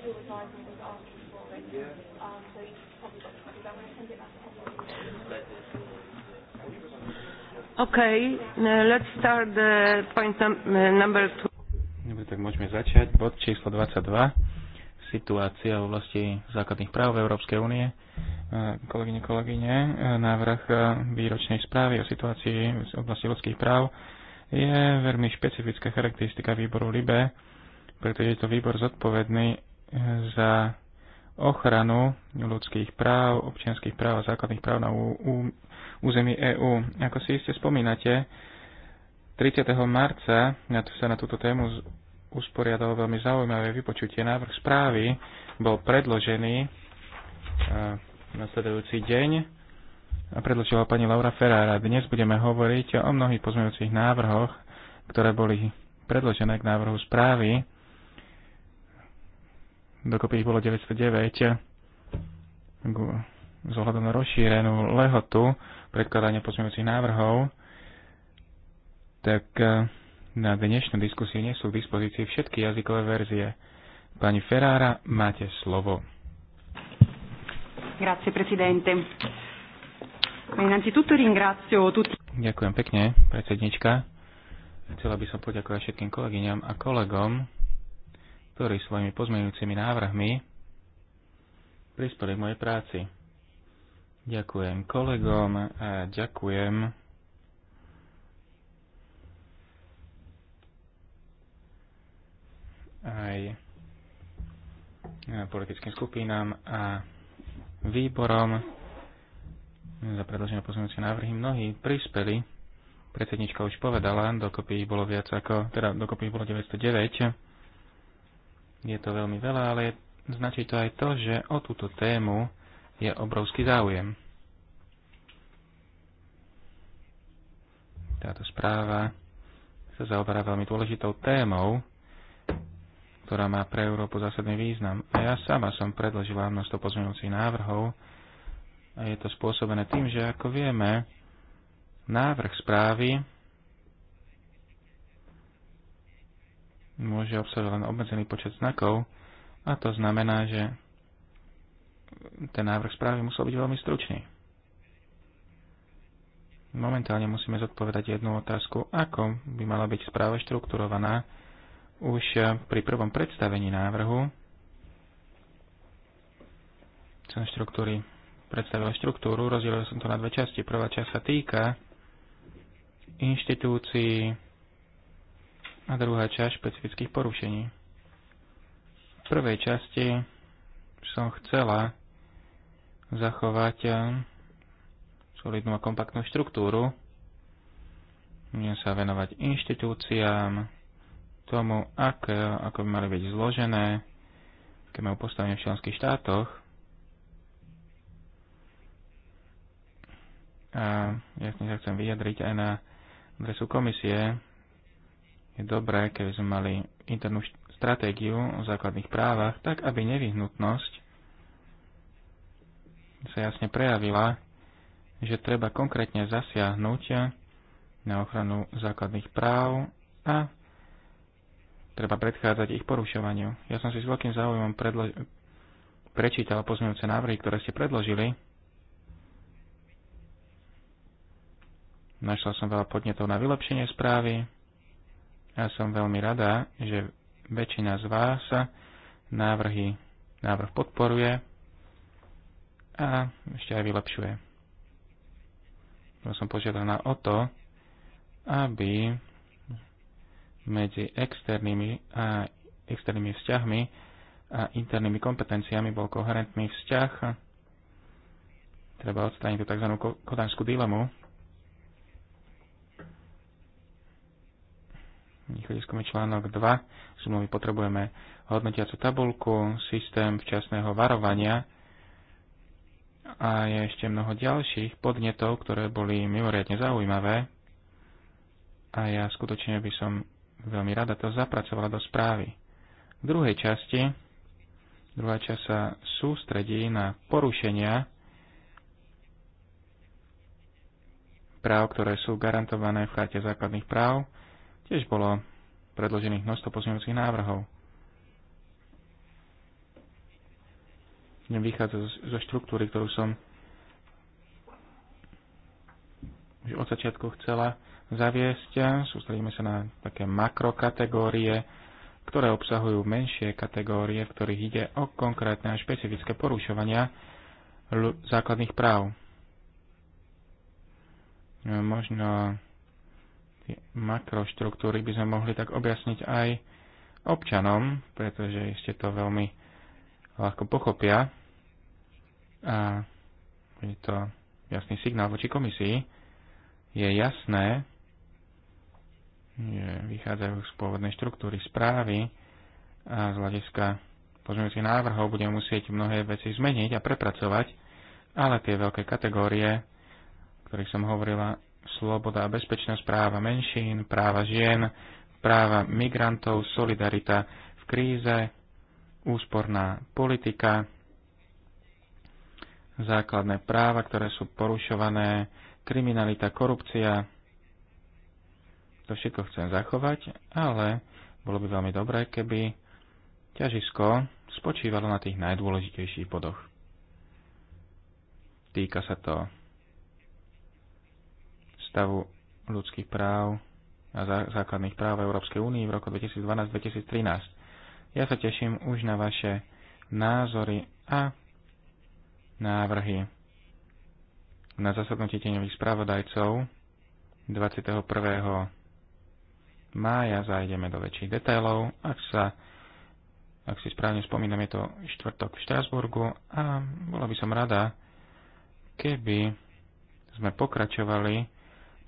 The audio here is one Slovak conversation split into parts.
Um, okay, let's start the point number two. Dobre, tak môžeme začať. Bod číslo 22. Situácia v oblasti základných práv Európskej únie. E, kolegyne, kolegyne, e, návrh e, výročnej správy o situácii v oblasti ľudských práv je veľmi špecifická charakteristika výboru LIBE, pretože je to výbor zodpovedný za ochranu ľudských práv, občianských práv a základných práv na území EÚ. Ako si iste spomínate, 30. marca sa na túto tému usporiadalo veľmi zaujímavé vypočutie. Návrh správy bol predložený e, nasledujúci deň a predložila pani Laura Ferrara. Dnes budeme hovoriť o mnohých pozmeňujúcich návrhoch, ktoré boli predložené k návrhu správy dokopy ich bolo 909. Z ohľadom na rozšírenú lehotu predkladania pozmeňujúcich návrhov, tak eh, na dnešnú diskusiu nie sú k dispozícii všetky jazykové verzie. Pani Ferrara, máte slovo. Grazie, presidente. Innanzitutto ringrazio tutti. Ďakujem pekne, predsednička. Chcela by som poďakovať všetkým kolegyňam a kolegom ktorí svojimi pozmeňujúcimi návrhmi prispeli k mojej práci. Ďakujem kolegom a ďakujem aj politickým skupinám a výborom za predloženie pozmeňujúce návrhy. Mnohí prispeli, predsednička už povedala, dokopy ich bolo viac ako, teda dokopy ich bolo 909 je to veľmi veľa, ale značí to aj to, že o túto tému je obrovský záujem. Táto správa sa zaoberá veľmi dôležitou témou, ktorá má pre Európu zásadný význam. A ja sama som predložila množstvo pozmeňujúcich návrhov a je to spôsobené tým, že ako vieme, návrh správy môže obsahovať len obmedzený počet znakov a to znamená, že ten návrh správy musel byť veľmi stručný. Momentálne musíme zodpovedať jednu otázku, ako by mala byť správa štrukturovaná už pri prvom predstavení návrhu. Som štruktúry predstavil štruktúru, rozdielil som to na dve časti. Prvá časť sa týka inštitúcií, a druhá časť špecifických porušení. V prvej časti som chcela zachovať eh, solidnú a kompaktnú štruktúru, budem sa venovať inštitúciám, tomu, aké, eh, ako by mali byť zložené, aké majú postavenie v členských štátoch. A ja sa chcem vyjadriť aj na adresu komisie, je dobré, keby sme mali internú stratégiu o základných právach, tak aby nevyhnutnosť sa jasne prejavila, že treba konkrétne zasiahnuť na ochranu základných práv a treba predchádzať ich porušovaniu. Ja som si s veľkým záujmom predlo- prečítal pozmeňujúce návrhy, ktoré ste predložili. Našla som veľa podnetov na vylepšenie správy ja som veľmi rada, že väčšina z vás návrhy, návrh podporuje a ešte aj vylepšuje. Bola som požiadaná o to, aby medzi externými a externými vzťahmi a internými kompetenciami bol koherentný vzťah. Treba odstrániť tú tzv. kodanskú dilemu, východiskom je článok 2. Zmluvy potrebujeme hodnotiacu tabulku, systém včasného varovania a je ešte mnoho ďalších podnetov, ktoré boli mimoriadne zaujímavé a ja skutočne by som veľmi rada to zapracovala do správy. V druhej časti, druhá časť sa sústredí na porušenia práv, ktoré sú garantované v charte základných práv Tiež bolo predložených množstvo pozmeňujúcich návrhov. Vychádza zo štruktúry, ktorú som už od začiatku chcela zaviesť. Sústredíme sa na také makrokategórie, ktoré obsahujú menšie kategórie, v ktorých ide o konkrétne a špecifické porušovania základných práv. Možno makroštruktúry by sme mohli tak objasniť aj občanom, pretože ešte to veľmi ľahko pochopia a je to jasný signál voči komisii. Je jasné, že vychádzajú z pôvodnej štruktúry správy a z hľadiska pozmeňujúcich návrhov budeme musieť mnohé veci zmeniť a prepracovať, ale tie veľké kategórie, o ktorých som hovorila, sloboda a bezpečnosť, práva menšín, práva žien, práva migrantov, solidarita v kríze, úsporná politika, základné práva, ktoré sú porušované, kriminalita, korupcia. To všetko chcem zachovať, ale bolo by veľmi dobré, keby ťažisko spočívalo na tých najdôležitejších bodoch. Týka sa to stavu ľudských práv a základných práv Európskej únii v roku 2012-2013. Ja sa teším už na vaše názory a návrhy. Na zasadnutí tieňových spravodajcov 21. mája zajdeme do väčších detailov. Ak sa ak si správne spomínam, je to štvrtok v Štrasburgu a bola by som rada, keby sme pokračovali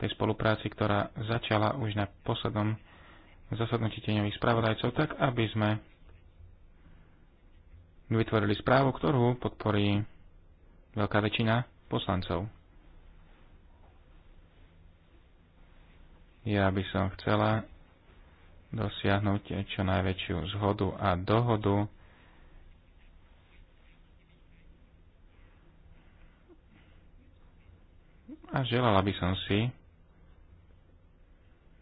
tej spolupráci, ktorá začala už na poslednom zasadnutí tieňových spravodajcov, tak aby sme vytvorili správu, ktorú podporí veľká väčšina poslancov. Ja by som chcela dosiahnuť čo najväčšiu zhodu a dohodu a želala by som si,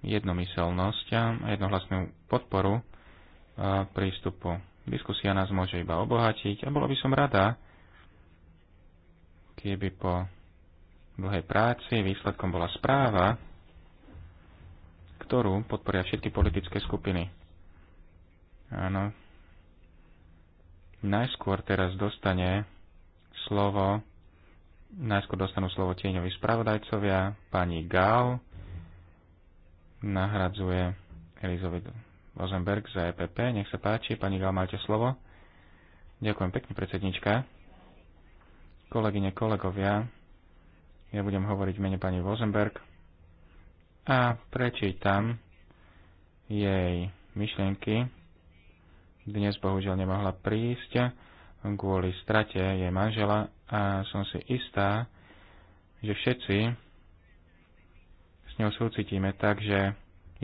jednomyselnosť a jednohlasnú podporu prístupu. Diskusia nás môže iba obohatiť a bolo by som rada, keby po dlhej práci výsledkom bola správa, ktorú podporia všetky politické skupiny. Áno. Najskôr teraz dostane slovo, najskôr dostanú slovo tieňoví spravodajcovia, pani Gál, nahradzuje Elizabeth Rosenberg za EPP. Nech sa páči, pani Gal, máte slovo. Ďakujem pekne, predsednička. Kolegyne, kolegovia, ja budem hovoriť v mene pani Rosenberg a prečítam jej myšlienky. Dnes bohužiaľ nemohla prísť kvôli strate jej manžela a som si istá, že všetci ňou súcitíme, takže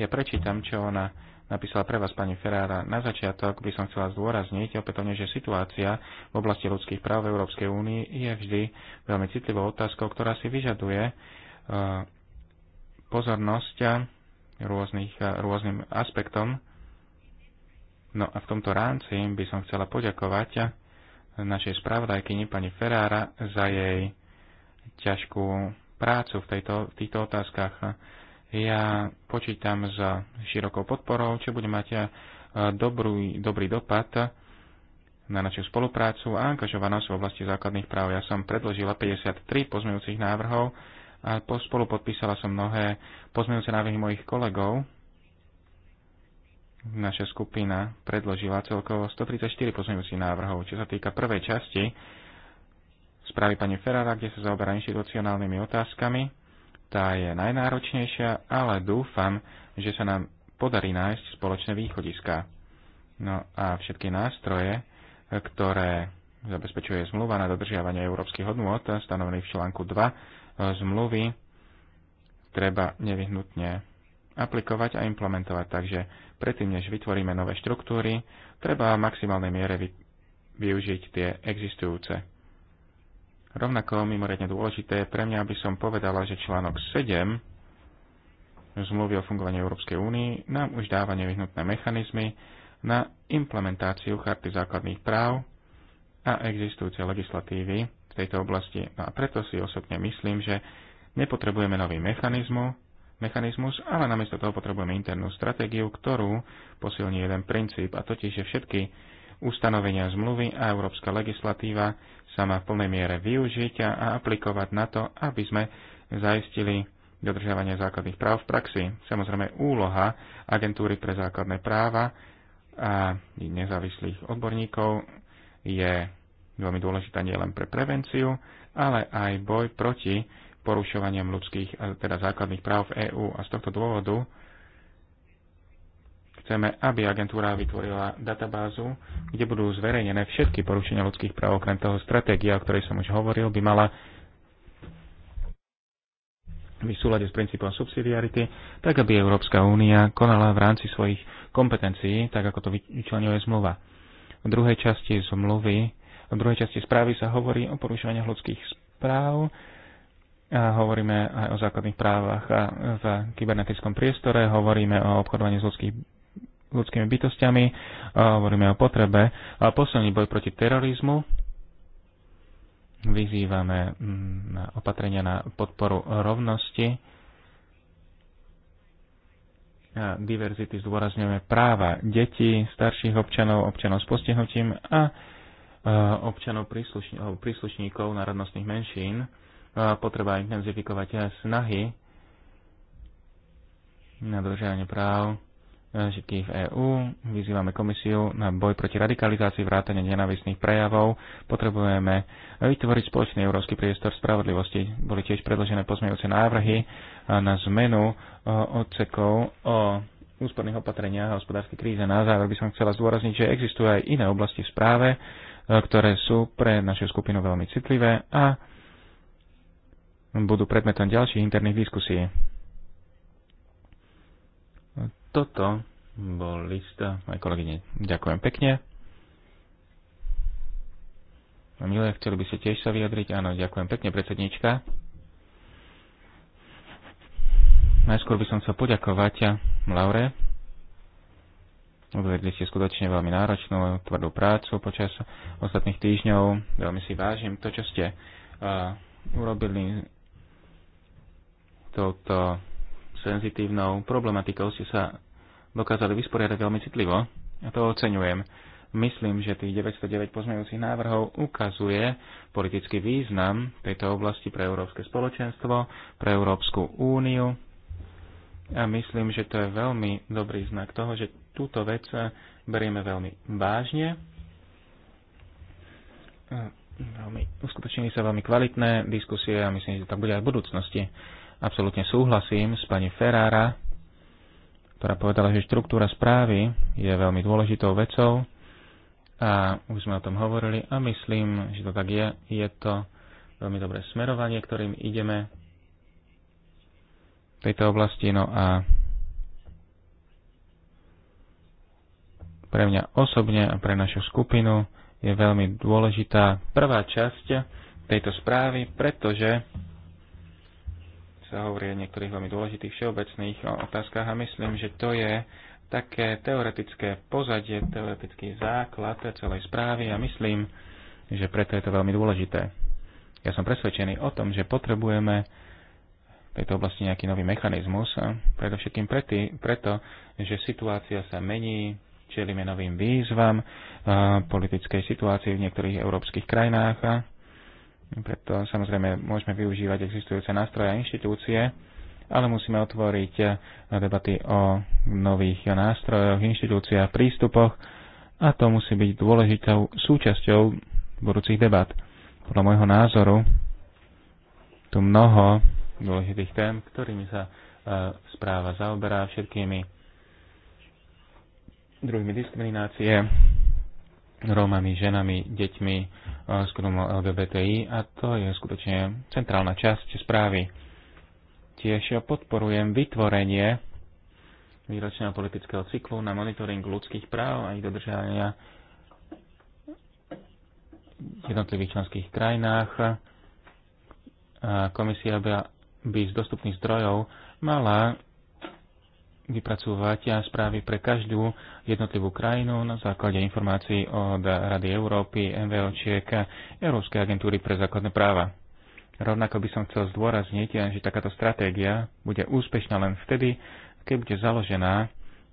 ja prečítam, čo ona napísala pre vás pani Ferrara. Na začiatok by som chcela zdôrazniť opätovne, že situácia v oblasti ľudských práv v Európskej únii je vždy veľmi citlivou otázkou, ktorá si vyžaduje eh, pozornosť rôznych, eh, rôznym aspektom. No a v tomto rámci by som chcela poďakovať našej spravodajkyni pani Ferrara za jej ťažkú prácu v, tejto, v týchto otázkach. Ja počítam s širokou podporou, čo bude mať e, dobrý, dobrý dopad na našu spoluprácu a angažovanosť v oblasti základných práv. Ja som predložila 53 pozmeňujúcich návrhov a spolu podpísala som mnohé pozmeňujúce návrhy mojich kolegov. Naša skupina predložila celkovo 134 pozmeňujúcich návrhov. Čo sa týka prvej časti, správy pani Ferrara, kde sa zaoberá inštitucionálnymi otázkami. Tá je najnáročnejšia, ale dúfam, že sa nám podarí nájsť spoločné východiska. No a všetky nástroje, ktoré zabezpečuje zmluva na dodržiavanie európskych hodnôt stanovených v článku 2 e, zmluvy, treba nevyhnutne aplikovať a implementovať. Takže predtým, než vytvoríme nové štruktúry, treba v maximálnej miere využiť tie existujúce. Rovnako mimoriadne dôležité pre mňa, aby som povedala, že článok 7 zmluvy o fungovaní Európskej únii nám už dáva nevyhnutné mechanizmy na implementáciu charty základných práv a existujúce legislatívy v tejto oblasti. No a preto si osobne myslím, že nepotrebujeme nový mechanizmu, mechanizmus, ale namiesto toho potrebujeme internú stratégiu, ktorú posilní jeden princíp, a totiž, že všetky ustanovenia zmluvy a európska legislatíva sa má v plnej miere využiť a aplikovať na to, aby sme zaistili dodržiavanie základných práv v praxi. Samozrejme úloha agentúry pre základné práva a nezávislých odborníkov je veľmi dôležitá nielen pre prevenciu, ale aj boj proti porušovaniam ľudských, teda základných práv v EÚ. A z tohto dôvodu Chceme, aby agentúra vytvorila databázu, kde budú zverejnené všetky porušenia ľudských práv, okrem toho stratégia, o ktorej som už hovoril, by mala v súlade s princípom subsidiarity, tak aby Európska únia konala v rámci svojich kompetencií, tak ako to vyčlenuje zmluva. V druhej časti zmluvy, v druhej časti správy sa hovorí o porušovaní ľudských práv, a hovoríme aj o základných právach a v kybernetickom priestore, hovoríme o obchodovaní s, ľudskými ľudskými bytostiami, hovoríme o potrebe a posilniť boj proti terorizmu, vyzývame mm, na opatrenia na podporu rovnosti a diverzity, zdôrazňujeme práva detí, starších občanov, občanov s postihnutím a občanov príslušníkov národnostných menšín. Potreba intenzifikovať snahy na dodržiavanie práv E, všetkých v EÚ. Vyzývame komisiu na boj proti radikalizácii vrátane nenávistných prejavov. Potrebujeme vytvoriť spoločný európsky priestor spravodlivosti. Boli tiež predložené pozmejúce návrhy na zmenu e, odsekov o úsporných opatreniach a hospodárskej kríze. Na záver by som chcela zdôrazniť, že existujú aj iné oblasti v správe, e, ktoré sú pre našu skupinu veľmi citlivé a budú predmetom ďalších interných diskusí toto bol lista, aj kolegyne. Ďakujem pekne. A milé, chceli by ste tiež sa vyjadriť? Áno, ďakujem pekne, predsednička. Najskôr by som chcel poďakovať Laure. uvedli ste skutočne veľmi náročnú, tvrdú prácu počas ostatných týždňov. Veľmi si vážim to, čo ste uh, urobili touto senzitívnou problematikou. Ste sa dokázali vysporiadať veľmi citlivo a to oceňujem. Myslím, že tých 909 pozmejúcich návrhov ukazuje politický význam tejto oblasti pre Európske spoločenstvo, pre Európsku úniu a myslím, že to je veľmi dobrý znak toho, že túto vec berieme veľmi vážne. Veľmi, uskutočnili sa veľmi kvalitné diskusie a myslím, že tak bude aj v budúcnosti. Absolutne súhlasím s pani Ferrara, ktorá povedala, že štruktúra správy je veľmi dôležitou vecou a už sme o tom hovorili a myslím, že to tak je. Je to veľmi dobré smerovanie, ktorým ideme v tejto oblasti. No a pre mňa osobne a pre našu skupinu je veľmi dôležitá prvá časť tejto správy, pretože sa hovorí o niektorých veľmi dôležitých všeobecných otázkach a myslím, že to je také teoretické pozadie, teoretický základ celej správy a myslím, že preto je to veľmi dôležité. Ja som presvedčený o tom, že potrebujeme v tejto oblasti nejaký nový mechanizmus, predovšetkým preto, preto, že situácia sa mení, čelíme novým výzvam, politickej situácii v niektorých európskych krajinách preto samozrejme môžeme využívať existujúce nástroje a inštitúcie, ale musíme otvoriť eh, debaty o nových nástrojoch, inštitúciách, prístupoch a to musí byť dôležitou súčasťou budúcich debat. Podľa môjho názoru tu mnoho dôležitých tém, ktorými sa eh, správa zaoberá všetkými druhými diskriminácie, Rómami, ženami, deťmi, eh, skupinou LGBTI a to je skutočne centrálna časť správy. Tiež podporujem vytvorenie výročného politického cyklu na monitoring ľudských práv a ich dodržania v jednotlivých členských krajinách. Komisia by z dostupných zdrojov mala vypracúvať správy pre každú jednotlivú krajinu na základe informácií od Rady Európy, MVOčiek, Európskej agentúry pre základné práva. Rovnako by som chcel zdôrazniť, že takáto stratégia bude úspešná len vtedy, keď bude založená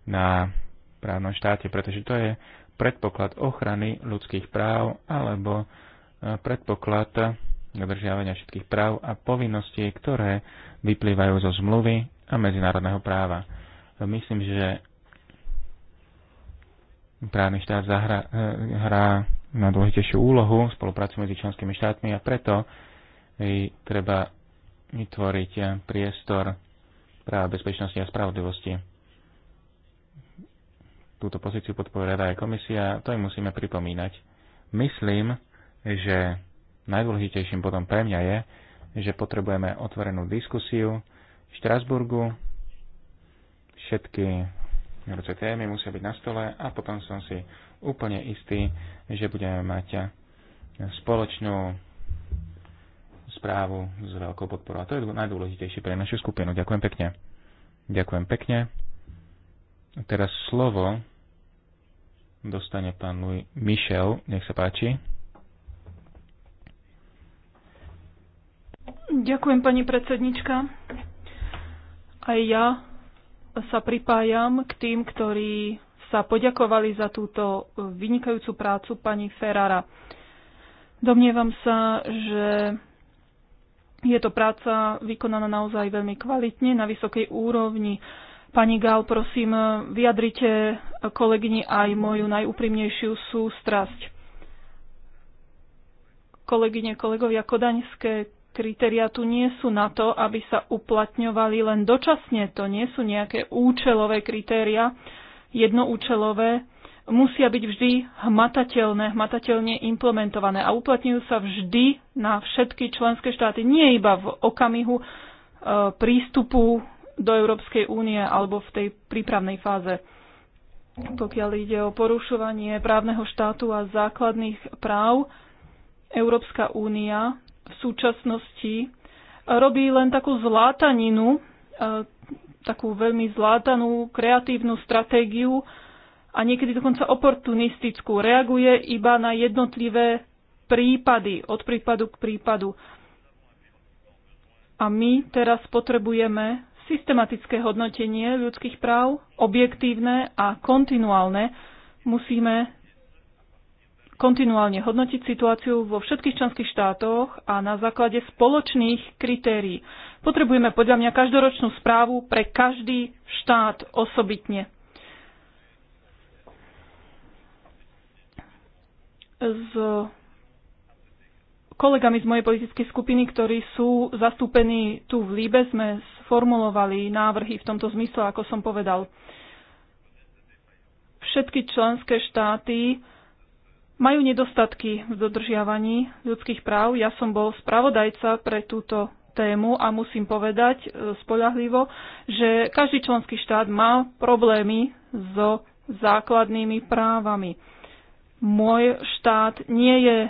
na právnom štáte, pretože to je predpoklad ochrany ľudských práv alebo e, predpoklad dodržiavania všetkých práv a povinností, ktoré vyplývajú zo zmluvy a medzinárodného práva. Myslím, že právny štát zahra, eh, hrá na dôležitejšiu úlohu spoluprácu medzi členskými štátmi a preto treba vytvoriť eh, priestor práva bezpečnosti a spravodlivosti. Túto pozíciu podporuje aj komisia, to im musíme pripomínať. Myslím, že najdôležitejším bodom pre mňa je, že potrebujeme otvorenú diskusiu v Štrasburgu všetky horúce témy musia byť na stole a potom som si úplne istý, že budeme mať spoločnú správu s veľkou podporou. A to je najdôležitejšie pre našu skupinu. Ďakujem pekne. Ďakujem pekne. Teraz slovo dostane pán Louis Michel. Nech sa páči. Ďakujem, pani predsednička. Aj ja sa pripájam k tým, ktorí sa poďakovali za túto vynikajúcu prácu pani Ferrara. Domnievam sa, že je to práca vykonaná naozaj veľmi kvalitne, na vysokej úrovni. Pani Gál, prosím, vyjadrite kolegyni aj moju najúprimnejšiu sústrasť. Kolegyne, kolegovia, kodaňské Kritéria tu nie sú na to, aby sa uplatňovali len dočasne. To nie sú nejaké účelové kritéria, jednoúčelové. Musia byť vždy hmatateľné, hmatateľne implementované a uplatňujú sa vždy na všetky členské štáty. Nie iba v okamihu e, prístupu do Európskej únie alebo v tej prípravnej fáze. Pokiaľ ide o porušovanie právneho štátu a základných práv, Európska únia v súčasnosti robí len takú zlátaninu, e, takú veľmi zlátanú kreatívnu stratégiu a niekedy dokonca oportunistickú. Reaguje iba na jednotlivé prípady, od prípadu k prípadu. A my teraz potrebujeme systematické hodnotenie ľudských práv, objektívne a kontinuálne. Musíme kontinuálne hodnotiť situáciu vo všetkých členských štátoch a na základe spoločných kritérií. Potrebujeme podľa mňa každoročnú správu pre každý štát osobitne. S kolegami z mojej politickej skupiny, ktorí sú zastúpení tu v Líbe, sme sformulovali návrhy v tomto zmysle, ako som povedal. Všetky členské štáty majú nedostatky v dodržiavaní ľudských práv. Ja som bol spravodajca pre túto tému a musím povedať e, spolahlivo, že každý členský štát má problémy so základnými právami. Môj štát nie je e,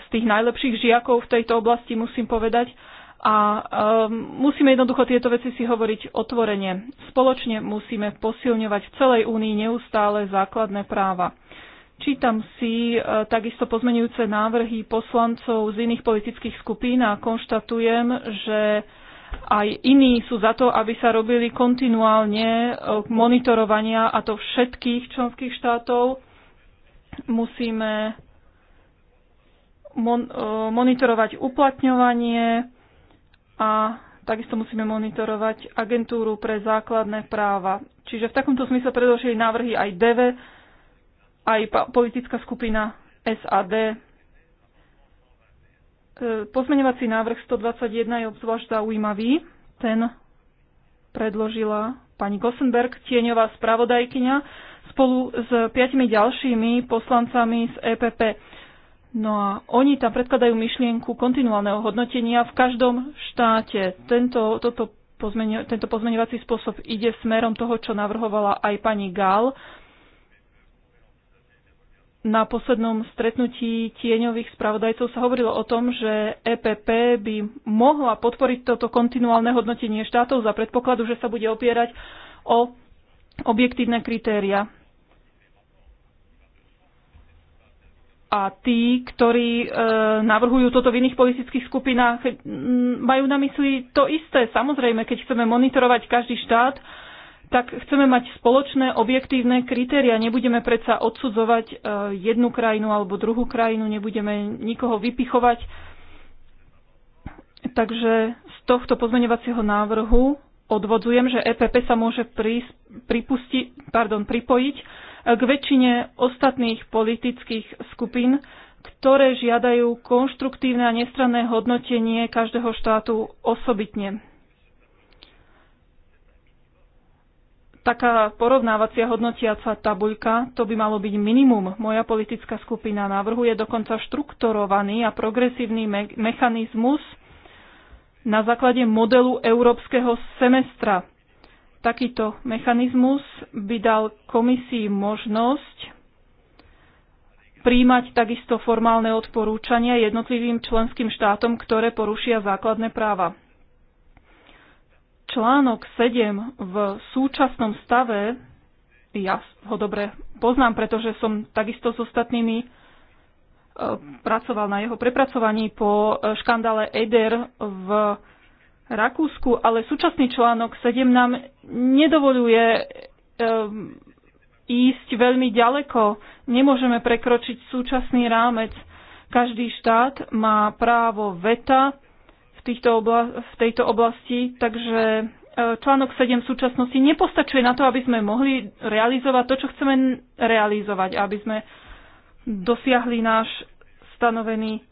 z tých najlepších žiakov v tejto oblasti, musím povedať, a um, musíme jednoducho tieto veci si hovoriť otvorene. Spoločne musíme posilňovať v celej únii neustále základné práva. Čítam si e, takisto pozmenujúce návrhy poslancov z iných politických skupín a konštatujem, že aj iní sú za to, aby sa robili kontinuálne e, monitorovania a to všetkých členských štátov. Musíme mon- e, monitorovať uplatňovanie a takisto musíme monitorovať agentúru pre základné práva. Čiže v takomto smysle predložili návrhy aj DEVE, aj politická skupina SAD. E, pozmeňovací návrh 121 je obzvlášť zaujímavý. Ten predložila pani Gossenberg, tieňová spravodajkyňa, spolu s piatimi ďalšími poslancami z EPP. No a oni tam predkladajú myšlienku kontinuálneho hodnotenia v každom štáte. Tento, toto pozmeňo, tento pozmeňovací spôsob ide smerom toho, čo navrhovala aj pani Gál na poslednom stretnutí tieňových spravodajcov sa hovorilo o tom, že EPP by mohla podporiť toto kontinuálne hodnotenie štátov za predpokladu, že sa bude opierať o objektívne kritéria. A tí, ktorí e, navrhujú toto v iných politických skupinách, majú na mysli to isté. Samozrejme, keď chceme monitorovať každý štát, tak chceme mať spoločné objektívne kritéria. Nebudeme predsa odsudzovať e, jednu krajinu alebo druhú krajinu, nebudeme nikoho vypichovať. Takže z tohto pozmeňovacieho návrhu odvodzujem, že EPP sa môže pripusti, pardon, pripojiť e, k väčšine ostatných politických skupín, ktoré žiadajú konštruktívne a nestranné hodnotenie každého štátu osobitne. taká porovnávacia hodnotiaca tabuľka, to by malo byť minimum. Moja politická skupina navrhuje dokonca štrukturovaný a progresívny me- mechanizmus na základe modelu európskeho semestra. Takýto mechanizmus by dal komisii možnosť príjmať takisto formálne odporúčania jednotlivým členským štátom, ktoré porušia základné práva. Článok 7 v súčasnom stave, ja ho dobre poznám, pretože som takisto s ostatnými e, pracoval na jeho prepracovaní po e, škandále EDER v Rakúsku, ale súčasný článok 7 nám nedovoluje e, ísť veľmi ďaleko. Nemôžeme prekročiť súčasný rámec. Každý štát má právo veta týchto obla- v tejto oblasti, takže e, článok 7 v súčasnosti nepostačuje na to, aby sme mohli realizovať to, čo chceme realizovať, aby sme dosiahli náš stanovený e,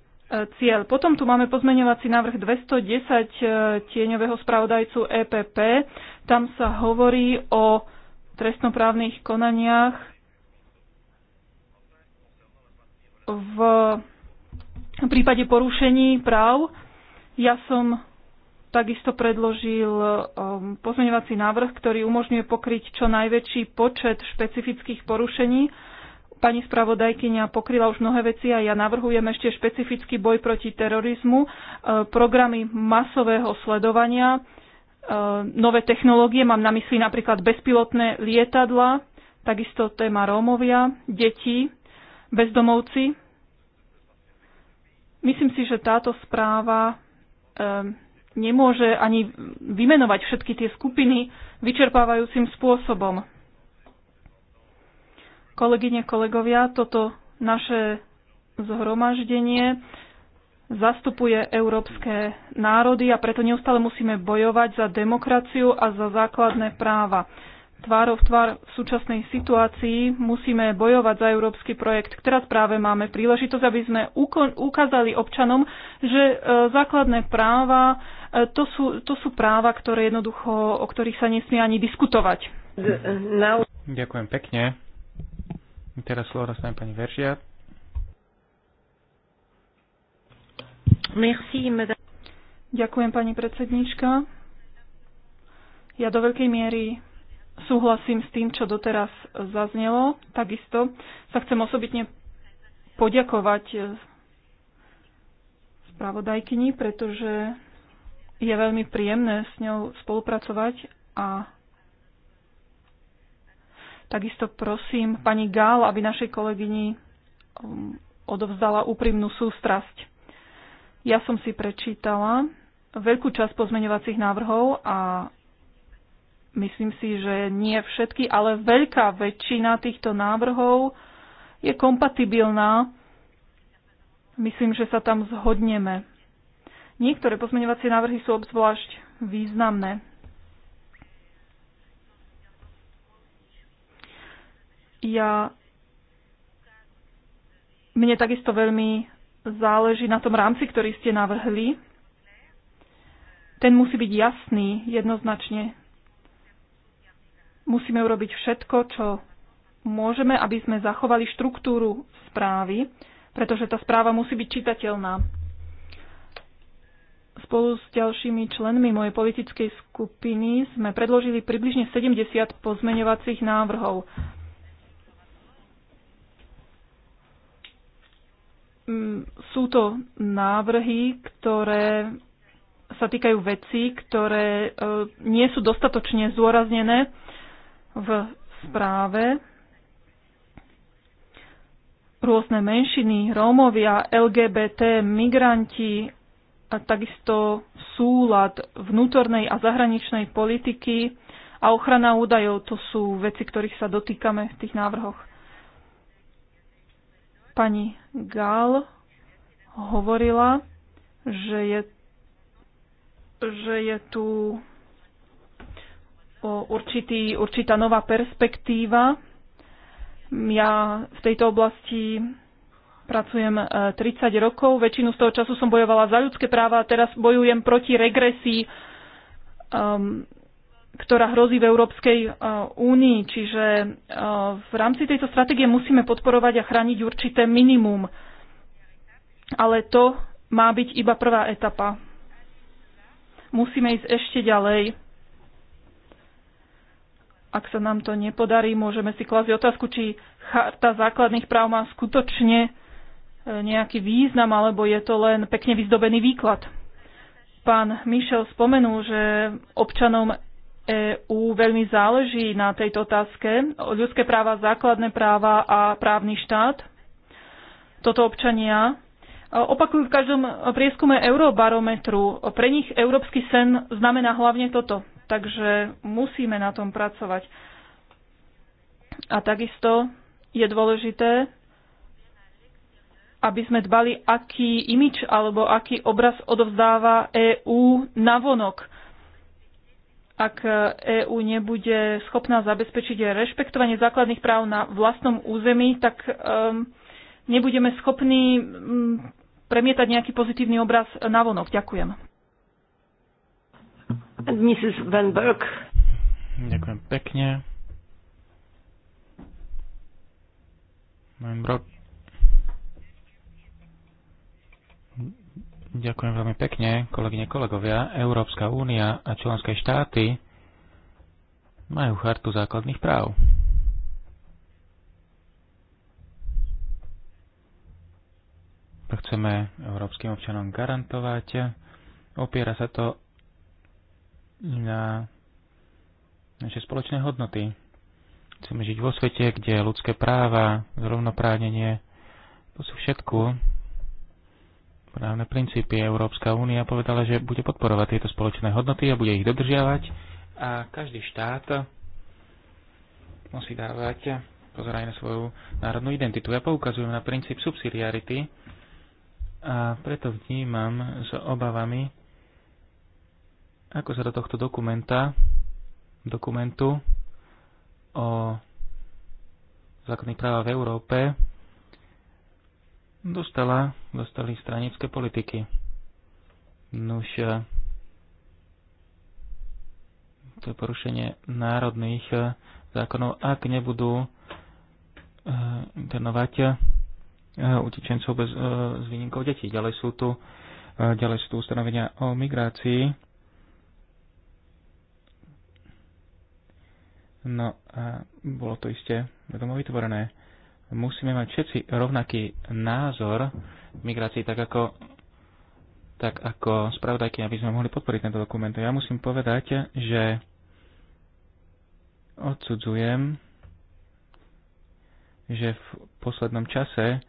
cieľ. Potom tu máme pozmeňovací návrh 210 e, tieňového spravodajcu EPP. Tam sa hovorí o trestnoprávnych konaniach v prípade porušení práv ja som takisto predložil um, pozmeňovací návrh, ktorý umožňuje pokryť čo najväčší počet špecifických porušení. Pani spravodajkyňa pokryla už mnohé veci a ja navrhujem ešte špecifický boj proti terorizmu, uh, programy masového sledovania, uh, nové technológie, mám na mysli napríklad bezpilotné lietadla, takisto téma Rómovia, deti, bezdomovci. Myslím si, že táto správa Ehm, nemôže ani vymenovať všetky tie skupiny vyčerpávajúcim spôsobom. Kolegyne, kolegovia, toto naše zhromaždenie zastupuje európske národy a preto neustále musíme bojovať za demokraciu a za základné práva tvárov tvár v súčasnej situácii musíme bojovať za európsky projekt. Teraz práve máme príležitosť, aby sme ukázali občanom, že e, základné práva e, to sú, to sú práva, ktoré jednoducho, o ktorých sa nesmie ani diskutovať. Ďakujem pekne. Teraz slovo dostane pani Veržia. Merci, madame. Ďakujem, pani predsednička. Ja do veľkej miery súhlasím s tým, čo doteraz zaznelo. Takisto sa chcem osobitne poďakovať eh, spravodajkyni, pretože je veľmi príjemné s ňou spolupracovať a takisto prosím pani Gál, aby našej kolegyni um, odovzdala úprimnú sústrasť. Ja som si prečítala veľkú časť pozmeňovacích návrhov a Myslím si, že nie všetky, ale veľká väčšina týchto návrhov je kompatibilná. Myslím, že sa tam zhodneme. Niektoré pozmeňovacie návrhy sú obzvlášť významné. ja mne takisto veľmi záleží na tom rámci, ktorý ste navrhli. Ten musí byť jasný, jednoznačne Musíme urobiť všetko, čo môžeme, aby sme zachovali štruktúru správy, pretože tá správa musí byť čitateľná. Spolu s ďalšími členmi mojej politickej skupiny sme predložili približne 70 pozmeňovacích návrhov. Mm, sú to návrhy, ktoré sa týkajú vecí, ktoré e, nie sú dostatočne zdôraznené v správe rôzne menšiny, Rómovia, LGBT, migranti a takisto súlad vnútornej a zahraničnej politiky a ochrana údajov, to sú veci, ktorých sa dotýkame v tých návrhoch. Pani Gal hovorila, že je, že je tu určitý, určitá nová perspektíva. Ja v tejto oblasti pracujem 30 e, rokov, väčšinu z toho času som bojovala za ľudské práva a teraz bojujem proti regresii, um, ktorá hrozí v Európskej uh, únii. Čiže uh, v rámci tejto stratégie musíme podporovať a chrániť určité minimum. Ale to má byť iba prvá etapa. Musíme ísť ešte ďalej ak sa nám to nepodarí, môžeme si klásť otázku, či charta základných práv má skutočne e, nejaký význam, alebo je to len pekne vyzdobený výklad. Pán Mišel spomenul, že občanom EÚ veľmi záleží na tejto otázke. Ľudské práva, základné práva a právny štát. Toto občania e, opakujú v každom prieskume Eurobarometru. Pre nich európsky sen znamená hlavne toto. Takže musíme na tom pracovať. A takisto je dôležité, aby sme dbali, aký imič alebo aký obraz odovzdáva EÚ navonok ak EÚ nebude schopná zabezpečiť rešpektovanie základných práv na vlastnom území, tak um, nebudeme schopní um, premietať nejaký pozitívny obraz navonok. Ďakujem. And Mrs. Van Berg. Ďakujem pekne. Van Berg. Ďakujem veľmi pekne, kolegyne, kolegovia. Európska únia a členské štáty majú chartu základných práv. To chceme európskym občanom garantovať. Opiera sa to na naše spoločné hodnoty. Chceme žiť vo svete, kde ľudské práva, zrovnoprávnenie, to sú všetko právne princípy. Európska únia povedala, že bude podporovať tieto spoločné hodnoty a bude ich dodržiavať a každý štát musí dávať pozor aj na svoju národnú identitu. Ja poukazujem na princíp subsidiarity a preto vnímam s obavami ako sa do tohto dokumenta, dokumentu o základných právach v Európe dostala, dostali stranické politiky. Nuž, eh, to je porušenie národných eh, zákonov, ak nebudú eh, internovať utečencov bez, s výnimkou detí. Ďalej sú tu, ďalej sú tu ustanovenia o migrácii, No a bolo to iste vedomo vytvorené. Musíme mať všetci rovnaký názor v migrácii, tak ako, tak ako spravodajky, aby sme mohli podporiť tento dokument. Ja musím povedať, že odsudzujem, že v poslednom čase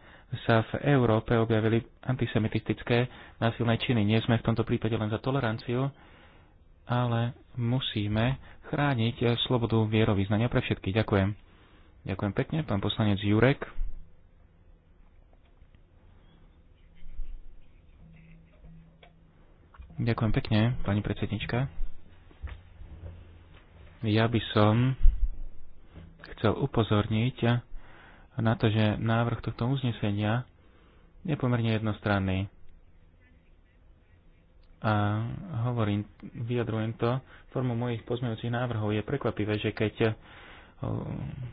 sa v Európe objavili antisemitistické násilné činy. Nie sme v tomto prípade len za toleranciu, ale musíme chrániť slobodu vierovýznania pre všetky. Ďakujem. Ďakujem pekne, pán poslanec Jurek. Ďakujem pekne, pani predsednička. Ja by som chcel upozorniť na to, že návrh tohto uznesenia je pomerne jednostranný a hovorím, vyjadrujem to formou mojich pozmeňujúcich návrhov. Je prekvapivé, že keď eh,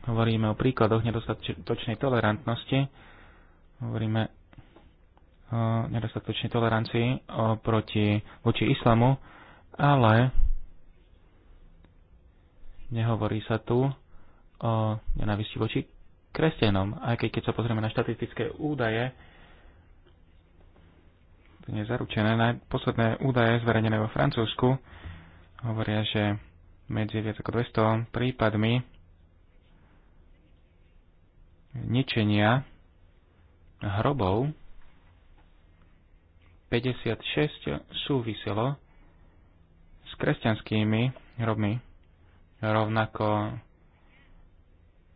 hovoríme o príkladoch nedostatočnej tolerantnosti, hovoríme o nedostatočnej tolerancii oproti voči islamu, ale nehovorí sa tu o nenávisti voči kresťanom. Aj keď, keď sa pozrieme na štatistické údaje, to nie je zaručené. posledné údaje zverejnené vo Francúzsku hovoria, že medzi viac ako 200 prípadmi ničenia hrobov 56 súviselo s kresťanskými hrobmi. Rovnako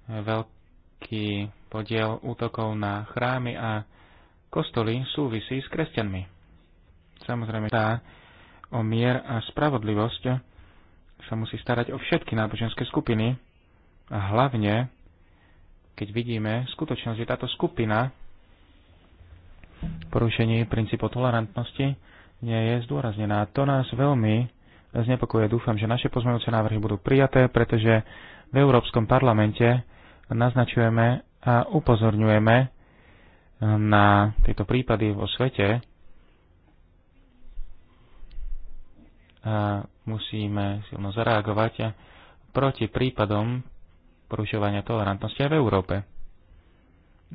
veľký podiel útokov na chrámy a kostoly súvisí s kresťanmi. Samozrejme, tá o mier a spravodlivosť sa musí starať o všetky náboženské skupiny a hlavne, keď vidíme skutočnosť, že táto skupina porušení princípu tolerantnosti nie je zdôraznená. To nás veľmi znepokuje. Dúfam, že naše pozmeňujúce návrhy budú prijaté, pretože v Európskom parlamente naznačujeme a upozorňujeme na tieto prípady vo svete, a musíme silno zareagovať proti prípadom porušovania tolerantnosti aj v Európe.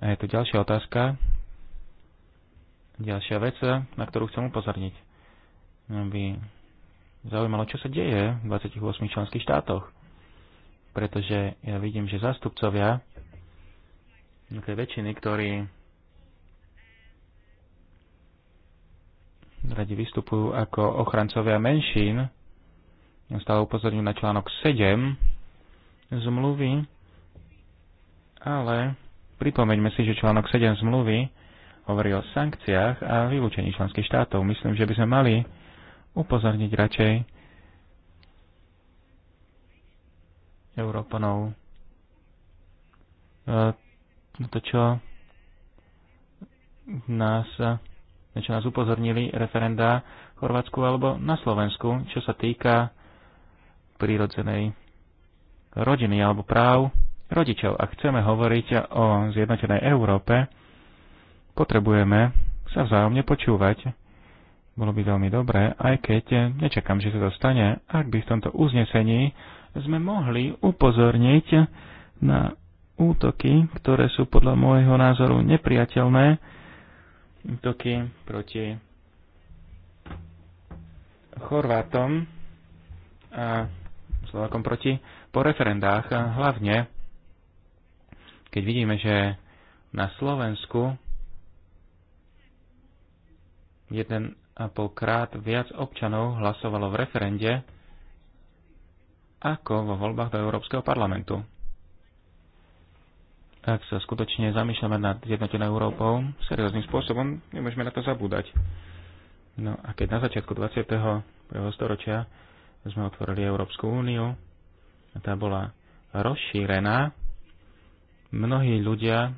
A je tu ďalšia otázka, ďalšia vec, na ktorú chcem upozorniť. aby zaujímalo, čo sa deje v 28 členských štátoch. Pretože ja vidím, že zástupcovia nejaké väčšiny, ktorí radi vystupujú ako ochrancovia menšín. Stále upozorňujú na článok 7 zmluvy, ale pripomeňme si, že článok 7 zmluvy hovorí o sankciách a vylúčení členských štátov. Myslím, že by sme mali upozorniť radšej Európanov e, na no to, čo nás na čo nás upozornili referenda v Chorvátsku alebo na Slovensku, čo sa týka prírodzenej rodiny alebo práv rodičov. Ak chceme hovoriť o zjednotenej Európe, potrebujeme sa vzájomne počúvať. Bolo by veľmi dobré, aj keď nečakám, že sa to stane, ak by v tomto uznesení sme mohli upozorniť na útoky, ktoré sú podľa môjho názoru nepriateľné, útoky proti Chorvátom a Slovakom proti po referendách, a hlavne keď vidíme, že na Slovensku 1,5 krát viac občanov hlasovalo v referende ako vo voľbách do Európskeho parlamentu ak sa skutočne zamýšľame nad jednotenou Európou serióznym spôsobom, nemôžeme na to zabúdať. No a keď na začiatku 20. storočia sme otvorili Európsku úniu, a tá bola rozšírená, mnohí ľudia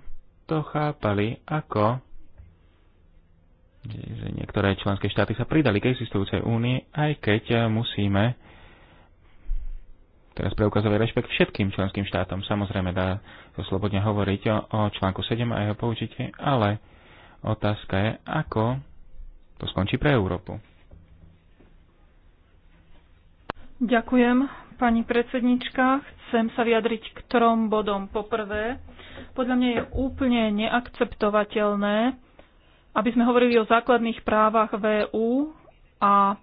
to chápali ako že niektoré členské štáty sa pridali k existujúcej únii, aj keď musíme teraz preukazuje rešpekt všetkým členským štátom. Samozrejme dá sa slobodne hovoriť o, o článku 7 a jeho použitie, ale otázka je, ako to skončí pre Európu. Ďakujem, pani predsednička. Chcem sa vyjadriť k trom bodom. Poprvé, podľa mňa je úplne neakceptovateľné, aby sme hovorili o základných právach VÚ e a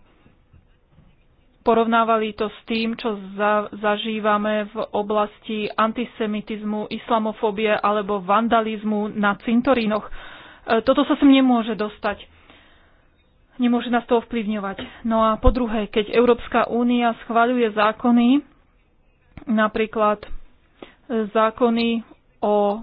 porovnávali to s tým, čo za, zažívame v oblasti antisemitizmu, islamofóbie alebo vandalizmu na cintorínoch. E, toto sa sem nemôže dostať. Nemôže nás to ovplyvňovať. No a po druhé, keď Európska únia schvaľuje zákony, napríklad e, zákony o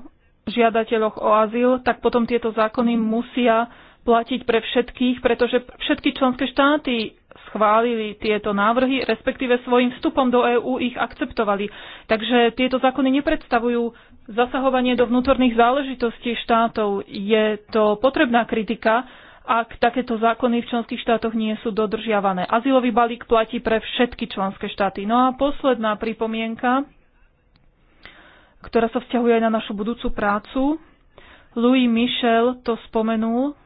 žiadateľoch o azyl, tak potom tieto zákony musia platiť pre všetkých, pretože všetky členské štáty schválili tieto návrhy, respektíve svojim vstupom do EÚ ich akceptovali. Takže tieto zákony nepredstavujú zasahovanie do vnútorných záležitostí štátov. Je to potrebná kritika, ak takéto zákony v členských štátoch nie sú dodržiavané. Azylový balík platí pre všetky členské štáty. No a posledná pripomienka, ktorá sa vzťahuje aj na našu budúcu prácu. Louis Michel to spomenul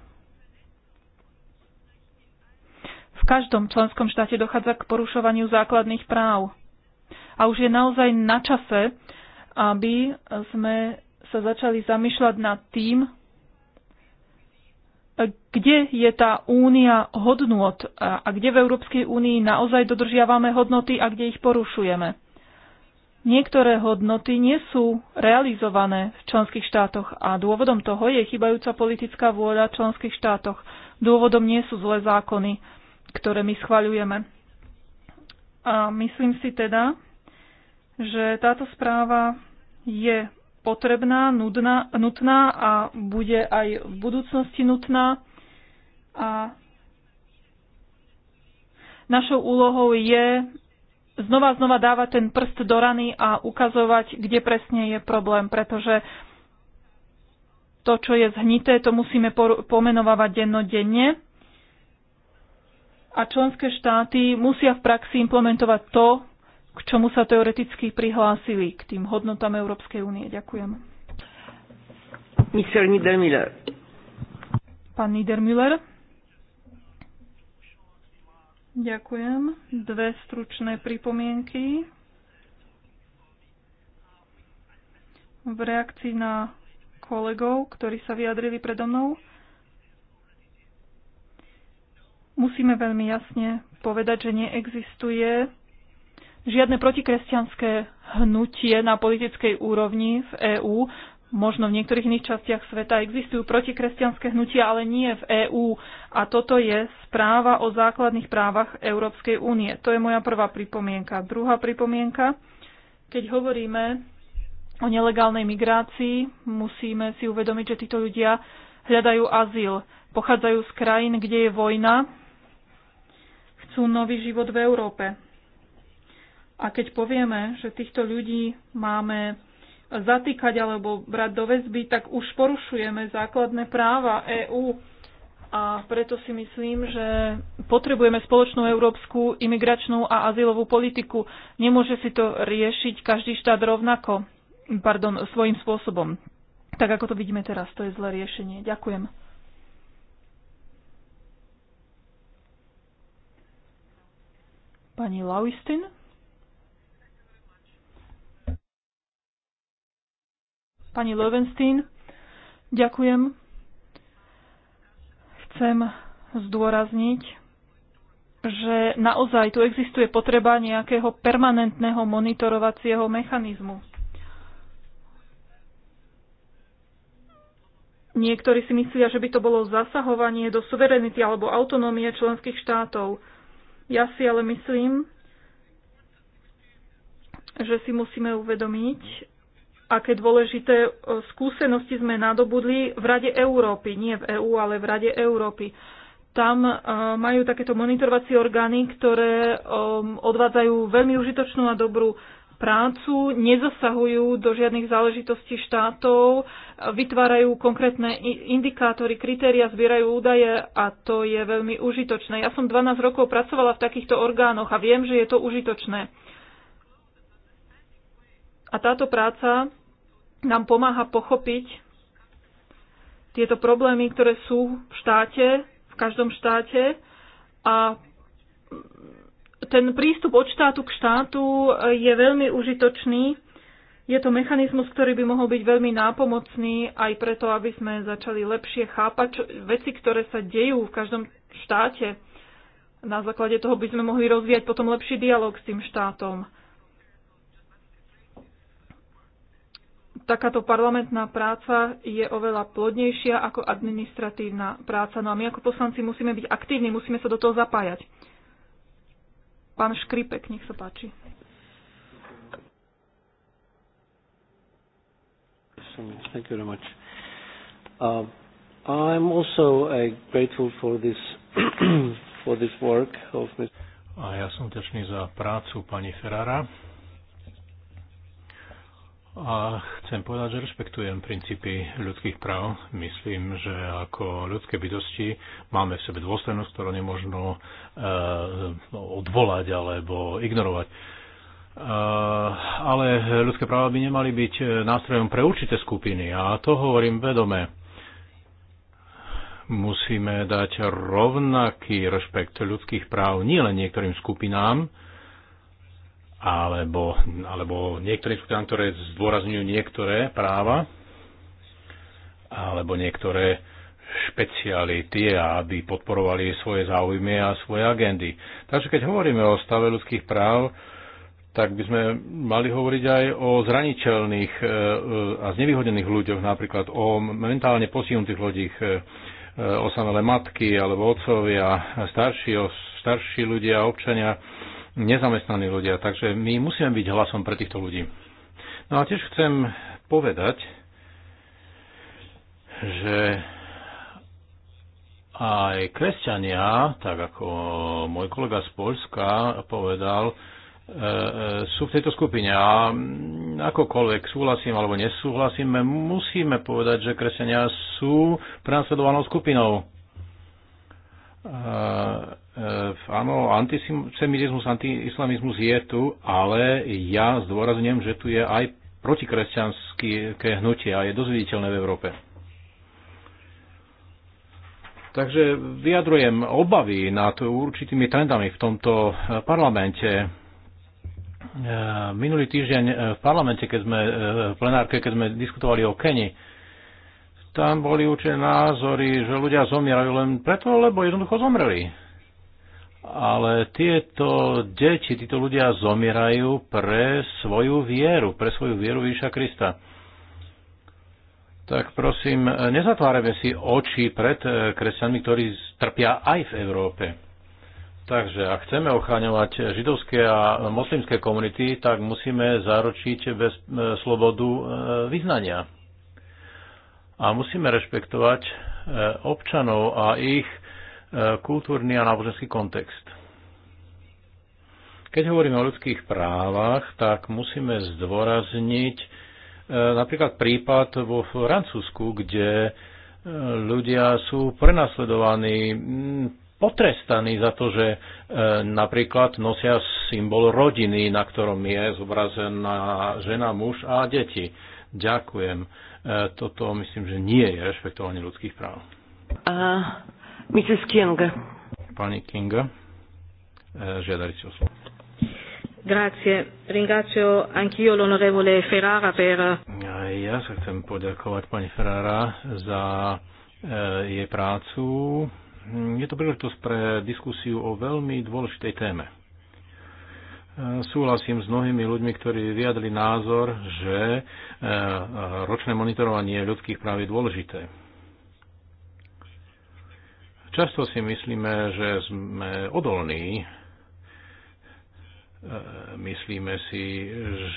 V každom členskom štáte dochádza k porušovaniu základných práv. A už je naozaj na čase, aby sme sa začali zamýšľať nad tým, kde je tá únia hodnot a kde v Európskej únii naozaj dodržiavame hodnoty a kde ich porušujeme. Niektoré hodnoty nie sú realizované v členských štátoch a dôvodom toho je chybajúca politická vôľa v členských štátoch. Dôvodom nie sú zlé zákony ktoré my schvaľujeme. A myslím si teda, že táto správa je potrebná, nudná, nutná a bude aj v budúcnosti nutná. A našou úlohou je znova znova dávať ten prst do rany a ukazovať, kde presne je problém, pretože to, čo je zhnité, to musíme pomenovávať dennodenne a členské štáty musia v praxi implementovať to, k čomu sa teoreticky prihlásili, k tým hodnotám Európskej únie. Ďakujem. Michel Niedermüller. Pán Niedermüller. Ďakujem. Dve stručné pripomienky. V reakcii na kolegov, ktorí sa vyjadrili predo mnou musíme veľmi jasne povedať, že neexistuje žiadne protikresťanské hnutie na politickej úrovni v EÚ. Možno v niektorých iných častiach sveta existujú protikresťanské hnutia, ale nie v EÚ. A toto je správa o základných právach Európskej únie. To je moja prvá pripomienka. Druhá pripomienka, keď hovoríme o nelegálnej migrácii, musíme si uvedomiť, že títo ľudia hľadajú azyl. Pochádzajú z krajín, kde je vojna, chcú nový život v Európe. A keď povieme, že týchto ľudí máme zatýkať alebo brať do väzby, tak už porušujeme základné práva EÚ. A preto si myslím, že potrebujeme spoločnú európsku imigračnú a azylovú politiku. Nemôže si to riešiť každý štát rovnako, pardon, svojím spôsobom. Tak ako to vidíme teraz, to je zlé riešenie. Ďakujem. Pani Lauistin. Pani Löwenstein. Ďakujem. Chcem zdôrazniť, že naozaj tu existuje potreba nejakého permanentného monitorovacieho mechanizmu. Niektorí si myslia, že by to bolo zasahovanie do suverenity alebo autonómie členských štátov. Ja si ale myslím, že si musíme uvedomiť, aké dôležité e, skúsenosti sme nadobudli v Rade Európy. Nie v EÚ, ale v Rade Európy. Tam e, majú takéto monitorovacie orgány, ktoré e, odvádzajú veľmi užitočnú a dobrú prácu, nezasahujú do žiadnych záležitostí štátov, vytvárajú konkrétne indikátory, kritéria, zbierajú údaje a to je veľmi užitočné. Ja som 12 rokov pracovala v takýchto orgánoch a viem, že je to užitočné. A táto práca nám pomáha pochopiť tieto problémy, ktoré sú v štáte, v každom štáte a ten prístup od štátu k štátu eh, je veľmi užitočný. Je to mechanizmus, ktorý by mohol byť veľmi nápomocný aj preto, aby sme začali lepšie chápať čo, veci, ktoré sa dejú v každom štáte. Na základe toho by sme mohli rozvíjať potom lepší dialog s tým štátom. takáto parlamentná práca je oveľa plodnejšia ako administratívna práca. No a my ako poslanci musíme byť aktívni, musíme sa do toho zapájať. Pán Škripek, nech sa páči. Thank you very much. Uh, I'm also uh, grateful for this, for this work of Ms. A ja som vďačný za prácu pani Ferrara a chcem povedať, že rešpektujem princípy ľudských práv. Myslím, že ako ľudské bytosti máme v sebe dôslednosť, ktorú nemôžno e, odvolať alebo ignorovať. E, ale ľudské práva by nemali byť e, nástrojom pre určité skupiny a to hovorím vedome. Musíme dať rovnaký rešpekt ľudských práv nielen niektorým skupinám, alebo, alebo niektorým sú ktoré zdôrazňujú niektoré práva, alebo niektoré špeciality aby podporovali svoje záujmy a svoje agendy. Takže keď hovoríme o stave ľudských práv, tak by sme mali hovoriť aj o zraniteľných e, e, a znevýhodnených ľuďoch, napríklad o mentálne posunutých ľudích, e, osamelé matky alebo otcovia, starší, starší ľudia, občania nezamestnaní ľudia. Takže my musíme byť hlasom pre týchto ľudí. No a tiež chcem povedať, že aj kresťania, tak ako môj kolega z Polska povedal, e, e, sú v tejto skupine a akokoľvek súhlasím alebo nesúhlasím, musíme povedať, že kresťania sú prenasledovanou skupinou. Eh, eh, áno, antisemitizmus, antiislamizmus je tu, ale ja zdôrazňujem, že tu je aj protikresťanské hnutie a je dosť viditeľné v Európe. Takže vyjadrujem obavy nad určitými trendami v tomto eh, parlamente. Minulý týždeň v parlamente, keď sme, v plenárke, keď sme diskutovali o Keni, tam boli určené názory, že ľudia zomierajú len preto, lebo jednoducho zomreli. Ale tieto deti, títo ľudia zomierajú pre svoju vieru, pre svoju vieru Výša Krista. Tak prosím, nezatvárame si oči pred eh, kresťanmi, ktorí trpia aj v Európe. Takže ak chceme ochraňovať židovské a moslimské komunity, tak musíme zaručiť bez, eh, slobodu eh, vyznania a musíme rešpektovať e, občanov a ich e, kultúrny a náboženský kontext. Keď hovoríme o ľudských právach, tak musíme zdôrazniť e, napríklad prípad vo Francúzsku, kde ľudia sú prenasledovaní, potrestaní za to, že napríklad nosia symbol rodiny, na ktorom je zobrazená žena, muž a deti. Ďakujem. E, toto myslím, že nie je rešpektovanie ľudských práv. Uh, Mrs. King. Pani King, e, žiadali ste o slovo. Grazie. Ringrazio anch'io l'onorevole Ferrara per... Ja sa chcem poďakovať pani Ferrara za e, jej prácu. Je to príležitosť pre diskusiu o veľmi dôležitej téme. Súhlasím s mnohými ľuďmi, ktorí vyjadli názor, že e, ročné monitorovanie ľudských práv je dôležité. Často si myslíme, že sme odolní. E, myslíme si,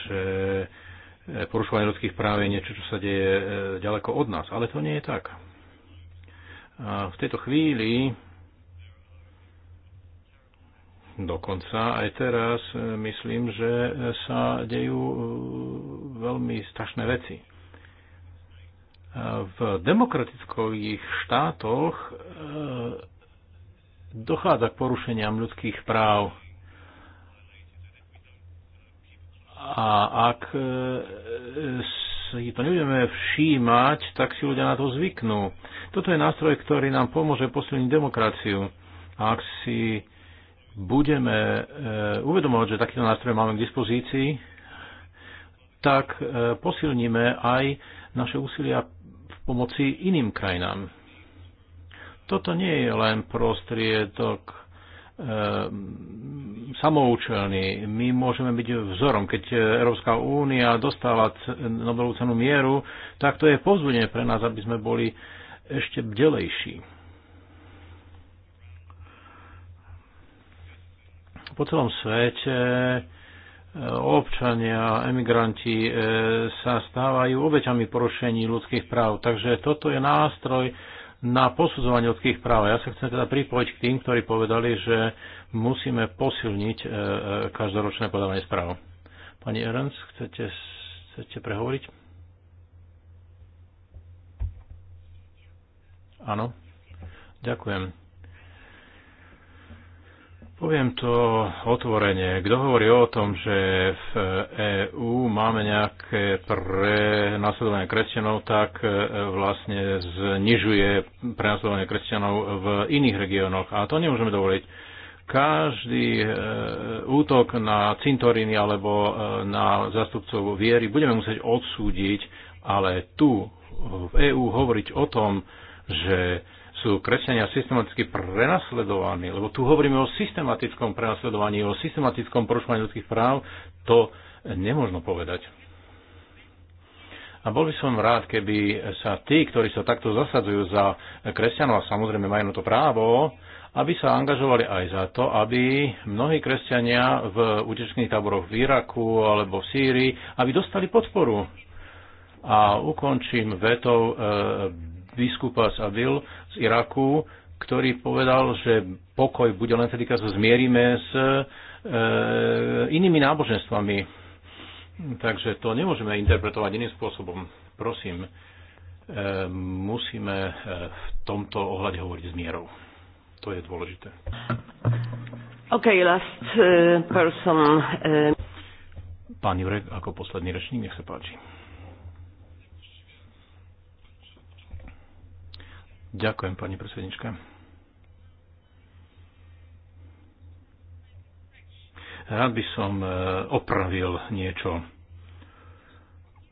že e, porušovanie ľudských práv je niečo, čo sa deje ďaleko od nás. Ale to nie je tak. V tejto chvíli Dokonca aj teraz e, myslím, že sa dejú e, veľmi strašné veci. E, v demokratických štátoch dochádza k porušeniam ľudských práv. A ak si to nebudeme všímať, tak si ľudia na to zvyknú. Toto je nástroj, ktorý nám pomôže posilniť demokraciu. A ak si budeme eh, uvedomovať, že takýto nástroj máme k dispozícii, tak eh, posilníme aj naše úsilia v pomoci iným krajinám. Toto nie je len prostriedok eh, samoučelný. My môžeme byť vzorom. Keď Európska únia dostala Nobelovú cenu mieru, tak to je povzbudenie pre nás, aby sme boli ešte bdelejší. po celom svete eh, občania, emigranti eh, sa stávajú obeťami porušení ľudských práv. Takže toto je nástroj na posudzovanie ľudských práv. Ja sa chcem teda pripojiť k tým, ktorí povedali, že musíme posilniť eh, každoročné podávanie správ. Pani Erens, chcete, chcete prehovoriť? Áno. Ďakujem. Poviem to otvorene. Kto hovorí o tom, že v EÚ máme nejaké prenasledovanie kresťanov, tak e, vlastne znižuje prenasledovanie kresťanov v iných regiónoch. A to nemôžeme dovoliť. Každý e, útok na cintoriny alebo e, na zastupcov viery budeme musieť odsúdiť, ale tu v EÚ hovoriť o tom, že sú kresťania systematicky prenasledovaní, lebo tu hovoríme o systematickom prenasledovaní, o systematickom porušovaní ľudských práv, to nemôžno povedať. A bol by som rád, keby sa tí, ktorí sa takto zasadzujú za kresťanov, a samozrejme majú na to právo, aby sa angažovali aj za to, aby mnohí kresťania v útečných táboroch v Iraku alebo v Sýrii, aby dostali podporu. A ukončím vetou e, biskupa Sabil, z Iraku, ktorý povedal, že pokoj bude len vtedy, keď sa zmierime s e, inými náboženstvami. Takže to nemôžeme interpretovať iným spôsobom. Prosím, e, musíme e, v tomto ohľade hovoriť s mierou. To je dôležité. OK, last e, person. E. Pán Jurek, ako posledný rečník, nech sa páči. Ďakujem, pani predsednička. Rád by som e, opravil niečo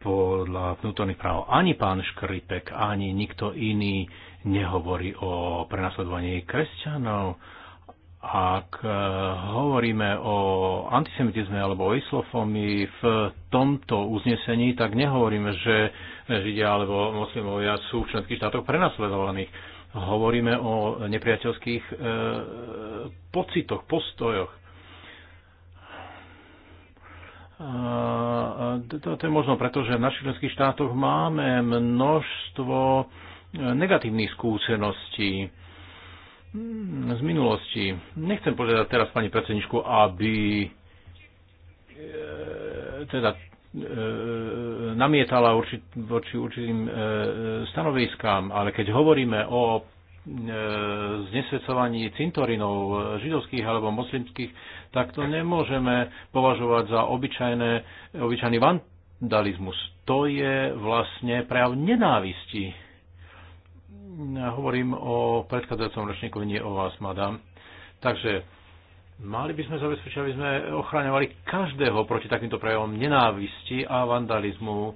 podľa vnútorných práv. Ani pán Škripek, ani nikto iný nehovorí o prenasledovaní kresťanov ak eh, hovoríme o antisemitizme alebo o islofómii v tomto uznesení, tak nehovoríme, že Židia alebo moslimovia sú v členských štátoch prenasledovaných. Hovoríme o nepriateľských e, pocitoch, postojoch. E, to, to je možno preto, že v našich členských štátoch máme množstvo negatívnych skúseností Hmm, z minulosti. Nechcem povedať teraz pani predsedničku, aby e, teda e, namietala určit, voči určitým e, stanoviskám, ale keď hovoríme o e, znesvedcovaní cintorinov židovských alebo moslimských, tak to nemôžeme považovať za obyčajné, obyčajný vandalizmus. To je vlastne prejav nenávisti hovorím o predchádzajúcom ročníku, nie o vás, madam. Takže mali by sme zabezpečiť, aby sme ochraňovali každého proti takýmto prejavom nenávisti a vandalizmu.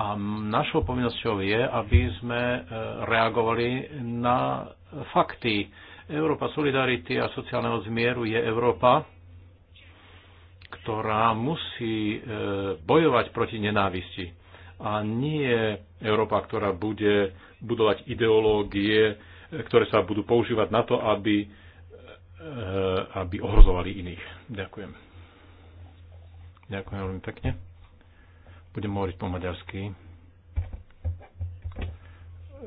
A našou povinnosťou je, aby sme e, reagovali na fakty. Európa solidarity a sociálneho zmieru je Európa, ktorá musí e, bojovať proti nenávisti. A nie Európa, ktorá bude budovať ideológie, e, ktoré sa budú používať na to, aby, e, aby ohrozovali iných. Ďakujem. Ďakujem veľmi pekne. Budem hovoriť po maďarsky.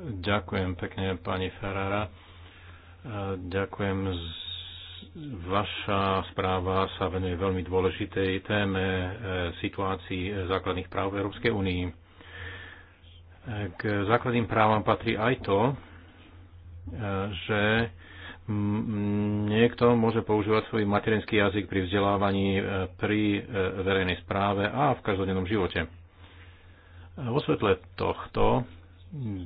Ďakujem pekne, pani Ferrara. E, ďakujem. Vaša správa sa venuje veľmi dôležitej téme situácii základných práv v Európskej únii k základným právam patrí aj to, e, že niekto môže používať svoj materinský jazyk pri vzdelávaní, e, pri e, verejnej správe a v každodennom živote. Vo svetle tohto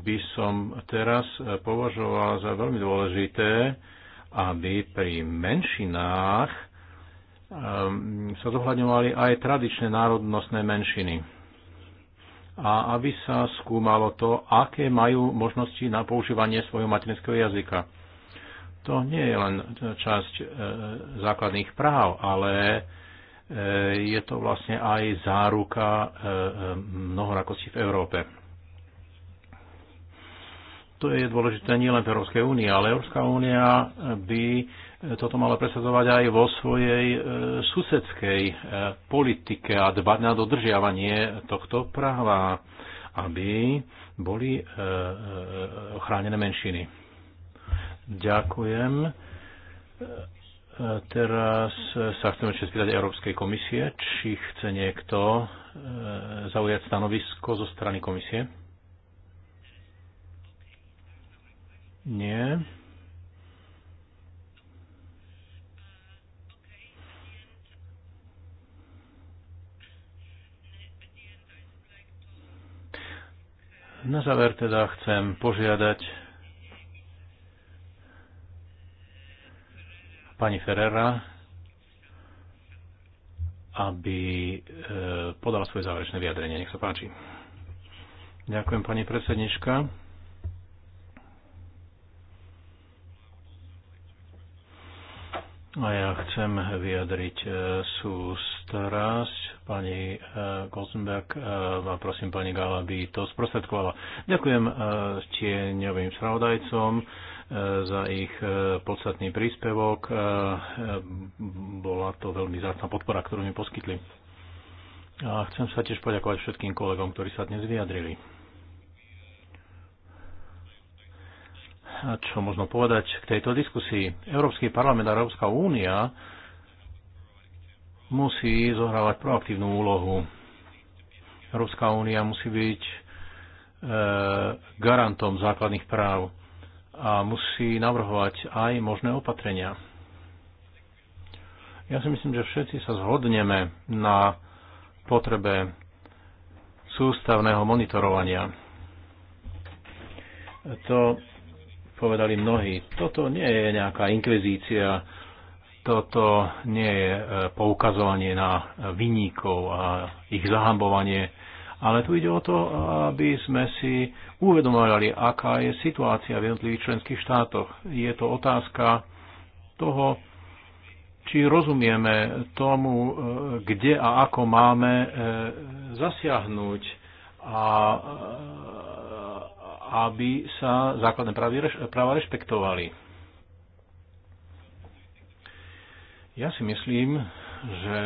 by som teraz považoval za veľmi dôležité, aby pri menšinách sa zohľadňovali aj tradičné národnostné menšiny a aby sa skúmalo to, aké majú možnosti na používanie svojho materinského jazyka. To nie je len časť e, základných práv, ale e, je to vlastne aj záruka e, e mnohorakosti v Európe. To je dôležité nielen v Európskej únie, ale Európska únia by toto mala presadzovať aj vo svojej e, susedskej e, politike a dbať na dodržiavanie tohto práva, aby boli e, ochránené menšiny. Ďakujem. Teraz sa chceme ešte spýtať Európskej komisie, či chce niekto zaujať stanovisko zo strany komisie. Nie. Na záver teda chcem požiadať pani Ferrera, aby e, podala svoje záverečné vyjadrenie. Nech sa páči. Ďakujem, pani predsednička. A ja chcem vyjadriť e, sústrasť pani eh, Golsenberg eh, a prosím pani Gala, aby to sprostredkovala. Ďakujem eh, tieňovým spravodajcom za ich podstatný príspevok. Bola to veľmi zácna podpora, ktorú mi poskytli. A chcem sa tiež poďakovať všetkým kolegom, ktorí sa dnes vyjadrili. A čo možno povedať k tejto diskusii? Európsky parlament a Európska únia musí zohrávať proaktívnu úlohu. Európska únia musí byť e, garantom základných práv a musí navrhovať aj možné opatrenia. Ja si myslím, že všetci sa zhodneme na potrebe sústavného monitorovania. To povedali mnohí. Toto nie je nejaká inkvizícia, toto nie je e, poukazovanie na vyníkov a ich zahambovanie, ale tu ide o to, aby sme si uvedomovali, aká je situácia v jednotlivých členských štátoch. Je to otázka toho, či rozumieme tomu, e, kde a ako máme e, zasiahnuť a aby sa základné práva rešpektovali. Ja si myslím, že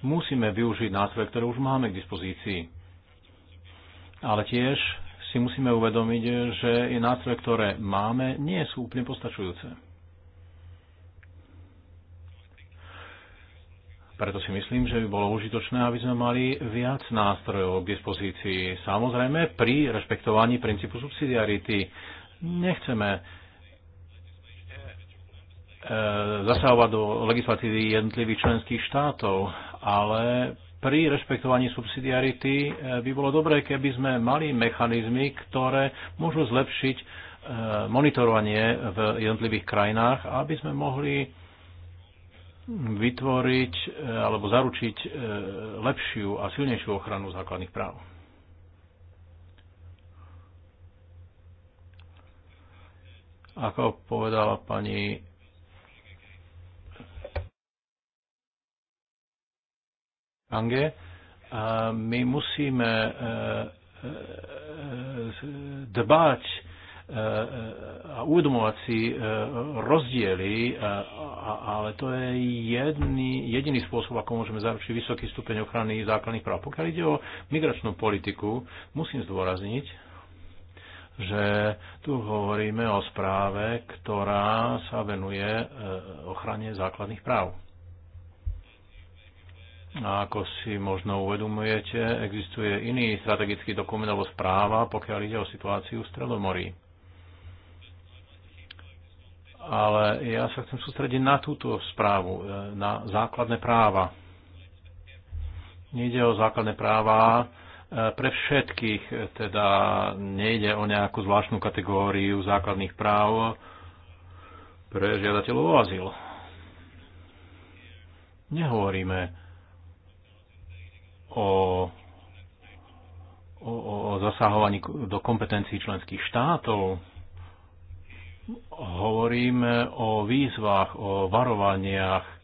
musíme využiť nástroje, ktoré už máme k dispozícii. Ale tiež si musíme uvedomiť, že i nástroje, ktoré máme, nie sú úplne postačujúce. Preto si myslím, že by bolo užitočné, aby sme mali viac nástrojov k dispozícii. Samozrejme pri rešpektovaní princípu subsidiarity. Nechceme E, zasahovať do legislatívy jednotlivých členských štátov, ale pri rešpektovaní subsidiarity e, by bolo dobré, keby sme mali mechanizmy, ktoré môžu zlepšiť e, monitorovanie v jednotlivých krajinách, aby sme mohli vytvoriť alebo zaručiť lepšiu a silnejšiu ochranu základných práv. Ako povedala pani Ange. A my musíme e, e, e, dbať a uvedomovať si rozdiely, ale to je jedný, jediný spôsob, ako môžeme zaručiť vysoký stupeň ochrany základných práv. Pokiaľ ide o migračnú politiku, musím zdôrazniť, že tu hovoríme o správe, ktorá sa venuje ochrane základných práv. A ako si možno uvedomujete, existuje iný strategický dokument alebo správa, pokiaľ ide o situáciu v Stredomorí. Ale ja sa chcem sústrediť na túto správu, e, na základné práva. Nejde o základné práva e, pre všetkých, e, teda nejde o nejakú zvláštnu kategóriu základných práv pre žiadateľov o azyl. Nehovoríme o, o, o zasahovaní do kompetencií členských štátov. Hovoríme o výzvach, o varovaniach,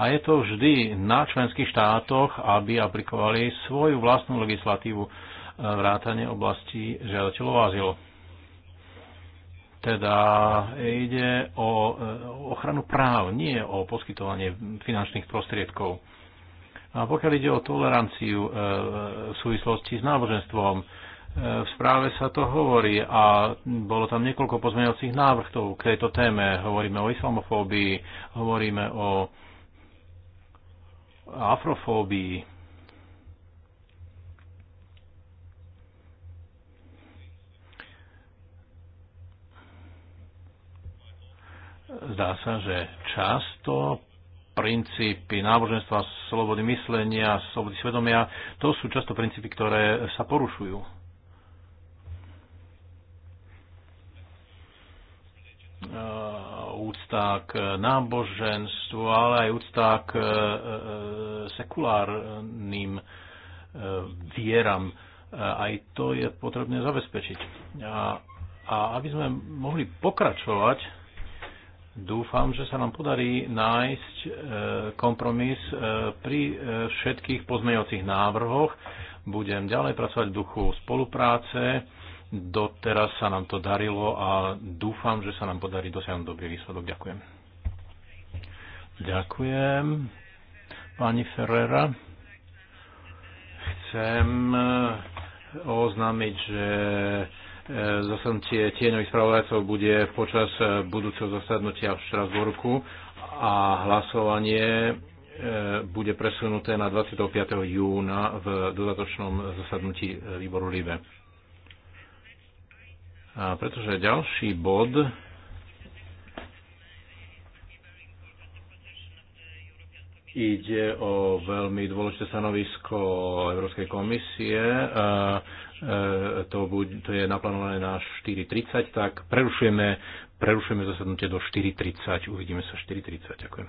a je to vždy na členských štátoch, aby aplikovali svoju vlastnú legislatívu eh, vrátane oblasti žiadateľov azylu. Teda ide eh, o ochranu práv, nie o poskytovanie finančných prostriedkov. A pokiaľ ide o toleranciu e, v súvislosti s náboženstvom, e, v správe sa to hovorí a bolo tam niekoľko pozmeňovacích návrhov k tejto téme. Hovoríme o islamofóbii, hovoríme o afrofóbii. Zdá sa, že často princípy náboženstva, slobody myslenia, slobody svedomia, to sú často princípy, ktoré sa porušujú. Eh, úcta k náboženstvu, ale aj úcta k eh, eh, sekulárnym vieram. Aj to je potrebné zabezpečiť. A, a aby sme mohli pokračovať Dúfam, že sa nám podarí nájsť e, kompromis e, pri e, všetkých pozmeňovacích návrhoch. Budem ďalej pracovať v duchu spolupráce. Doteraz sa nám to darilo a dúfam, že sa nám podarí dosiahnuť dobrý výsledok. Ďakujem. Ďakujem. Pani Ferrera, chcem oznámiť, že E, zasadnutie tieňových spravodajcov bude počas e, budúceho zasadnutia v Štrasburku a hlasovanie e, bude presunuté na 25. júna v dodatočnom zasadnutí výboru LIBE. A pretože ďalší bod ide o veľmi dôležité stanovisko Európskej komisie E, to, buď, to je naplánované na 4.30, tak prerušujeme, prerušujeme zasadnutie do 4.30, uvidíme sa 4.30, ďakujem.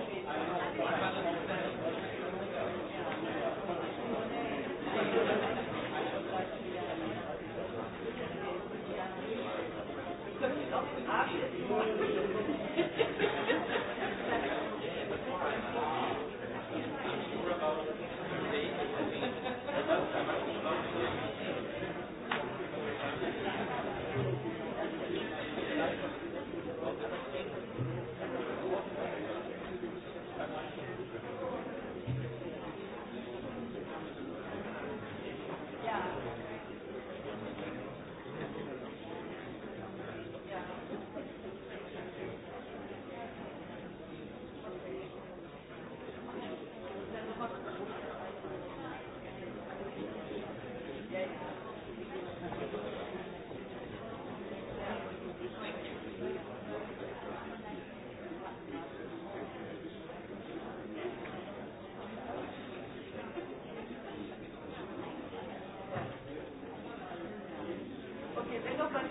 Okay,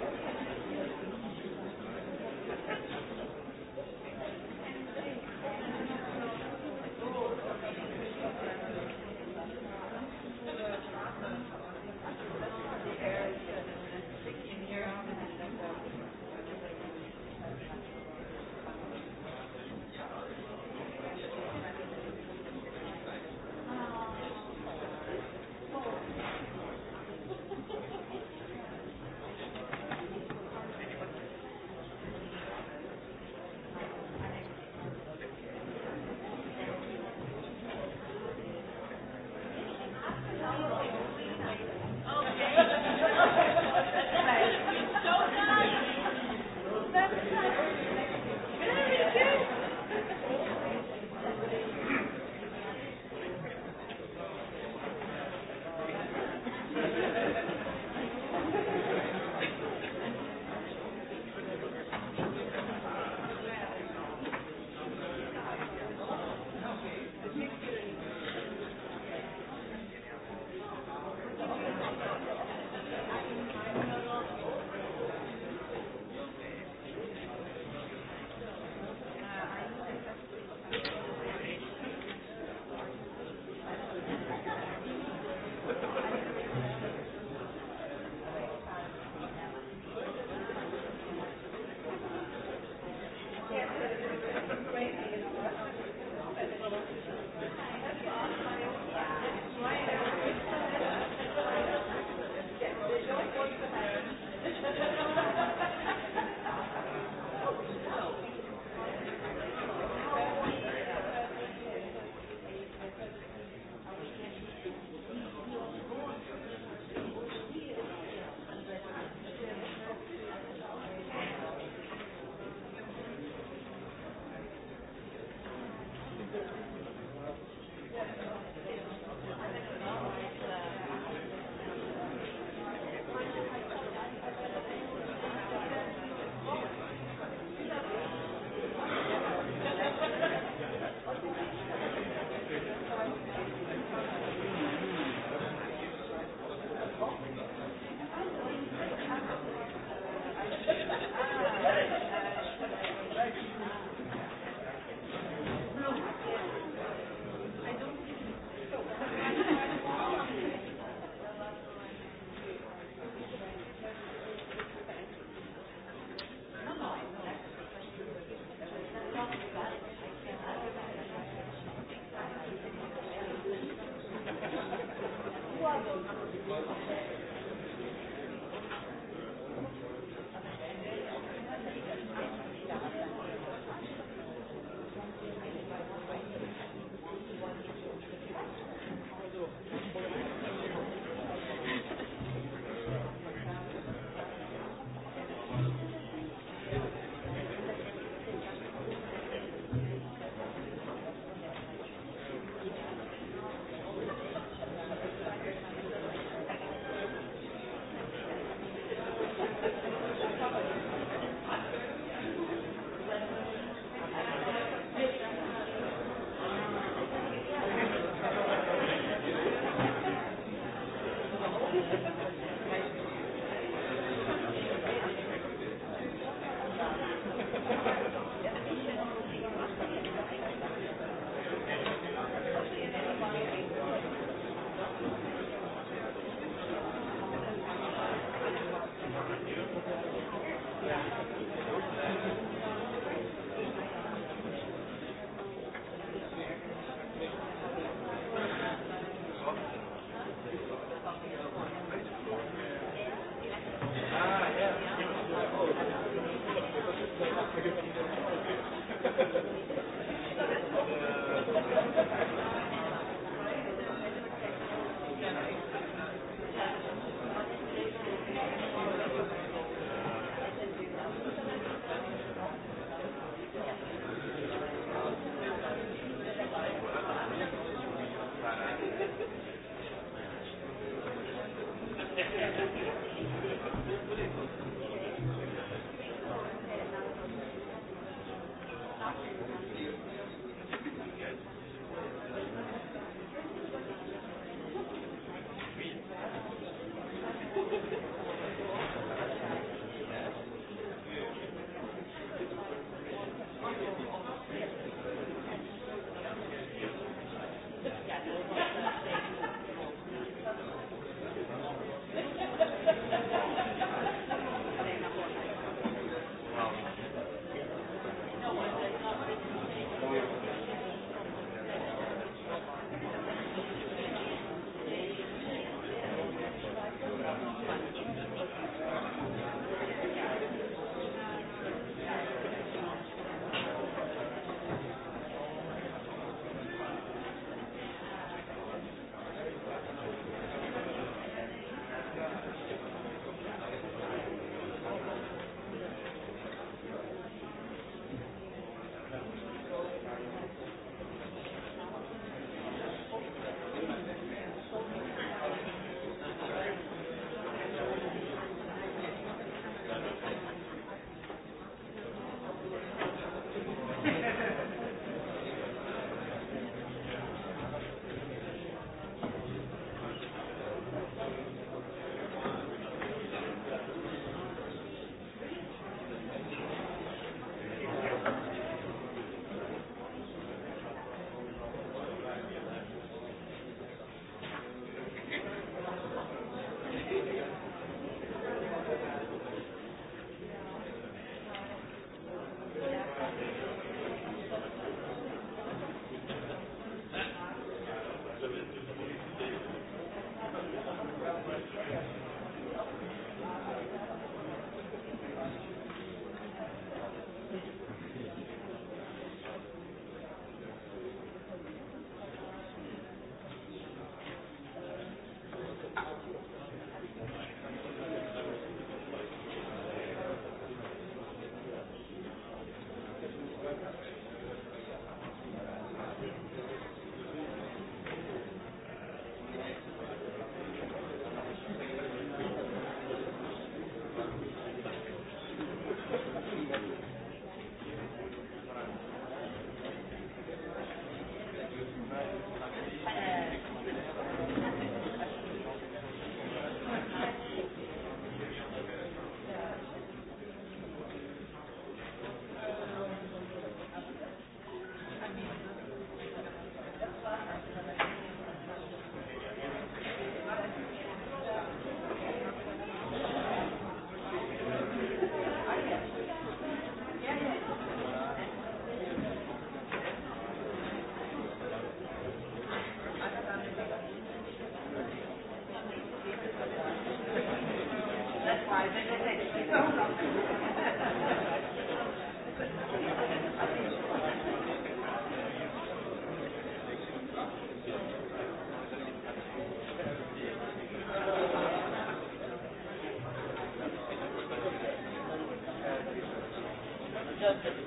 Thank you.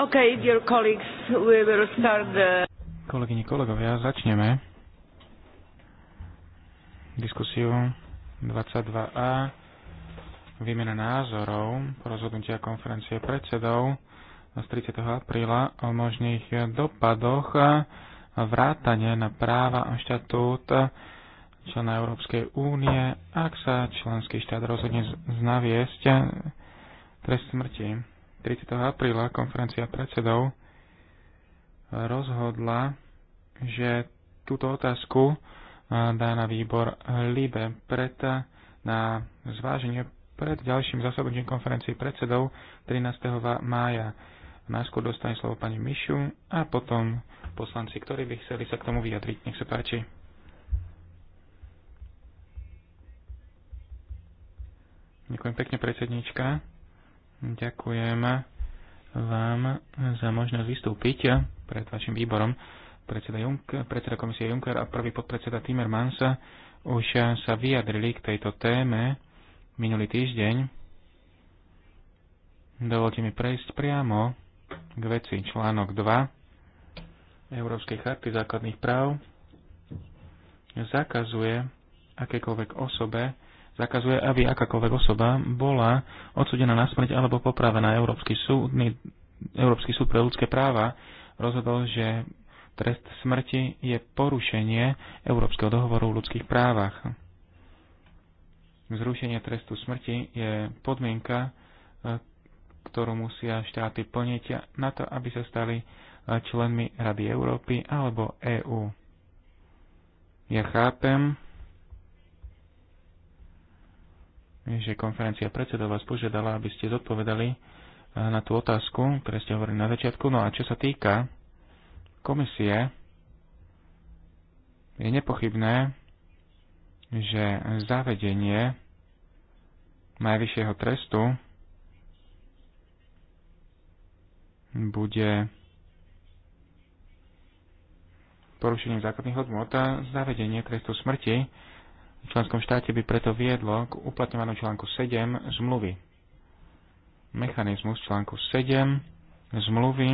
Okay, dear colleagues, we will start the... Kolegyne, kolegovia, začneme diskusiu 22a výmena názorov po rozhodnutia konferencie predsedov z 30. apríla o možných dopadoch a vrátane na práva a štatút člena Európskej únie, ak sa členský štát rozhodne znaviesť trest smrti. 30. apríla konferencia predsedov rozhodla, že túto otázku eh, dá na výbor LIBE. Preto eh, na zváženie pred ďalším zasadnutím konferencie predsedov 13. mája. Najskôr dostane slovo pani Mišu a potom poslanci, ktorí by chceli sa k tomu vyjadriť. Nech sa páči. Ďakujem pekne, predsednička. Ďakujem vám za možnosť vystúpiť pred vašim výborom. Predseda, Junk, predseda komisie Juncker a prvý podpredseda Timmermansa už sa vyjadrili k tejto téme minulý týždeň. Dovolte mi prejsť priamo k veci článok 2 Európskej charty základných práv zakazuje akékoľvek osobe zakazuje, aby akákoľvek osoba bola odsudená na smrť alebo popravená. Európsky, súdny, Európsky súd pre ľudské práva rozhodol, že trest smrti je porušenie Európskeho dohovoru o ľudských právach. Zrušenie trestu smrti je podmienka, e, ktorú musia štáty plniť na to, aby sa stali e, členmi Rady Európy alebo EÚ. Ja chápem, že konferencia predsedov vás požiadala, aby ste zodpovedali eh, na tú otázku, ktoré ste hovorili na začiatku. No a čo sa týka komisie, je nepochybné, že zavedenie najvyššieho trestu bude porušením základných hodnot a zavedenie trestu smrti v členskom štáte by preto viedlo k uplatňovanú článku 7 zmluvy. Mechanizmus článku 7 zmluvy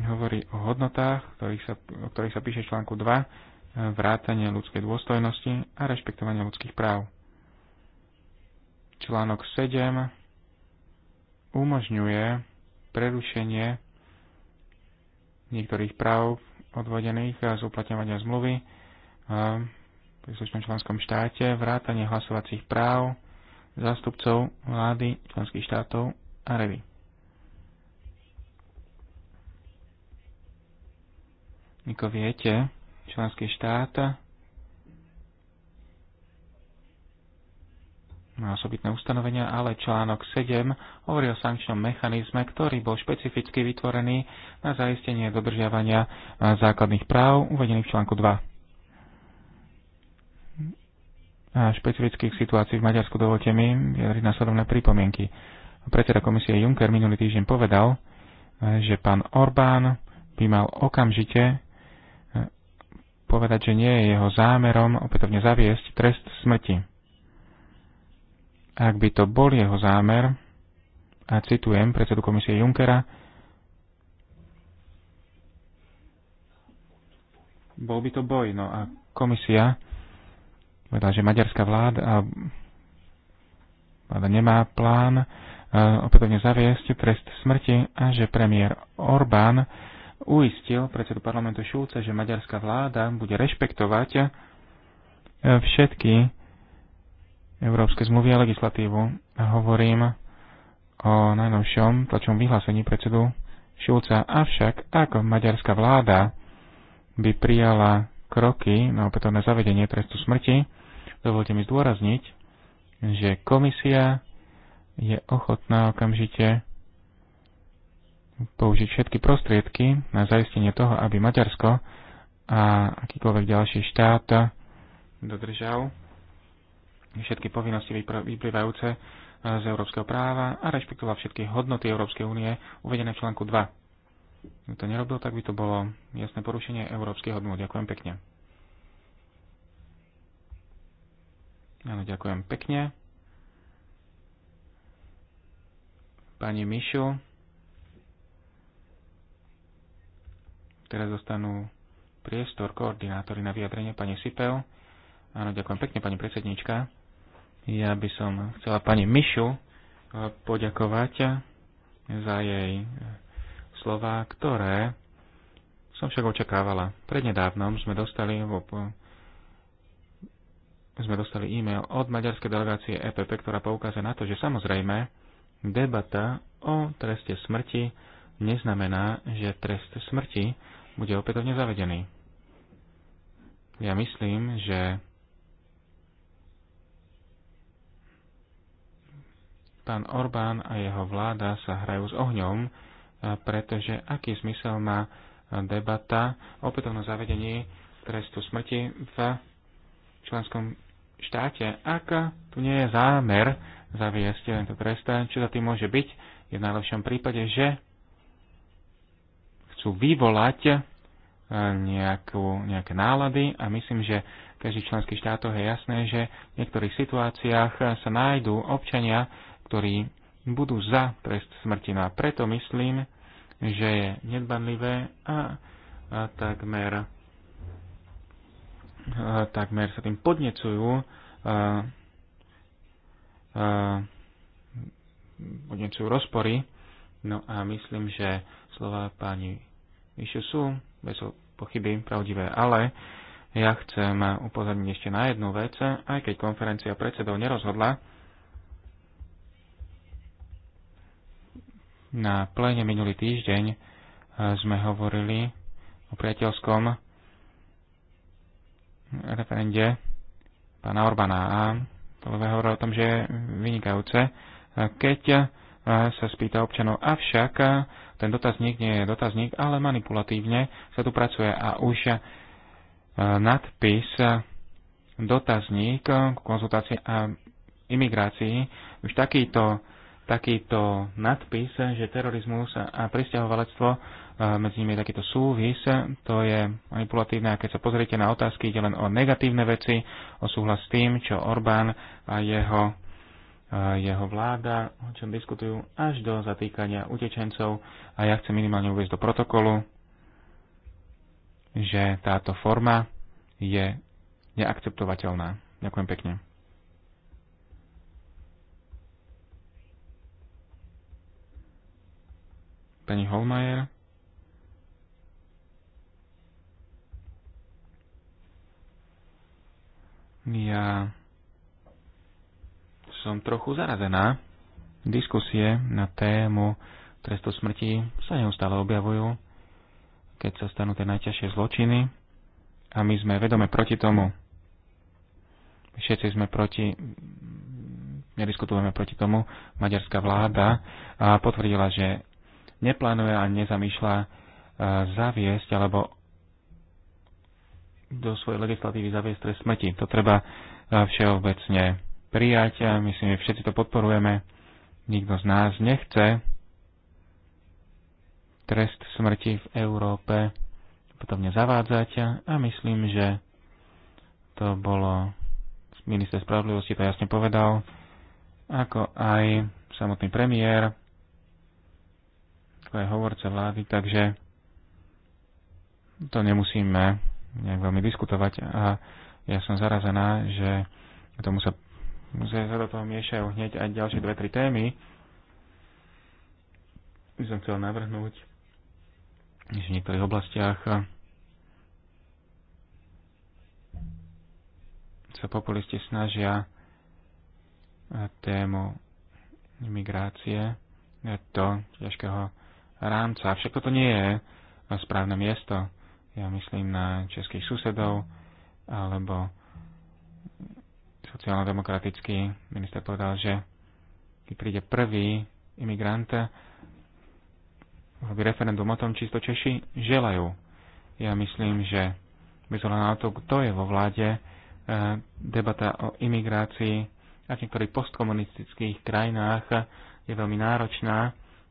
hovorí o hodnotách, ktorých sa, o ktorých sa píše v článku 2, vrátanie ľudskej dôstojnosti a rešpektovanie ľudských práv. Článok 7 umožňuje prerušenie niektorých práv odvodených z uplatňovania zmluvy v príslušnom členskom štáte, vrátanie hlasovacích práv zástupcov vlády členských štátov a revy. Ako viete, členský štát má osobitné ustanovenia, ale článok 7 hovorí o sankčnom mechanizme, ktorý bol špecificky vytvorený na zaistenie dodržiavania základných práv uvedených v článku 2 špecifických situácií v Maďarsku dovolte mi vyjadriť následovné pripomienky. Predseda komisie Juncker minulý týždeň povedal, že pán Orbán by mal okamžite eh, povedať, že nie je jeho zámerom opätovne zaviesť trest smrti. Ak by to bol jeho zámer, a citujem predsedu komisie Junckera, bol by to boj. No a komisia povedal, že maďarská vláda, vláda nemá plán e, opätovne zaviesť trest smrti a že premiér Orbán uistil predsedu parlamentu Šulce, že maďarská vláda bude rešpektovať e, všetky európske zmluvy a legislatívu. Hovorím o najnovšom tlačom vyhlásení predsedu Šulca, avšak ako maďarská vláda by prijala kroky na opätovné zavedenie trestu smrti, Dovolte mi zdôrazniť, že komisia je ochotná okamžite použiť všetky prostriedky na zaistenie toho, aby Maďarsko a akýkoľvek ďalší štát dodržal všetky povinnosti vyplývajúce z európskeho práva a rešpektoval všetky hodnoty Európskej únie uvedené v článku 2. Kto to nerobil, tak by to bolo jasné porušenie európskych hodnot. Ďakujem pekne. Áno, ďakujem pekne. Pani Mišu. Teraz zostanú priestor koordinátory na vyjadrenie pani Sipel. Áno, ďakujem pekne, pani predsednička. Ja by som chcela pani Mišu eh, poďakovať za jej eh, slova, ktoré som však očakávala. Prednedávnom sme dostali vo sme dostali e-mail od maďarskej delegácie EPP, ktorá poukáže na to, že samozrejme debata o treste smrti neznamená, že trest smrti bude opätovne zavedený. Ja myslím, že pán Orbán a jeho vláda sa hrajú s ohňom, pretože aký zmysel má debata o opätovnom zavedení trestu smrti v členskom štáte, ak tu nie je zámer zaviesť tento trest, čo za tým môže byť, je v najlepšom prípade, že chcú vyvolať e, nejakú, nejaké nálady a myslím, že v každých členských štátoch je jasné, že v niektorých situáciách sa nájdú občania, ktorí budú za trest smrti. No a preto myslím, že je nedbanlivé a, a takmer Eh, takmer sa tým podnecujú eh, eh, podnecujú rozpory. No a myslím, že slova pani Išu sú bez pochyby pravdivé, ale ja chcem upozorniť ešte na jednu vec, aj keď konferencia predsedov nerozhodla, na pléne minulý týždeň sme hovorili o priateľskom referende pána Orbana A kolega hovoril o tom, že je vynikajúce, keď eh, sa spýta občanov. Avšak eh, ten dotazník nie je dotazník, ale manipulatívne sa tu pracuje a už eh, nadpis dotazník k konzultácii a imigrácii, už takýto, takýto nadpis, že terorizmus a pristahovalectvo medzi nimi je takýto súvis, to je manipulatívne a keď sa pozriete na otázky, ide len o negatívne veci, o súhlas s tým, čo Orbán a jeho, jeho vláda, o čom diskutujú až do zatýkania utečencov a ja chcem minimálne uvieť do protokolu, že táto forma je neakceptovateľná. Ďakujem pekne. Pani Holmajer. Ja som trochu zarazená. Diskusie na tému trestu smrti sa neustále objavujú, keď sa stanú tie najťažšie zločiny a my sme vedome proti tomu. Všetci sme proti, nediskutujeme proti tomu. Maďarská vláda potvrdila, že neplánuje a nezamýšľa e, zaviesť alebo do svojej legislatívy zaviesť trest smrti. To treba e, všeobecne prijať a myslím, že všetci to podporujeme. Nikto z nás nechce trest smrti v Európe potom zavádzať a myslím, že to bolo minister spravodlivosti to jasne povedal, ako aj samotný premiér, ako aj hovorca vlády, takže to nemusíme nejak veľmi diskutovať a ja som zarazená, že tomu sa, sa do toho miešajú hneď aj ďalšie dve, tri témy. By som chcel navrhnúť, že v niektorých oblastiach sa populisti snažia tému imigrácie to ťažkého rámca. Však to nie je správne miesto ja myslím na českých susedov, alebo sociálno-demokratický minister povedal, že keď príde prvý imigrant, robí referendum o tom, či Češi želajú. Ja myslím, že bez ohľadu na to, kto je vo vláde, e, debata o imigrácii a v niektorých postkomunistických krajinách je veľmi náročná.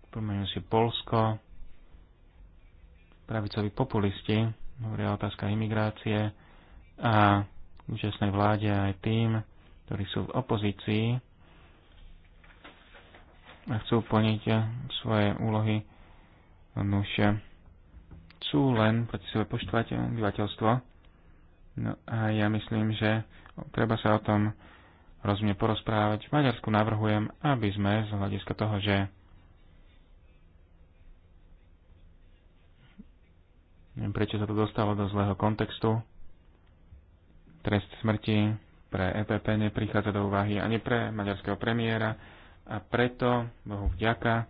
Pomenú si Polsko, pravicoví populisti, hovoria o otázka imigrácie a úžasnej vláde aj tým, ktorí sú v opozícii a chcú plniť svoje úlohy, nuž sú len proti sebe poštovať obyvateľstvo. No a ja myslím, že treba sa o tom rozumne porozprávať. V Maďarsku navrhujem, aby sme z hľadiska toho, že Neviem, prečo sa to dostalo do zlého kontextu. Trest smrti pre EPP neprichádza do úvahy ani pre maďarského premiéra a preto, Bohu vďaka,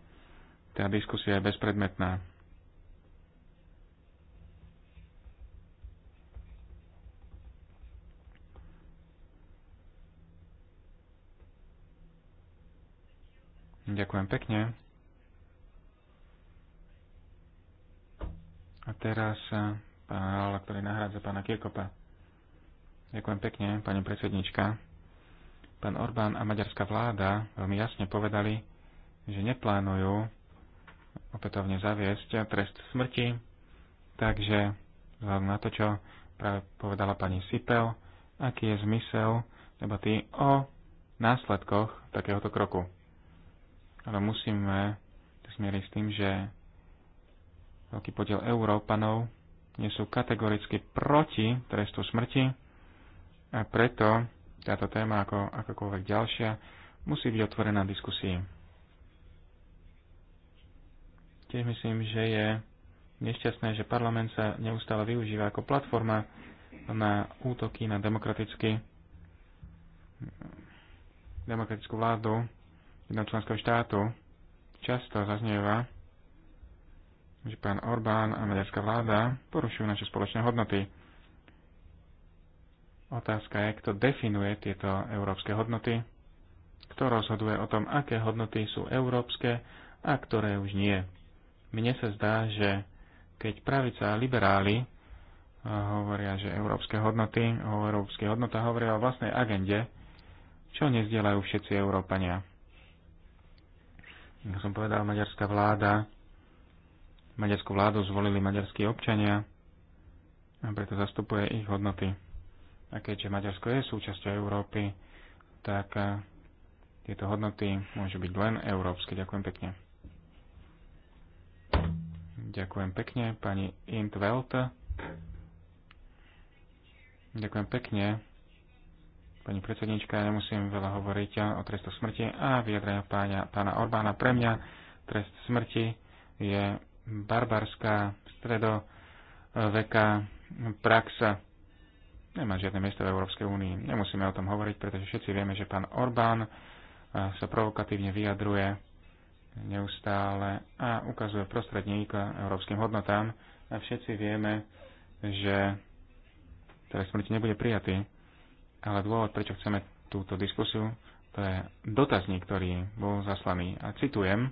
tá diskusia je bezpredmetná. Ďakujem pekne. teraz eh, pán Rála, ktorý nahrádza pána Kirkopa. Ďakujem pekne, pani predsednička. Pán Orbán a maďarská vláda veľmi jasne povedali, že neplánujú opätovne zaviesť trest smrti, takže vzhľadom na to, čo práve povedala pani Sipel, aký je zmysel debaty o následkoch takéhoto kroku. Ale musíme smieriť s tým, že veľký podiel Európanov nie sú kategoricky proti trestu smrti a preto táto téma ako akákoľvek ďalšia musí byť otvorená diskusii. Tiež myslím, že je nešťastné, že parlament sa neustále využíva ako platforma na útoky na demokratický demokratickú vládu jedného členského štátu. Často zaznieva že pán Orbán a maďarská vláda porušujú naše spoločné hodnoty. Otázka je, kto definuje tieto európske hodnoty, kto rozhoduje o tom, aké hodnoty sú európske a ktoré už nie. Mne sa zdá, že keď pravica a liberáli eh, hovoria, že európske hodnoty, o európske hodnotách hovoria o vlastnej agende, čo nezdielajú všetci Európania. Ako som povedal, maďarská vláda maďarskú vládu zvolili maďarskí občania a preto zastupuje ich hodnoty. A keďže Maďarsko je súčasťou Európy, tak eh, tieto hodnoty môžu byť len európske. Ďakujem pekne. Ďakujem pekne, pani Intvelt. Ďakujem pekne. Pani predsednička, ja nemusím veľa hovoriť o trestu smrti a vyjadrenia pána, pána Orbána. Pre mňa trest smrti je barbarská, stredoveká praxa nemá žiadne miesto v Európskej únii. Nemusíme o tom hovoriť, pretože všetci vieme, že pán Orbán eh, sa provokatívne vyjadruje neustále a ukazuje prostredník európskym hodnotám. A všetci vieme, že teraz smrti nebude prijatý. Ale dôvod, prečo chceme túto diskusiu, to je dotazník, ktorý bol zaslaný. A citujem,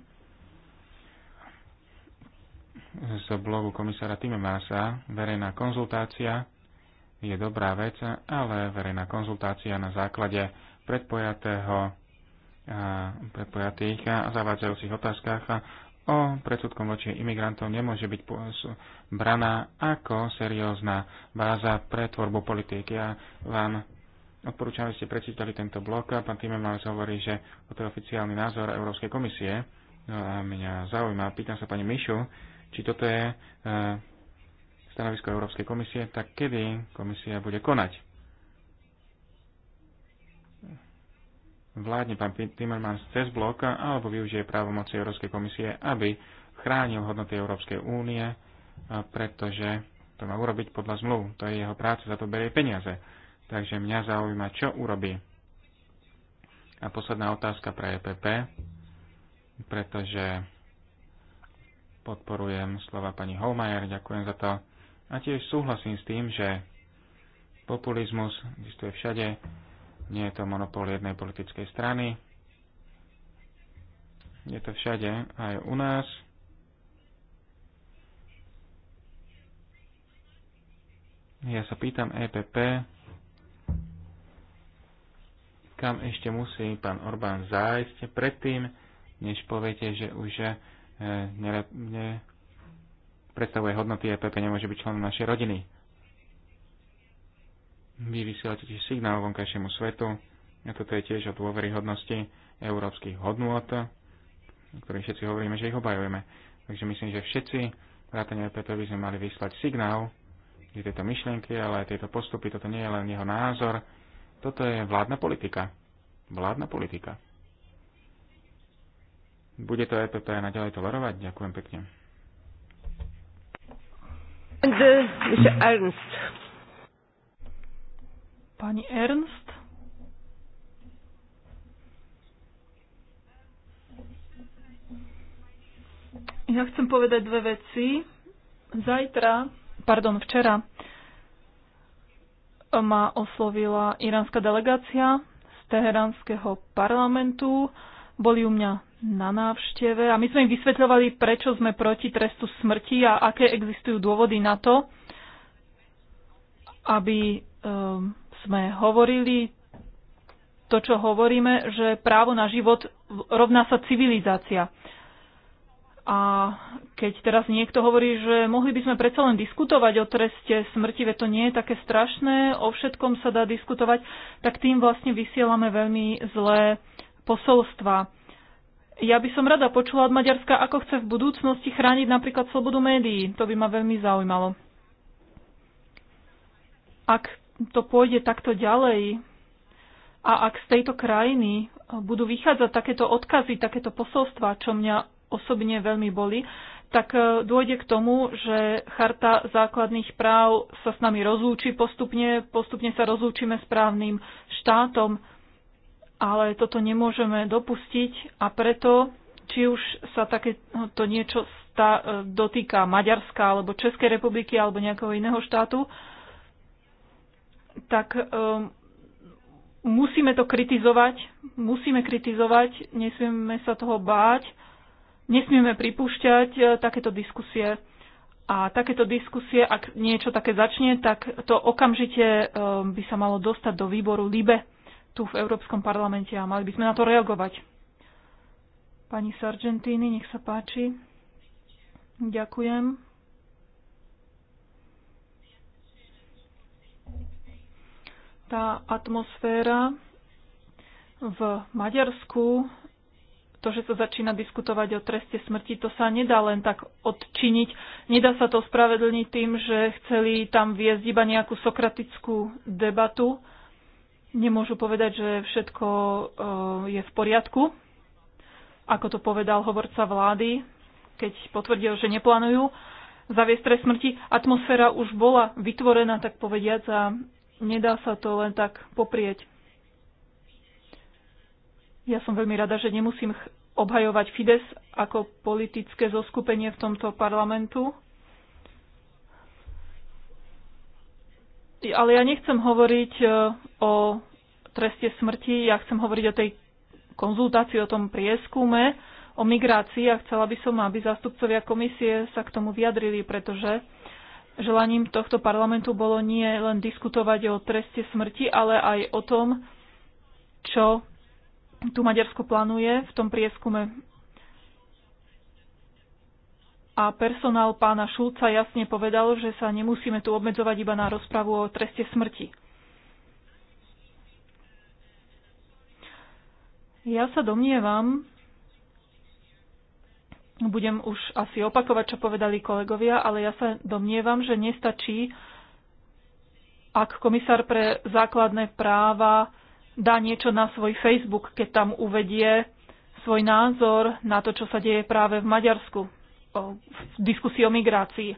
z blogu komisára Timemasa, Verejná konzultácia je dobrá vec, ale verejná konzultácia na základe predpojatého a predpojatých a zavádzajúcich otázkach o predsudkom voči imigrantov nemôže byť braná ako seriózna báza pre tvorbu politiky. Ja vám odporúčam, aby ste prečítali tento blok. Pán Timmermans hovorí, že to je oficiálny názor Európskej komisie. No a mňa zaujíma, pýtam sa pani Mišu, či toto je e, stanovisko Európskej komisie, tak kedy komisia bude konať. Vládne pán Timmermans cez blok alebo využije právomoci Európskej komisie, aby chránil hodnoty Európskej únie, e, pretože to má urobiť podľa zmluv. To je jeho práca, za to berie peniaze. Takže mňa zaujíma, čo urobí. A posledná otázka pre EPP, pretože podporujem slova pani Holmajer, ďakujem za to. A tiež súhlasím s tým, že populizmus existuje všade, nie je to monopol jednej politickej strany. Je to všade, aj u nás. Ja sa pýtam EPP, kam ešte musí pán Orbán zájsť predtým, než poviete, že už E, nere, ne, predstavuje hodnoty EPP Pepe nemôže byť členom našej rodiny. Vy vysielate tiež signál vonkajšiemu svetu a toto je tiež o dôveryhodnosti európskych hodnôt, o ktorých všetci hovoríme, že ich obajujeme. Takže myslím, že všetci vrátane EPP by sme mali vyslať signál, že tieto myšlienky, ale aj tieto postupy, toto nie je len jeho názor, toto je vládna politika. Vládna politika. Bude to EPP aj naďalej tolerovať? Ďakujem pekne. And, uh, Ernst. Pani Ernst? Ja chcem povedať dve veci. Zajtra, pardon, včera ma oslovila iránska delegácia z teheránskeho parlamentu. Boli u mňa na návšteve a my sme im vysvetľovali, prečo sme proti trestu smrti a aké existujú dôvody na to, aby ehm, sme hovorili to, čo hovoríme, že právo na život rovná sa civilizácia. A keď teraz niekto hovorí, že mohli by sme predsa len diskutovať o treste smrti, veď to nie je také strašné, o všetkom sa dá diskutovať, tak tým vlastne vysielame veľmi zlé posolstva. Ja by som rada počula od Maďarska, ako chce v budúcnosti chrániť napríklad slobodu médií. To by ma veľmi zaujímalo. Ak to pôjde takto ďalej a ak z tejto krajiny budú vychádzať takéto odkazy, takéto posolstva, čo mňa osobne veľmi boli, tak e, dôjde k tomu, že Charta základných práv sa s nami rozlúči postupne, postupne sa rozlúčime s právnym štátom, ale toto nemôžeme dopustiť a preto, či už sa takéto niečo stá, e, dotýka Maďarska alebo Českej republiky alebo nejakého iného štátu, tak um, musíme to kritizovať, musíme kritizovať, nesmieme sa toho báť, nesmieme pripúšťať e, takéto diskusie. A takéto diskusie, ak niečo také začne, tak to okamžite by sa malo dostať do výboru LIBE tu v Európskom parlamente a mali by sme na to reagovať. Pani Sargentini, nech sa páči. Ďakujem. Tá atmosféra v Maďarsku, to, že sa začína diskutovať o treste smrti, to sa nedá len tak odčiniť. Nedá sa to spravedlniť tým, že chceli tam viesť iba nejakú sokratickú debatu nemôžu povedať, že všetko eh, je v poriadku, ako to povedal hovorca vlády, keď potvrdil, že neplánujú zaviesť trest smrti. Atmosféra už bola vytvorená, tak povediac, a nedá sa to len tak poprieť. Ja som veľmi rada, že nemusím obhajovať Fides ako politické zoskupenie v tomto parlamentu. Ale ja nechcem hovoriť eh, o treste smrti. Ja chcem hovoriť o tej konzultácii, o tom prieskume, o migrácii a chcela by som, aby zástupcovia komisie sa k tomu vyjadrili, pretože želaním tohto parlamentu bolo nie len diskutovať o treste smrti, ale aj o tom, čo tu Maďarsko plánuje v tom prieskume. A personál pána Šulca jasne povedal, že sa nemusíme tu obmedzovať iba na rozpravu o treste smrti. Ja sa domnievam, budem už asi opakovať, čo povedali kolegovia, ale ja sa domnievam, že nestačí, ak komisár pre základné práva dá niečo na svoj Facebook, keď tam uvedie svoj názor na to, čo sa deje práve v Maďarsku v diskusii o migrácii.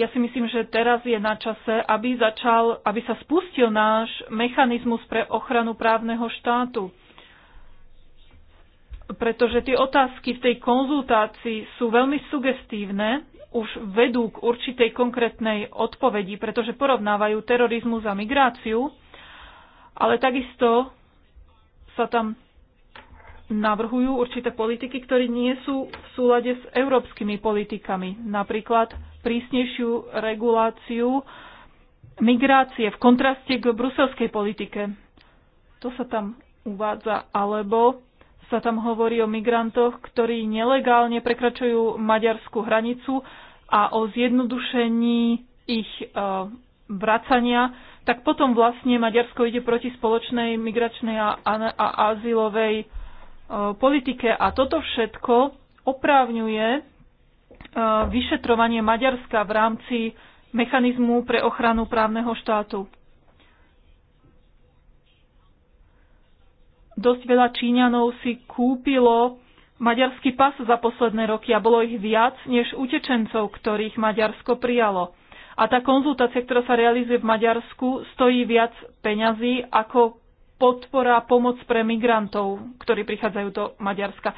Ja si myslím, že teraz je na čase, aby, začal, aby sa spustil náš mechanizmus pre ochranu právneho štátu pretože tie otázky v tej konzultácii sú veľmi sugestívne, už vedú k určitej konkrétnej odpovedi, pretože porovnávajú terorizmus a migráciu, ale takisto sa tam navrhujú určité politiky, ktoré nie sú v súlade s európskymi politikami. Napríklad prísnejšiu reguláciu migrácie v kontraste k bruselskej politike. To sa tam uvádza. Alebo sa tam hovorí o migrantoch, ktorí nelegálne prekračujú maďarskú hranicu a o zjednodušení ich e, vracania, tak potom vlastne Maďarsko ide proti spoločnej migračnej a, a, azylovej e, politike. A toto všetko oprávňuje e, vyšetrovanie Maďarska v rámci mechanizmu pre ochranu právneho štátu. dosť veľa Číňanov si kúpilo maďarský pas za posledné roky a bolo ich viac než utečencov, ktorých Maďarsko prijalo. A tá konzultácia, ktorá sa realizuje v Maďarsku, stojí viac peňazí ako podpora, pomoc pre migrantov, ktorí prichádzajú do Maďarska.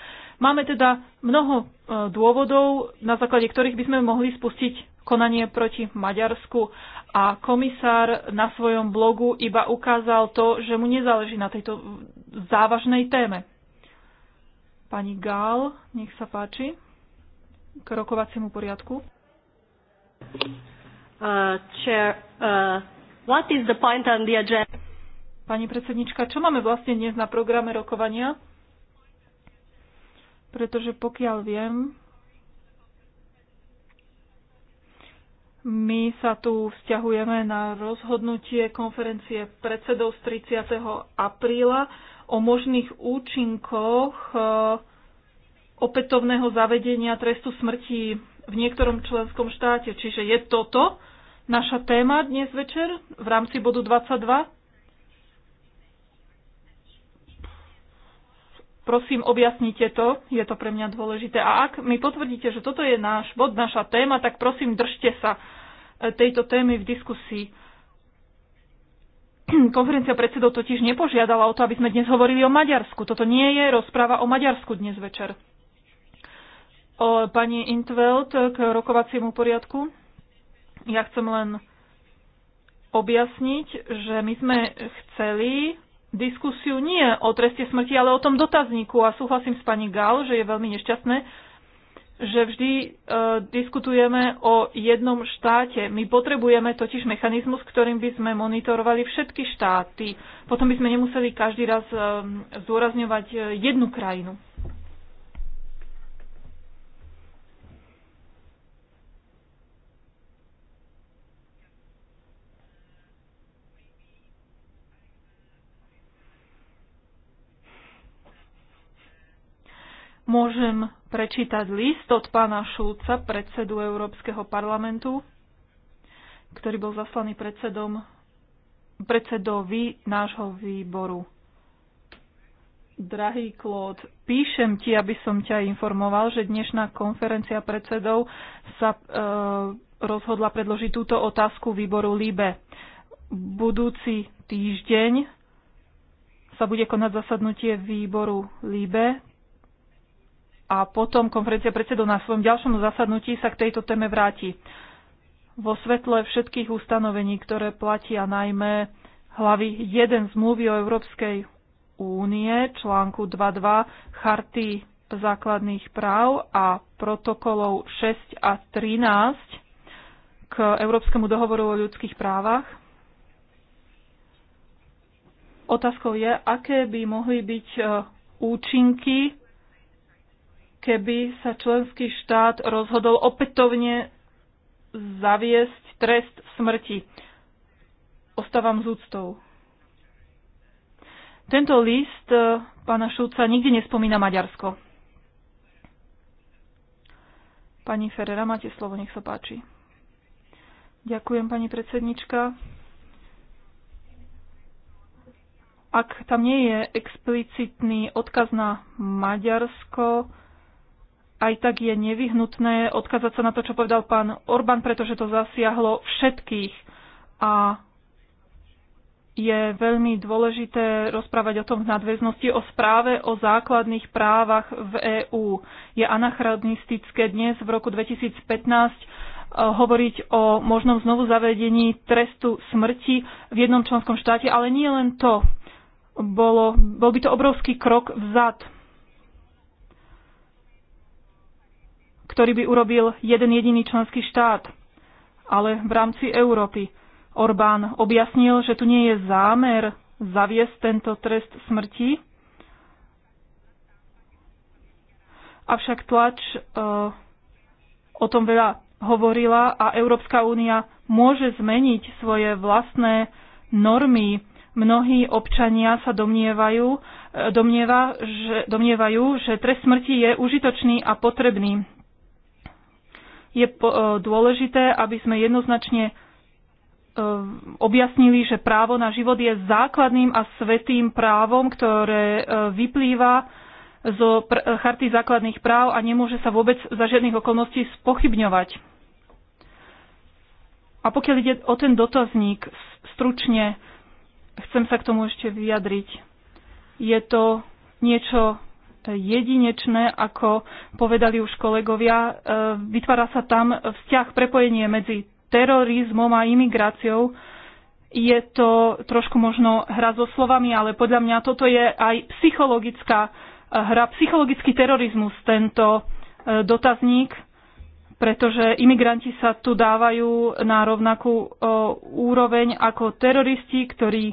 Máme teda mnoho e, dôvodov, na základe ktorých by sme mohli spustiť konanie proti Maďarsku a komisár na svojom blogu iba ukázal to, že mu nezáleží na tejto závažnej téme. Pani Gál, nech sa páči, k rokovaciemu poriadku. Uh, chair, uh, what is the point on the agenda? Pani predsednička, čo máme vlastne dnes na programe rokovania? pretože pokiaľ viem, my sa tu vzťahujeme na rozhodnutie konferencie predsedov z 30. apríla o možných účinkoch e, opätovného zavedenia trestu smrti v niektorom členskom štáte. Čiže je toto naša téma dnes večer v rámci bodu 22? Prosím, objasnite to, je to pre mňa dôležité. A ak mi potvrdíte, že toto je náš bod, naša téma, tak prosím, držte sa e, tejto témy v diskusii. Konferencia predsedov totiž nepožiadala o to, aby sme dnes hovorili o Maďarsku. Toto nie je rozpráva o Maďarsku dnes večer. O pani Intveld k rokovaciemu poriadku. Ja chcem len objasniť, že my sme chceli diskusiu nie o treste smrti, ale o tom dotazníku. A súhlasím s pani Gal, že je veľmi nešťastné, že vždy e, diskutujeme o jednom štáte. My potrebujeme totiž mechanizmus, ktorým by sme monitorovali všetky štáty. Potom by sme nemuseli každý raz e, zdôrazňovať e, jednu krajinu. Môžem prečítať list od pána Šulca, predsedu Európskeho parlamentu, ktorý bol zaslaný predsedom, predsedovi nášho výboru. Drahý Klód, píšem ti, aby som ťa informoval, že dnešná konferencia predsedov sa e, rozhodla predložiť túto otázku výboru LIBE. Budúci týždeň sa bude konať zasadnutie výboru LIBE a potom konferencia predsedov na svojom ďalšom zasadnutí sa k tejto téme vráti. Vo svetle všetkých ustanovení, ktoré platia najmä hlavy 1 zmluvy o Európskej únie, článku 2.2, charty základných práv a protokolov 6 a 13 k Európskemu dohovoru o ľudských právach. Otázkou je, aké by mohli byť e, účinky keby sa členský štát rozhodol opätovne zaviesť trest smrti. Ostávam z úctou. Tento list e, pána Šúca nikdy nespomína Maďarsko. Pani Ferrera, máte slovo, nech sa páči. Ďakujem, pani predsednička. Ak tam nie je explicitný odkaz na Maďarsko, aj tak je nevyhnutné odkázať sa na to, čo povedal pán Orbán, pretože to zasiahlo všetkých. A je veľmi dôležité rozprávať o tom v nadväznosti o správe o základných právach v EÚ. Je anachronistické dnes v roku 2015 eh, hovoriť o možnom znovu zavedení trestu smrti v jednom členskom štáte, ale nie len to. Bolo, bol by to obrovský krok vzad ktorý by urobil jeden jediný členský štát, ale v rámci Európy. Orbán objasnil, že tu nie je zámer zaviesť tento trest smrti, avšak tlač e, o tom veľa hovorila a Európska únia môže zmeniť svoje vlastné normy. Mnohí občania sa domnievajú, e, domnieva, že, domnievajú, že trest smrti je užitočný a potrebný je e, dôležité, aby sme jednoznačne e, objasnili, že právo na život je základným a svetým právom, ktoré e, vyplýva zo charty základných práv a nemôže sa vôbec za žiadnych okolností spochybňovať. A pokiaľ ide o ten dotazník, stručne chcem sa k tomu ešte vyjadriť. Je to niečo jedinečné, ako povedali už kolegovia. E, vytvára sa tam vzťah, prepojenie medzi terorizmom a imigráciou. Je to trošku možno hra so slovami, ale podľa mňa toto je aj psychologická e, hra, psychologický terorizmus, tento e, dotazník, pretože imigranti sa tu dávajú na rovnakú úroveň ako teroristi, ktorí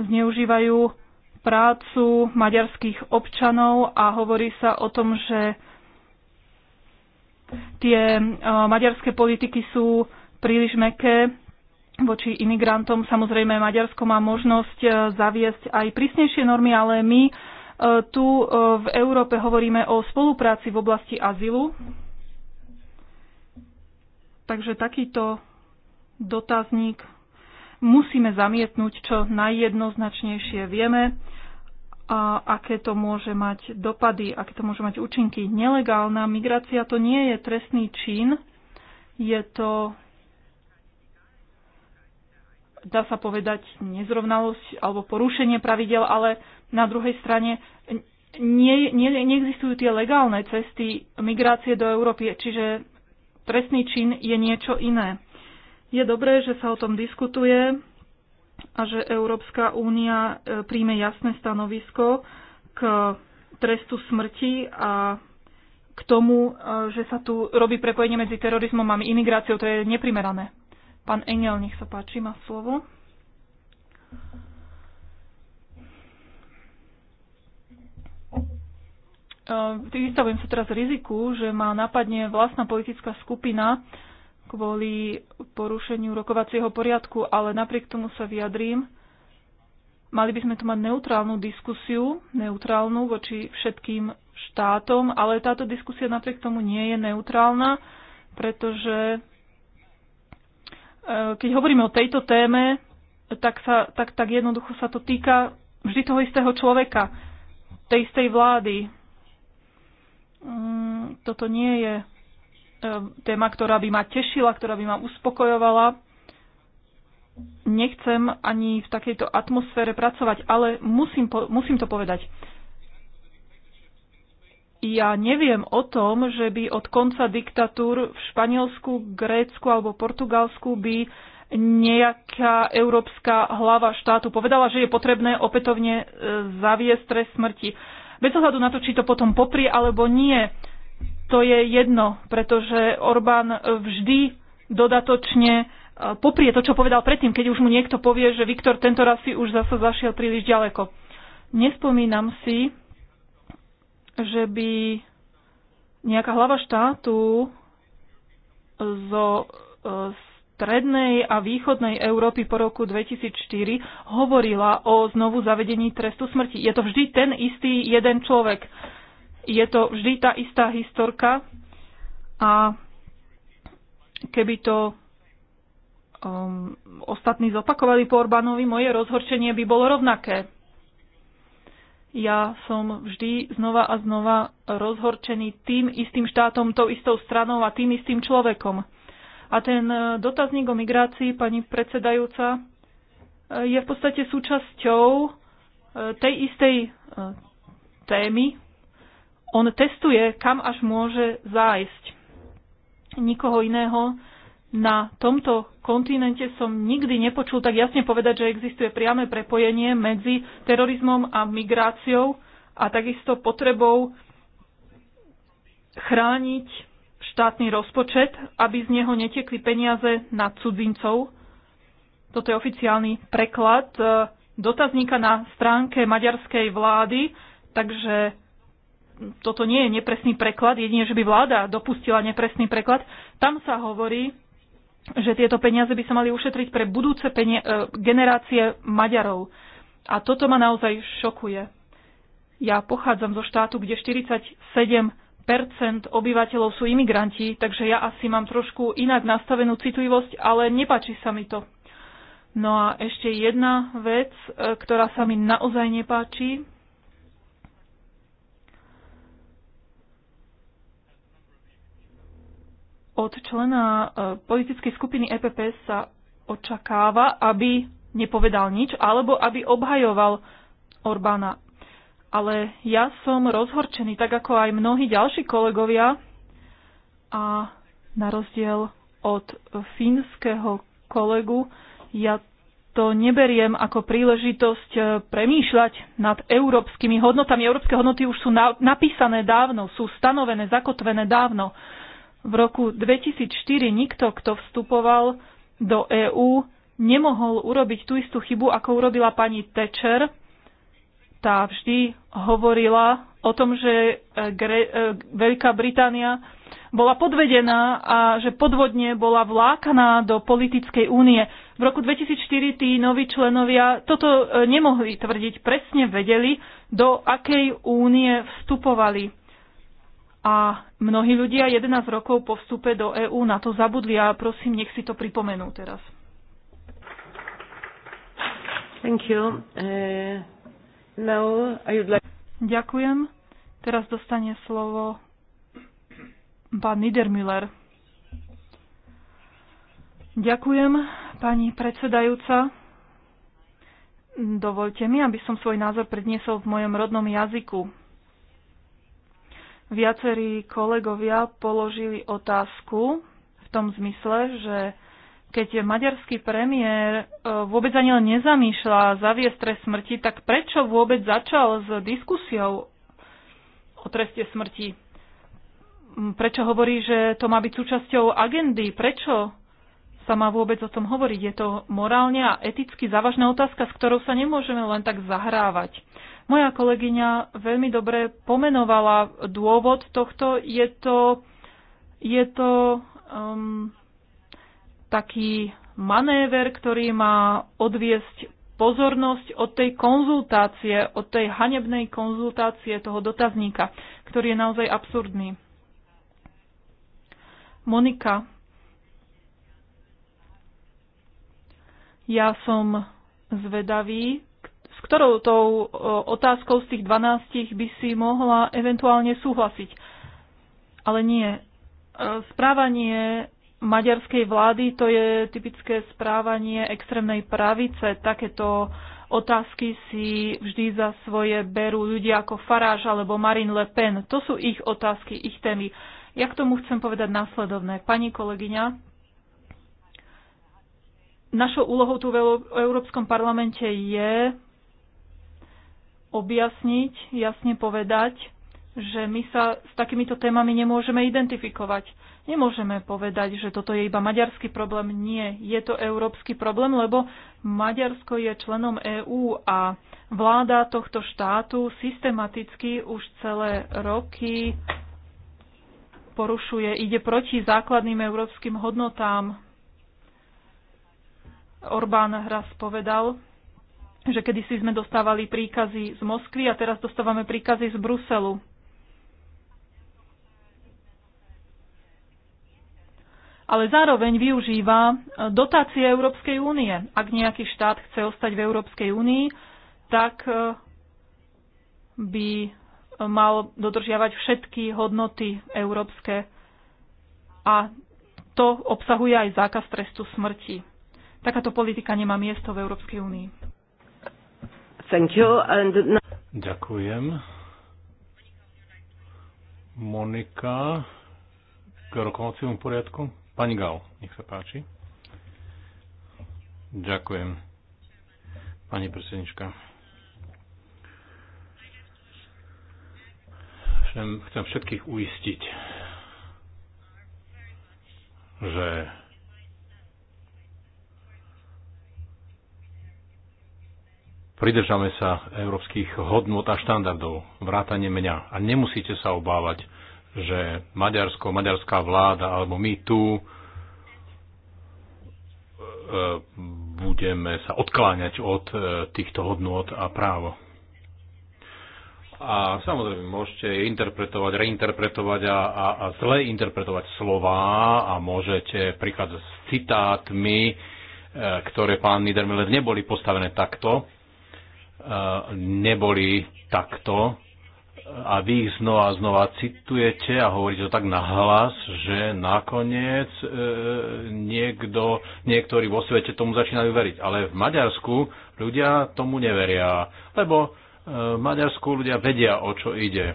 zneužívajú prácu maďarských občanov a hovorí sa o tom, že tie e, maďarské politiky sú príliš meké voči imigrantom. Samozrejme, Maďarsko má možnosť e, zaviesť aj prísnejšie normy, ale my e, tu v Európe hovoríme o spolupráci v oblasti azylu. Takže takýto dotazník musíme zamietnúť čo najjednoznačnejšie vieme a aké to môže mať dopady, aké to môže mať účinky. Nelegálna migrácia to nie je trestný čin, je to, dá sa povedať, nezrovnalosť alebo porušenie pravidel, ale na druhej strane nie, nie, neexistujú tie legálne cesty migrácie do Európy, čiže trestný čin je niečo iné. Je dobré, že sa o tom diskutuje, a že Európska únia e, príjme jasné stanovisko k trestu smrti a k tomu, e, že sa tu robí prepojenie medzi terorizmom a imigráciou. To je neprimerané. Pán Engel, nech sa páči, má slovo. E, Vystavujem sa teraz riziku, že ma napadne vlastná politická skupina, kvôli porušeniu rokovacieho poriadku, ale napriek tomu sa vyjadrím. Mali by sme tu mať neutrálnu diskusiu, neutrálnu voči všetkým štátom, ale táto diskusia napriek tomu nie je neutrálna, pretože e, keď hovoríme o tejto téme, tak, sa, tak, tak jednoducho sa to týka vždy toho istého človeka, tej istej vlády. Mm, toto nie je téma, ktorá by ma tešila, ktorá by ma uspokojovala. Nechcem ani v takejto atmosfére pracovať, ale musím, musím to povedať. Ja neviem o tom, že by od konca diktatúr v Španielsku, Grécku alebo Portugalsku by nejaká európska hlava štátu povedala, že je potrebné opätovne e, zaviesť trest smrti. Bez ohľadu na to, či to potom poprie alebo nie, to je jedno, pretože Orbán vždy dodatočne e, poprie to, čo povedal predtým, keď už mu niekto povie, že Viktor tento raz si už zase zašiel príliš ďaleko. Nespomínam si, že by nejaká hlava štátu zo e, strednej a východnej Európy po roku 2004 hovorila o znovu zavedení trestu smrti. Je to vždy ten istý jeden človek je to vždy tá istá historka a keby to um, ostatní zopakovali po Orbánovi, moje rozhorčenie by bolo rovnaké. Ja som vždy znova a znova rozhorčený tým istým štátom, tou istou stranou a tým istým človekom. A ten e, dotazník o migrácii, pani predsedajúca, e, je v podstate súčasťou e, tej istej témy, on testuje, kam až môže zájsť. Nikoho iného na tomto kontinente som nikdy nepočul tak jasne povedať, že existuje priame prepojenie medzi terorizmom a migráciou a takisto potrebou chrániť štátny rozpočet, aby z neho netekli peniaze na cudzincov. Toto je oficiálny preklad e, dotazníka na stránke maďarskej vlády, takže toto nie je nepresný preklad, jedine, že by vláda dopustila nepresný preklad. Tam sa hovorí, že tieto peniaze by sa mali ušetriť pre budúce penie, e, generácie Maďarov. A toto ma naozaj šokuje. Ja pochádzam zo štátu, kde 47 percent obyvateľov sú imigranti, takže ja asi mám trošku inak nastavenú citlivosť, ale nepáči sa mi to. No a ešte jedna vec, e, ktorá sa mi naozaj nepáči, Od člena e, politickej skupiny EPP sa očakáva, aby nepovedal nič alebo aby obhajoval Orbána. Ale ja som rozhorčený, tak ako aj mnohí ďalší kolegovia a na rozdiel od fínskeho kolegu, ja to neberiem ako príležitosť e, premýšľať nad európskymi hodnotami. Európske hodnoty už sú na, napísané dávno, sú stanovené, zakotvené dávno. V roku 2004 nikto, kto vstupoval do EÚ, nemohol urobiť tú istú chybu, ako urobila pani Tečer. Tá vždy hovorila o tom, že e, Gre- e, Veľká Británia bola podvedená a že podvodne bola vlákaná do politickej únie. V roku 2004 tí noví členovia toto e, nemohli tvrdiť, presne vedeli, do akej únie vstupovali. A mnohí ľudia 11 rokov po vstupe do EÚ na to zabudli a prosím, nech si to pripomenú teraz. Thank you. Uh, now I would like... Ďakujem. Teraz dostane slovo pán Niedermüller. Ďakujem, pani predsedajúca. Dovolte mi, aby som svoj názor predniesol v mojom rodnom jazyku, Viacerí kolegovia položili otázku v tom zmysle, že keď je maďarský premiér e, vôbec ani len nezamýšľa zaviesť trest smrti, tak prečo vôbec začal s diskusiou o treste smrti? Prečo hovorí, že to má byť súčasťou agendy? Prečo sa má vôbec o tom hovoriť? Je to morálne a eticky závažná otázka, s ktorou sa nemôžeme len tak zahrávať. Moja kolegyňa veľmi dobre pomenovala dôvod tohto. Je to, je to um, taký manéver, ktorý má odviesť pozornosť od tej konzultácie, od tej hanebnej konzultácie toho dotazníka, ktorý je naozaj absurdný. Monika, ja som zvedavý, ktorou tou otázkou z tých 12 by si mohla eventuálne súhlasiť. Ale nie. E, správanie maďarskej vlády to je typické správanie extrémnej pravice. Takéto otázky si vždy za svoje berú ľudia ako Faráž alebo Marine Le Pen. To sú ich otázky, ich témy. Ja k tomu chcem povedať následovné. Pani kolegyňa, Našou úlohou tu v Európskom parlamente je objasniť, jasne povedať, že my sa s takýmito témami nemôžeme identifikovať. Nemôžeme povedať, že toto je iba maďarský problém. Nie, je to európsky problém, lebo Maďarsko je členom EÚ a vláda tohto štátu systematicky už celé roky porušuje, ide proti základným európskym hodnotám. Orbán raz povedal, že kedysi sme dostávali príkazy z Moskvy a teraz dostávame príkazy z Bruselu. Ale zároveň využíva dotácie Európskej únie. Ak nejaký štát chce ostať v Európskej únii, tak e, by mal dodržiavať všetky hodnoty európske. A to obsahuje aj zákaz trestu smrti. Takáto politika nemá miesto v Európskej únii. Thank you. And... Ďakujem. Monika, k rokovacímu poriadku. Pani Gal, nech sa páči. Ďakujem. Pani predsednička. chcem všetkých uistiť, že Pridržame sa európskych hodnot a štandardov, vrátane mňa. A nemusíte sa obávať, že Maďarsko, maďarská vláda alebo my tu e, budeme sa odkláňať od e, týchto hodnot a právo. A samozrejme, môžete interpretovať, reinterpretovať a, a, a zle interpretovať slova a môžete prichádzať s citátmi, e, ktoré pán Niedermiller neboli postavené takto neboli takto a vy ich znova a znova citujete a hovoríte to tak nahlas, že nakoniec e, niekto, niektorí vo svete tomu začínajú veriť. Ale v Maďarsku ľudia tomu neveria, lebo e, v Maďarsku ľudia vedia, o čo ide.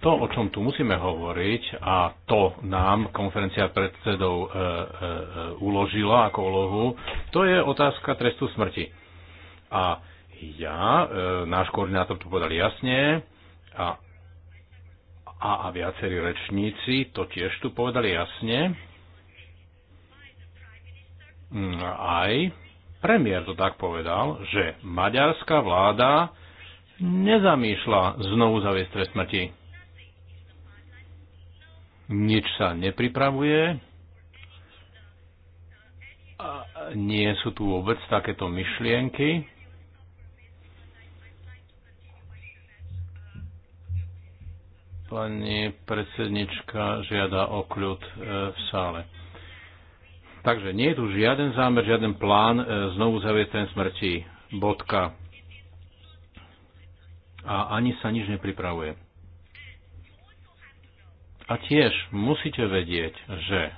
To, o čom tu musíme hovoriť, a to nám konferencia predsedov e, e, e, uložila ako úlohu, to je otázka trestu smrti. A ja, e, náš koordinátor tu povedal jasne, a, a, a viacerí rečníci to tiež tu povedali jasne, mm, aj premiér to tak povedal, že maďarská vláda nezamýšľa znovu zaviesť trest smrti nič sa nepripravuje. A nie sú tu vôbec takéto myšlienky. Pani predsednička žiada o kľud e, v sále. Takže nie je tu žiaden zámer, žiaden plán e, znovu zavieť ten smrti. Bodka. A ani sa nič nepripravuje. A tiež musíte vedieť, že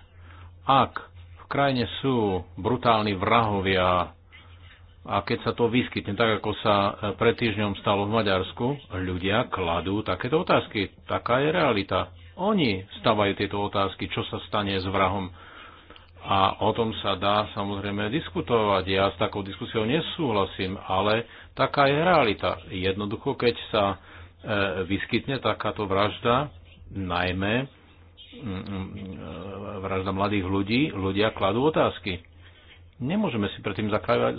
ak v krajine sú brutálni vrahovia a keď sa to vyskytne, tak ako sa e, pred týždňom stalo v Maďarsku, ľudia kladú takéto otázky. Taká je realita. Oni stavajú tieto otázky, čo sa stane s vrahom. A o tom sa dá samozrejme diskutovať. Ja s takou diskusiou nesúhlasím, ale taká je realita. Jednoducho, keď sa e, vyskytne takáto vražda, najmä mm, mm, vražda mladých ľudí, ľudia kladú otázky. Nemôžeme si predtým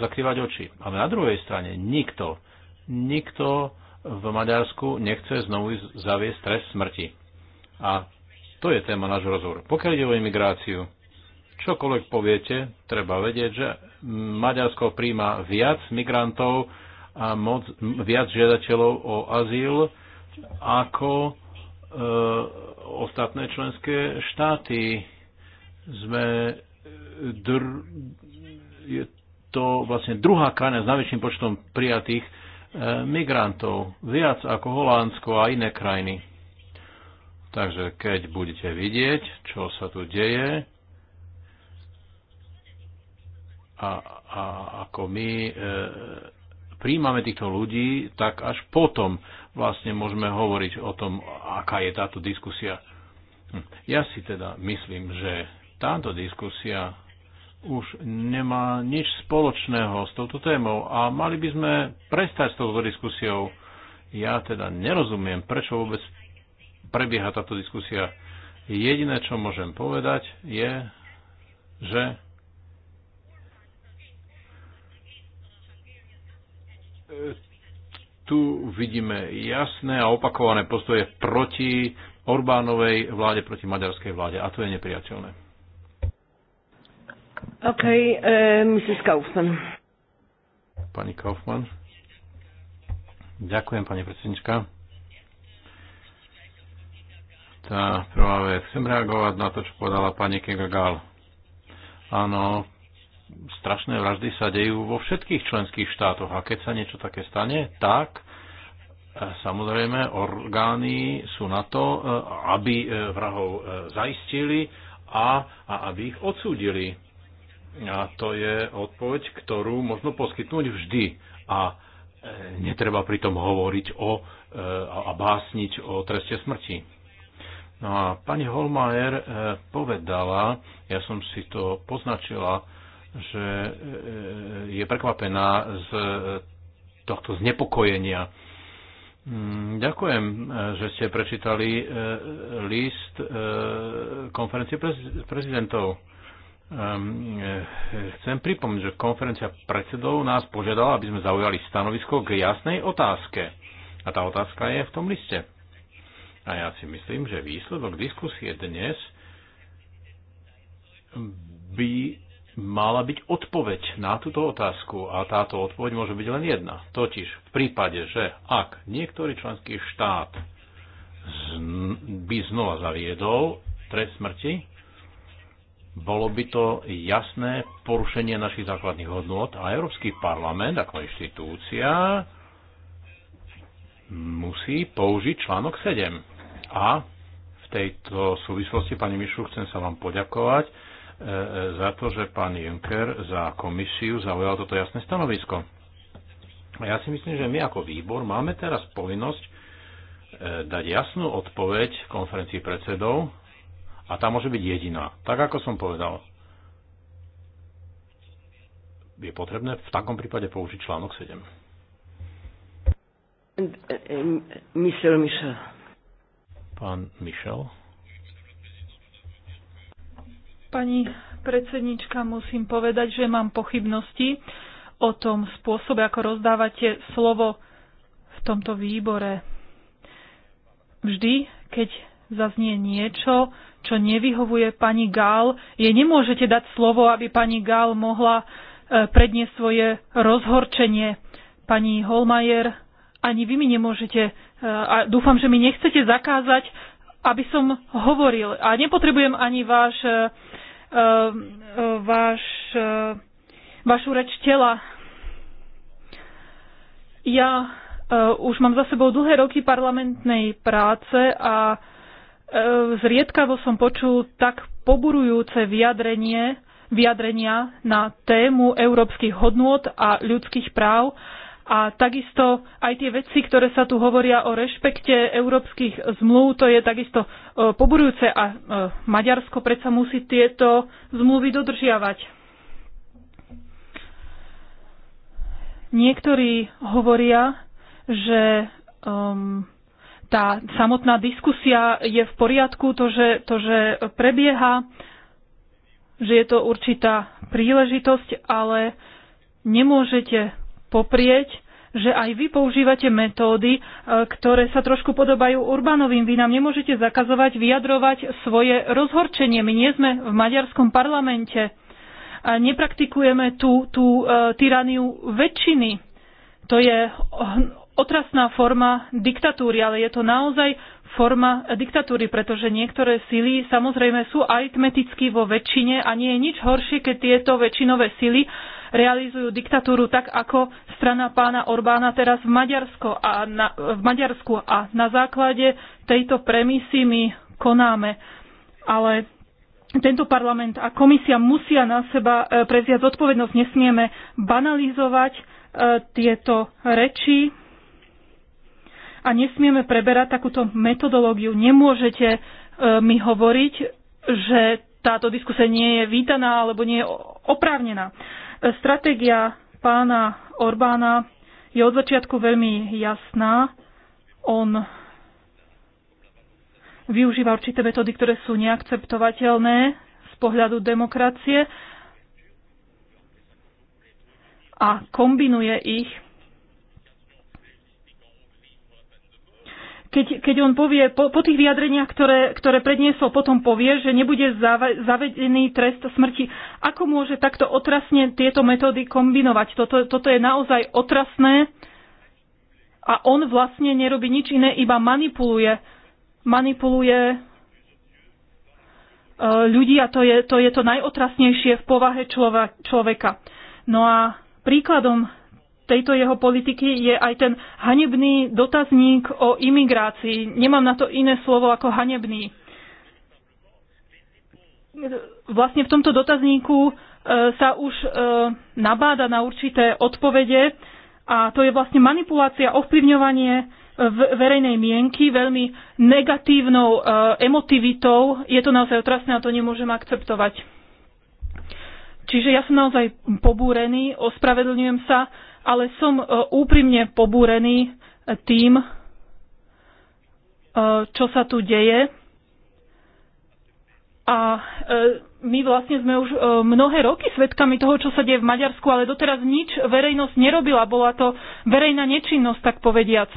zakrývať oči. Ale na druhej strane nikto, nikto v Maďarsku nechce znovu zaviesť trest smrti. A to je téma nášho rozhovoru. Pokiaľ ide o imigráciu, čokoľvek poviete, treba vedieť, že Maďarsko príjma viac migrantov a moc, viac žiadateľov o azyl ako E, ostatné členské štáty. Sme dr- je to vlastne druhá krajina s najväčším počtom prijatých e, migrantov, viac ako Holandsko a iné krajiny. Takže keď budete vidieť, čo sa tu deje a, a ako my e, príjmame týchto ľudí, tak až potom vlastne môžeme hovoriť o tom, aká je táto diskusia. Hm. Ja si teda myslím, že táto diskusia už nemá nič spoločného s touto témou a mali by sme prestať s touto diskusiou. Ja teda nerozumiem, prečo vôbec prebieha táto diskusia. Jediné, čo môžem povedať, je, že tu vidíme jasné a opakované postoje proti Orbánovej vláde, proti maďarskej vláde a to je nepriateľné. OK, uh, eh, Mrs. Kaufman. Pani Kaufman. Ďakujem, pani predsednička. Tá prvá vec. Chcem reagovať na to, čo povedala pani Kegagal. Áno, strašné vraždy sa dejú vo všetkých členských štátoch a keď sa niečo také stane, tak e, samozrejme orgány sú na to, e, aby e, vrahov zaistili a, a aby ich odsúdili. A to je odpoveď, ktorú možno poskytnúť vždy. A netreba pritom hovoriť o, a básniť o treste smrti. No a pani Holmajer povedala, ja som si to poznačila, že e, e, je prekvapená z e, tohto znepokojenia. Mm, ďakujem, že ste prečítali list konferencie prezidentov. Ehm, chcem pripomnúť, že konferencia predsedov nás požiadala, aby sme zaujali stanovisko k jasnej otázke. A tá otázka je v tom liste. A ja si myslím, že výsledok diskusie dnes by mala byť odpoveď na túto otázku a táto odpoveď môže byť len jedna. Totiž v prípade, že ak niektorý členský štát by znova zaviedol trest smrti, bolo by to jasné porušenie našich základných hodnot a Európsky parlament ako inštitúcia musí použiť článok 7. A v tejto súvislosti, pani Mišu, chcem sa vám poďakovať E, za to, že pán Juncker za komisiu zaujal toto jasné stanovisko. A ja si myslím, že my ako výbor máme teraz povinnosť e, dať jasnú odpoveď v konferencii predsedov a tá môže byť jediná. Tak ako som povedal, je potrebné v takom prípade použiť článok 7. E, Michel Michel. Pán Michel. Pani predsednička, musím povedať, že mám pochybnosti o tom spôsobe, ako rozdávate slovo v tomto výbore. Vždy, keď zaznie niečo, čo nevyhovuje pani Gál, je nemôžete dať slovo, aby pani Gál mohla e, predniesť svoje rozhorčenie. Pani Holmajer, ani vy mi nemôžete, e, a dúfam, že mi nechcete zakázať, aby som hovoril. A nepotrebujem ani váš e, Ehm, váš, eh, vašu reč tela. Ja eh, už mám za sebou dlhé roky parlamentnej práce a eh, zriedkavo som počul tak poburujúce vyjadrenie, vyjadrenia na tému európskych hodnôt a ľudských práv, a takisto aj tie veci, ktoré sa tu hovoria o rešpekte európskych zmluv, to je takisto e, poburujúce a e, Maďarsko predsa musí tieto zmluvy dodržiavať. Niektorí hovoria, že um, tá samotná diskusia je v poriadku, to že, to, že prebieha, že je to určitá príležitosť, ale nemôžete poprieť, že aj vy používate metódy, e, ktoré sa trošku podobajú Urbanovým. Vy nám nemôžete zakazovať vyjadrovať svoje rozhorčenie. My nie sme v maďarskom parlamente. A nepraktikujeme tú, tú e, tyraniu väčšiny. To je oh-, otrasná forma diktatúry, ale je to naozaj forma diktatúry, pretože niektoré sily samozrejme sú aritmeticky vo väčšine a nie je nič horšie, keď tieto väčšinové sily realizujú diktatúru tak, ako strana pána Orbána teraz v, Maďarsko a na, v Maďarsku. A na základe tejto premisy my konáme. Ale tento parlament a komisia musia na seba e, prevziať zodpovednosť. Nesmieme banalizovať e, tieto reči a nesmieme preberať takúto metodológiu. Nemôžete e, mi hovoriť, že táto diskusia nie je vítaná alebo nie je oprávnená. Stratégia pána Orbána je od začiatku veľmi jasná. On využíva určité metódy, ktoré sú neakceptovateľné z pohľadu demokracie a kombinuje ich keď, keď on povie, po, po tých vyjadreniach, ktoré, ktoré predniesol, potom povie, že nebude zavedený trest smrti. Ako môže takto otrasne tieto metódy kombinovať? Toto, toto je naozaj otrasné a on vlastne nerobí nič iné, iba manipuluje. Manipuluje e, ľudí a to je to, je to najotrasnejšie v povahe človeka. No a príkladom tejto jeho politiky je aj ten hanebný dotazník o imigrácii. Nemám na to iné slovo ako hanebný. Vlastne v tomto dotazníku e, sa už e, nabáda na určité odpovede a to je vlastne manipulácia, ovplyvňovanie e, verejnej mienky veľmi negatívnou emotivitou. Je to naozaj otrasné a to nemôžem akceptovať. Čiže ja som naozaj pobúrený, ospravedlňujem sa ale som e, úprimne pobúrený e, tým, e, čo sa tu deje. A my vlastne sme už mnohé roky svedkami toho, čo sa deje v Maďarsku, ale doteraz nič verejnosť nerobila. Bola to verejná nečinnosť, tak povediac.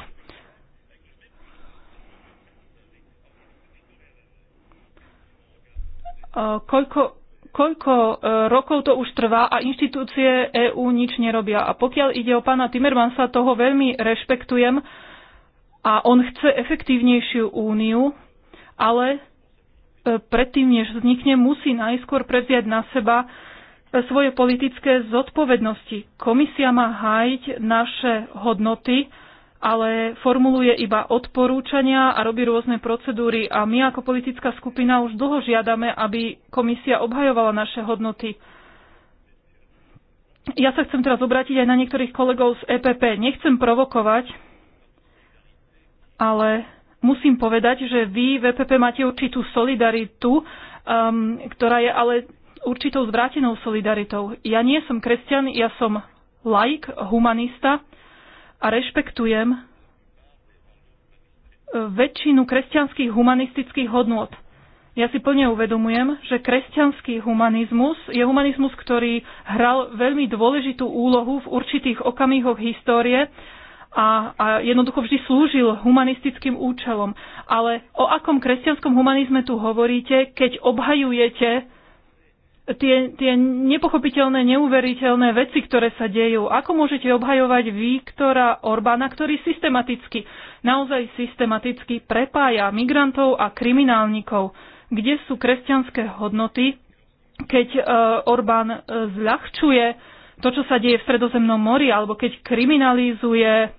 Koľko koľko e, rokov to už trvá a inštitúcie EÚ nič nerobia. A pokiaľ ide o pána Timmermansa, toho veľmi rešpektujem a on chce efektívnejšiu úniu, ale e, predtým, než vznikne, musí najskôr prevziať na seba e, svoje politické zodpovednosti. Komisia má hájiť naše hodnoty ale formuluje iba odporúčania a robí rôzne procedúry. A my ako politická skupina už dlho žiadame, aby komisia obhajovala naše hodnoty. Ja sa chcem teraz obrátiť aj na niektorých kolegov z EPP. Nechcem provokovať, ale musím povedať, že vy v EPP máte určitú solidaritu, um, ktorá je ale určitou zvrátenou solidaritou. Ja nie som kresťan, ja som laik, humanista a rešpektujem e, väčšinu kresťanských humanistických hodnôt. Ja si plne uvedomujem, že kresťanský humanizmus je humanizmus, ktorý hral veľmi dôležitú úlohu v určitých okamihoch histórie a, a jednoducho vždy slúžil humanistickým účelom. Ale o akom kresťanskom humanizme tu hovoríte, keď obhajujete tie, tie nepochopiteľné, neuveriteľné veci, ktoré sa dejú. Ako môžete obhajovať Viktora Orbána, ktorý systematicky, naozaj systematicky prepája migrantov a kriminálnikov? Kde sú kresťanské hodnoty, keď e, Orbán e, zľahčuje to, čo sa deje v Stredozemnom mori, alebo keď kriminalizuje e,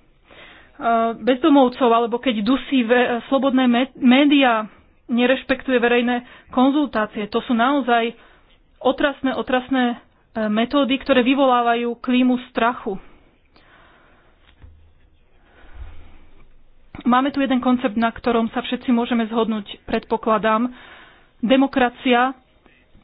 bezdomovcov, alebo keď dusí slobodné médiá, nerešpektuje verejné konzultácie. To sú naozaj otrasné, otrasné e, metódy, ktoré vyvolávajú klímu strachu. Máme tu jeden koncept, na ktorom sa všetci môžeme zhodnúť, predpokladám. Demokracia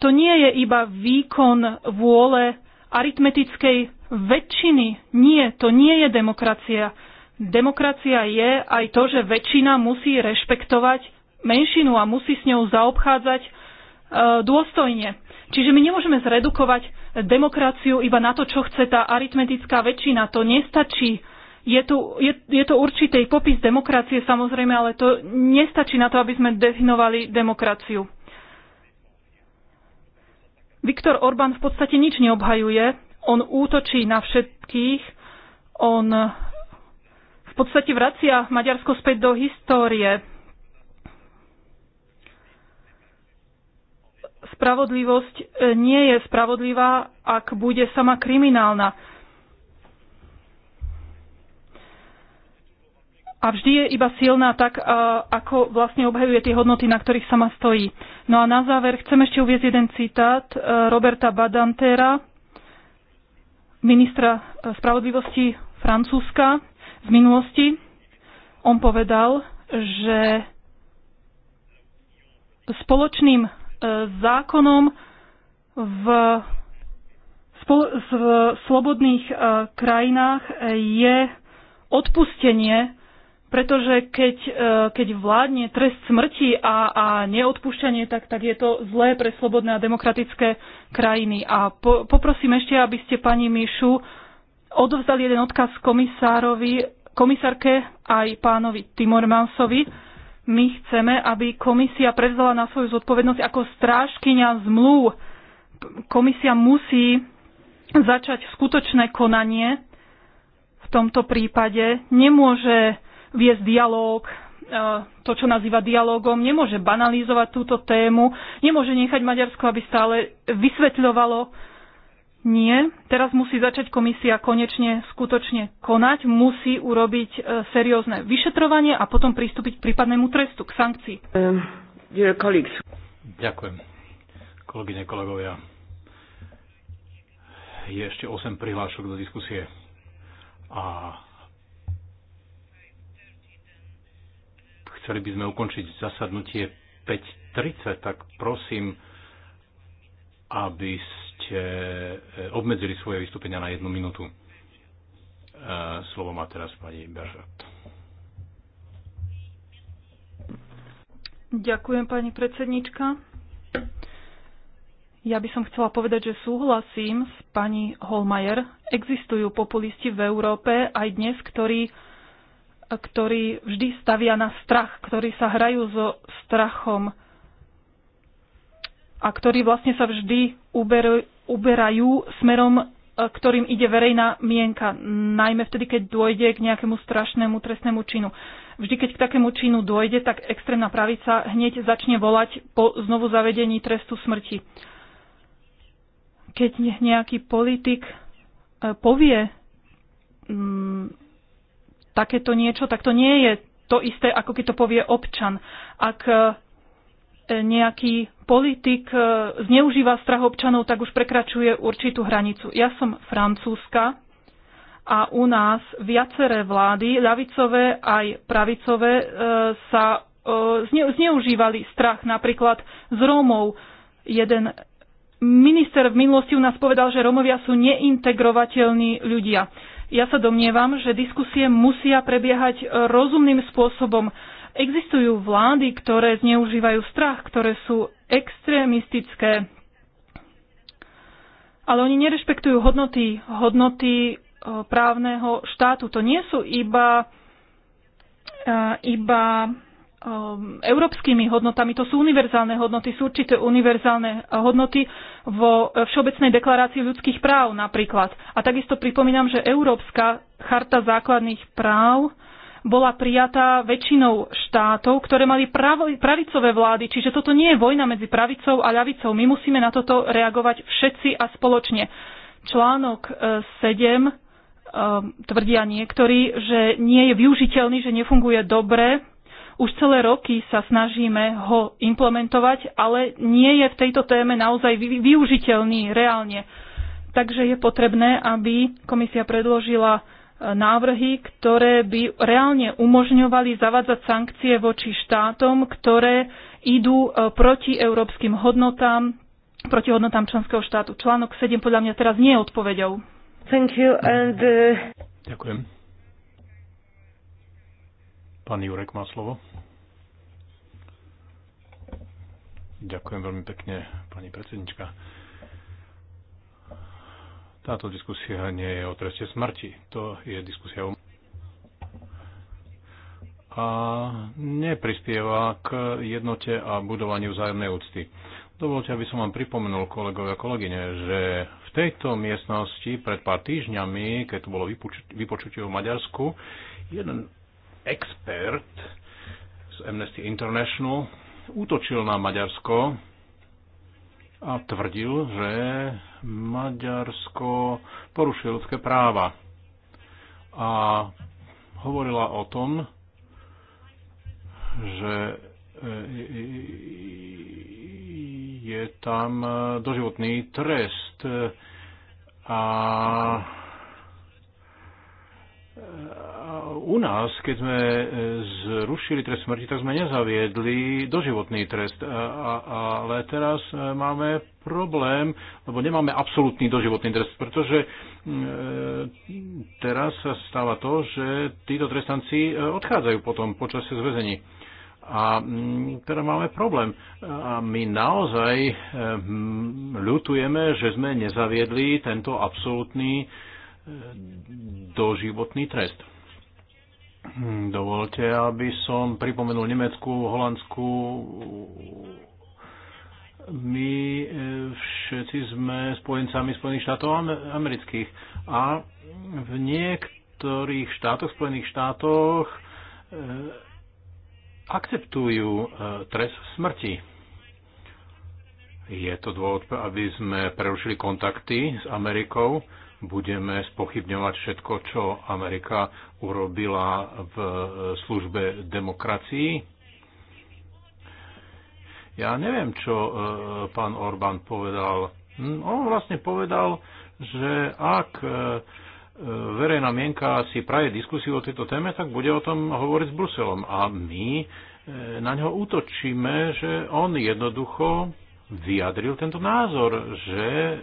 to nie je iba výkon vôle aritmetickej väčšiny. Nie, to nie je demokracia. Demokracia je aj to, že väčšina musí rešpektovať menšinu a musí s ňou zaobchádzať E, dôstojne. Čiže my nemôžeme zredukovať demokraciu iba na to, čo chce tá aritmetická väčšina. To nestačí. Je tu, je, je to určitý popis demokracie samozrejme, ale to nestačí na to, aby sme definovali demokraciu. Viktor Orbán v podstate nič neobhajuje. On útočí na všetkých. On v podstate vracia Maďarsko späť do histórie Spravodlivosť e, nie je spravodlivá, ak bude sama kriminálna. A vždy je iba silná tak, e, ako vlastne obhajuje tie hodnoty, na ktorých sama stojí. No a na záver chcem ešte uviezť jeden citát e, Roberta Badantera, ministra spravodlivosti Francúzska z minulosti. On povedal, že spoločným E, zákonom v, v slobodných e, krajinách je odpustenie, pretože keď, e, keď vládne trest smrti a, a neodpúšťanie, tak, tak je to zlé pre slobodné a demokratické krajiny. A po, poprosím ešte, aby ste pani Mišu odovzdali jeden odkaz komisárovi, komisárke aj pánovi Timormansovi, my chceme, aby komisia prevzala na svoju zodpovednosť ako strážkyňa zmluv. Komisia musí začať skutočné konanie v tomto prípade. Nemôže viesť dialóg, e, to, čo nazýva dialogom, nemôže banalizovať túto tému, nemôže nechať Maďarsko, aby stále vysvetľovalo nie, teraz musí začať komisia konečne skutočne konať, musí urobiť e, seriózne vyšetrovanie a potom pristúpiť k prípadnému trestu, k sankcii. Um, Ďakujem. Kolegyne, kolegovia, je ešte 8 prihlášok do diskusie a chceli by sme ukončiť zasadnutie 5.30, tak prosím, aby sa ste obmedzili svoje vystúpenia na jednu minútu. E, slovo má teraz pani Beržat. Ďakujem, pani predsednička. Ja by som chcela povedať, že súhlasím s pani Holmajer. Existujú populisti v Európe aj dnes, ktorí, ktorí vždy stavia na strach, ktorí sa hrajú so strachom a ktorí vlastne sa vždy uberujú uberajú smerom, e, ktorým ide verejná mienka, najmä vtedy, keď dôjde k nejakému strašnému trestnému činu. Vždy, keď k takému činu dôjde, tak extrémna pravica hneď začne volať po znovu zavedení trestu smrti. Keď nejaký politik e, povie mm, takéto niečo, tak to nie je to isté, ako keď to povie občan. Ak e, nejaký politik e, zneužíva strach občanov, tak už prekračuje určitú hranicu. Ja som francúzska a u nás viaceré vlády, ľavicové aj pravicové, e, sa e, zneužívali strach napríklad z Rómov. Jeden minister v minulosti u nás povedal, že Rómovia sú neintegrovateľní ľudia. Ja sa domnievam, že diskusie musia prebiehať rozumným spôsobom Existujú vlády, ktoré zneužívajú strach, ktoré sú extrémistické, ale oni nerešpektujú hodnoty, hodnoty právneho štátu. To nie sú iba, e, iba európskymi hodnotami, to sú univerzálne hodnoty, sú určité univerzálne hodnoty vo Všeobecnej deklarácii ľudských práv napríklad. A takisto pripomínam, že Európska charta základných práv bola prijatá väčšinou štátov, ktoré mali pravo, pravicové vlády. Čiže toto nie je vojna medzi pravicou a ľavicou. My musíme na toto reagovať všetci a spoločne. Článok 7 e, e, tvrdia niektorí, že nie je využiteľný, že nefunguje dobre. Už celé roky sa snažíme ho implementovať, ale nie je v tejto téme naozaj využiteľný reálne. Takže je potrebné, aby komisia predložila návrhy, ktoré by reálne umožňovali zavádzať sankcie voči štátom, ktoré idú e, proti európskym hodnotám, proti hodnotám členského štátu. Článok 7 podľa mňa teraz nie je odpoveďou. Thank you and, uh... Ďakujem. Pán Jurek má slovo. Ďakujem veľmi pekne, pani predsednička. Táto diskusia nie je o treste smrti. To je diskusia o a neprispieva k jednote a budovaniu vzájomnej úcty. Dovolte, aby som vám pripomenul, kolegovia a kolegyne, že v tejto miestnosti pred pár týždňami, keď to bolo vypočutie v Maďarsku, jeden expert z Amnesty International útočil na Maďarsko a tvrdil, že Maďarsko porušuje ľudské práva. A hovorila o tom, že e, e, je tam doživotný trest a u nás, keď sme e, zrušili trest smrti, tak sme nezaviedli doživotný trest. A, a, ale teraz e, máme problém, lebo nemáme absolútny doživotný trest, pretože e, teraz sa stáva to, že títo trestanci e, odchádzajú potom počas zväzení. A mm, teda máme problém. A my naozaj e, ľutujeme, že sme nezaviedli tento absolútny doživotný trest. Dovolte, aby som pripomenul Nemecku, Holandsku. My e, všetci sme spojencami Spojených štátov amerických a v niektorých štátoch, Spojených štátoch e, akceptujú e, trest smrti. Je to dôvod, aby sme prerušili kontakty s Amerikou budeme spochybňovať všetko, čo Amerika urobila v službe demokracii? Ja neviem, čo e, pán Orbán povedal. Hm, on vlastne povedal, že ak e, e, verejná mienka si praje diskusiu o tejto téme, tak bude o tom hovoriť s Bruselom. A my na ňo útočíme, že on jednoducho vyjadril tento názor, že e,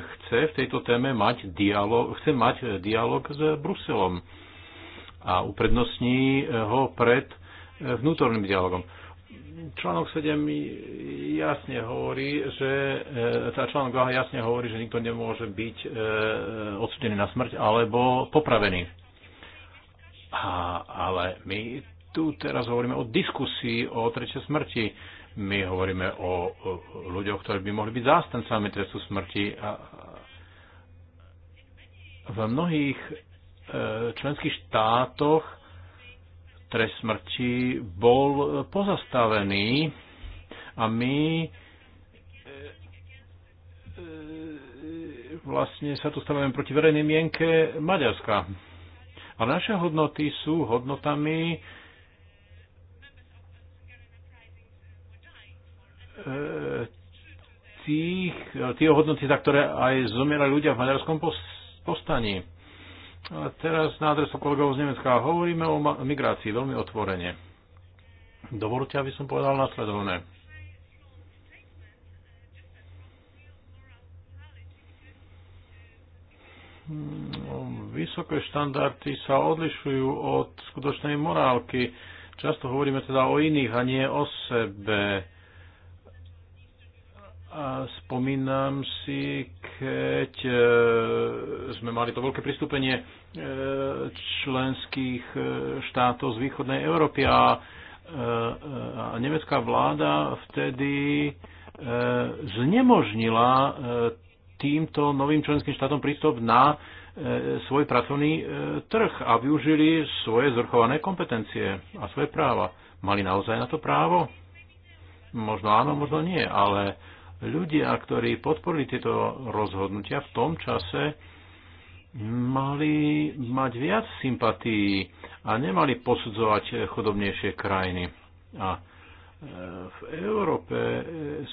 chce v tejto téme mať dialog, chce mať e, dialog s Bruselom a uprednostní e, ho pred vnútorným dialogom. Článok 7 jasne hovorí, že tá článok 2 jasne hovorí, že nikto nemôže byť odsudený na smrť alebo popravený. A, ale my tu teraz hovoríme o diskusii o treče smrti my hovoríme o ľuďoch, ktorí by mohli byť zástancami trestu smrti a v mnohých e, členských štátoch trest smrti bol pozastavený a my e, e, vlastne sa tu stavujeme proti verejnej mienke Maďarska. Ale naše hodnoty sú hodnotami, E, tých, tých hodnoty, za ktoré aj zomierali ľudia v maďarskom postaní. A teraz na adresu kolegov z Nemecka hovoríme o migrácii veľmi otvorene. Dovolte, aby som povedal nasledovné. Hmm, vysoké štandardy sa odlišujú od skutočnej morálky. Často hovoríme teda o iných a nie o sebe a spomínam si, keď e, sme mali to veľké pristúpenie e, členských e, štátov z východnej Európy a, a nemecká vláda vtedy znemožnila týmto novým členským štátom prístup na svoj pracovný trh a využili svoje zrchované kompetencie a svoje práva. Mali naozaj na to právo? Možno áno, možno nie, ale ľudia, ktorí podporili tieto rozhodnutia v tom čase, mali mať viac sympatí a nemali posudzovať chodobnejšie krajiny. A e, v Európe e,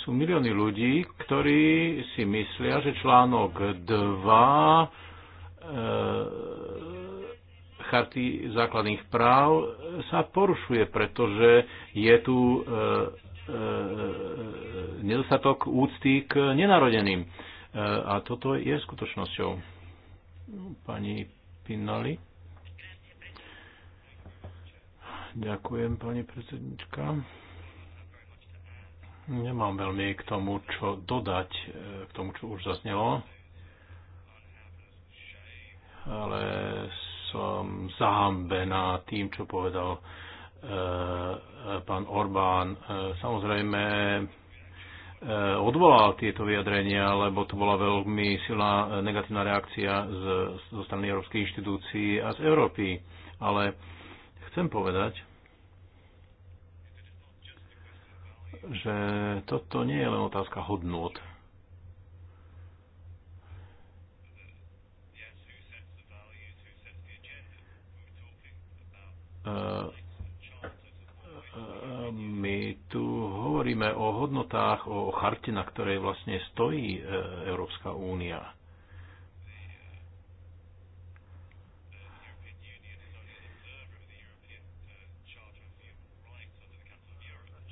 sú milióny ľudí, ktorí si myslia, že článok 2 e, charty základných práv sa porušuje, pretože je tu E, e, e, nedostatok úcty k nenarodeným. A toto je skutočnosťou. Pani Pinali. Ďakujem, pani predsednička. Nemám veľmi k tomu, čo dodať, k tomu, čo už zaznelo, ale som zahambená tým, čo povedal E, pán Orbán e, samozrejme e, odvolal tieto vyjadrenia, lebo to bola veľmi silná negatívna reakcia z, zo strany európskych inštitúcií a z Európy. Ale chcem povedať, že toto nie je len otázka hodnot. Uh, tu hovoríme o hodnotách, o charte, na ktorej vlastne stojí e, Európska únia.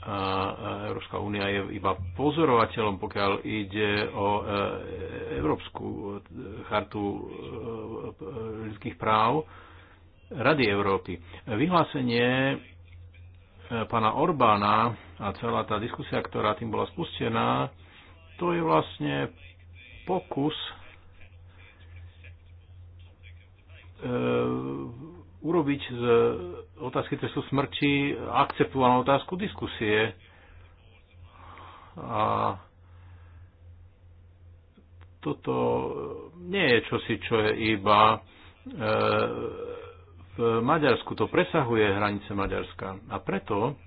a Európska únia je iba pozorovateľom, pokiaľ ide o e, Európsku e, chartu ľudských práv Rady Európy. Vyhlásenie pána Orbána a celá tá diskusia, ktorá tým bola spustená, to je vlastne pokus e, urobiť z otázky trestu smrti akceptovanú otázku diskusie. A toto nie je čosi, čo je iba e, v Maďarsku, to presahuje hranice Maďarska. A preto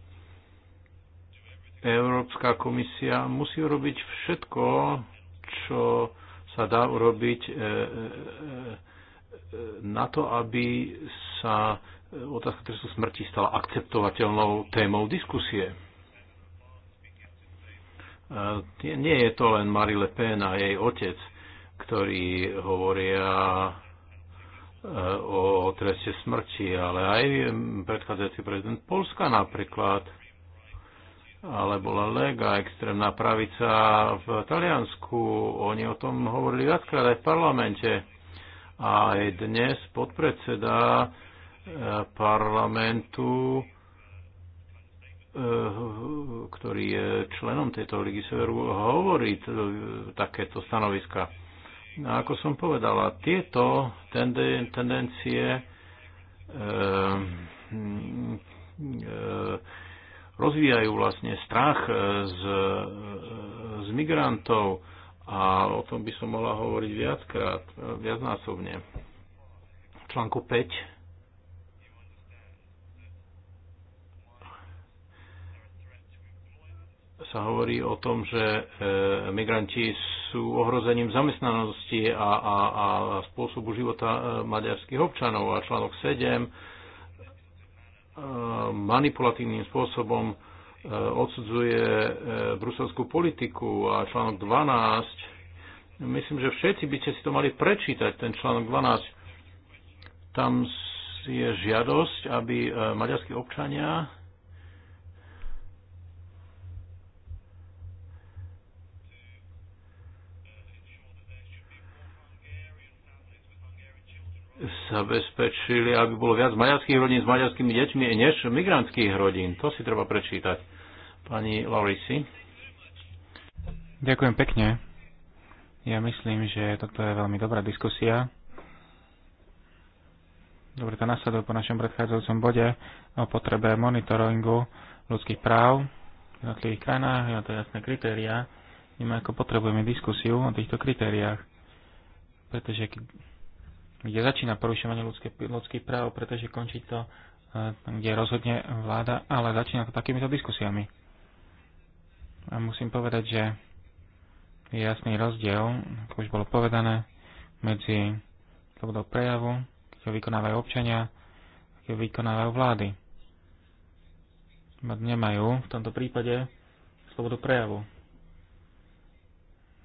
Európska komisia musí urobiť všetko, čo sa dá urobiť e, e, e, na to, aby sa otázka trestu smrti stala akceptovateľnou témou diskusie. Nie je to len Marie Le Pen a jej otec, ktorí hovoria Eh, o treste smrti, ale aj predchádzajúci prezident Polska napríklad, alebo La Lega, extrémna pravica v Taliansku. Oni o tom hovorili viackrát aj v parlamente. A aj dnes podpredseda eh, parlamentu, eh, ktorý je členom tejto severu, hovorí takéto stanoviska. A no, ako som povedala, tieto tenden- tendencie e, e, rozvíjajú vlastne strach eh, z, z migrantov a o tom by som mohla hovoriť viackrát, viacnásobne. V článku 5 sa hovorí o tom, že e, migranti sú ohrozením zamestnanosti a, a, a spôsobu života e, maďarských občanov a článok 7 e, manipulatívnym spôsobom odsudzuje bruselskú politiku a článok 12. Myslím, že všetci by ste si to mali prečítať, ten článok 12. Tam je žiadosť, aby maďarskí občania zabezpečili, aby bolo viac maďarských rodín s maďarskými deťmi než migrantských rodín. To si treba prečítať. Pani Laurisi. Ďakujem pekne. Ja myslím, že toto je veľmi dobrá diskusia. Dobre, to nasleduje po našom predchádzajúcom bode o potrebe monitoringu ľudských práv v jednotlivých krajinách. Ja to jasné kritéria. My ako potrebujeme diskusiu o týchto kritériách. Pretože kde začína porušovanie ľudských práv, pretože končí to, e, kde rozhodne vláda, ale začína to takýmito diskusiami. A musím povedať, že je jasný rozdiel, ako už bolo povedané, medzi slobodou prejavu, keď ho vykonávajú občania, keď ho vykonávajú vlády. Nemajú v tomto prípade slobodu prejavu.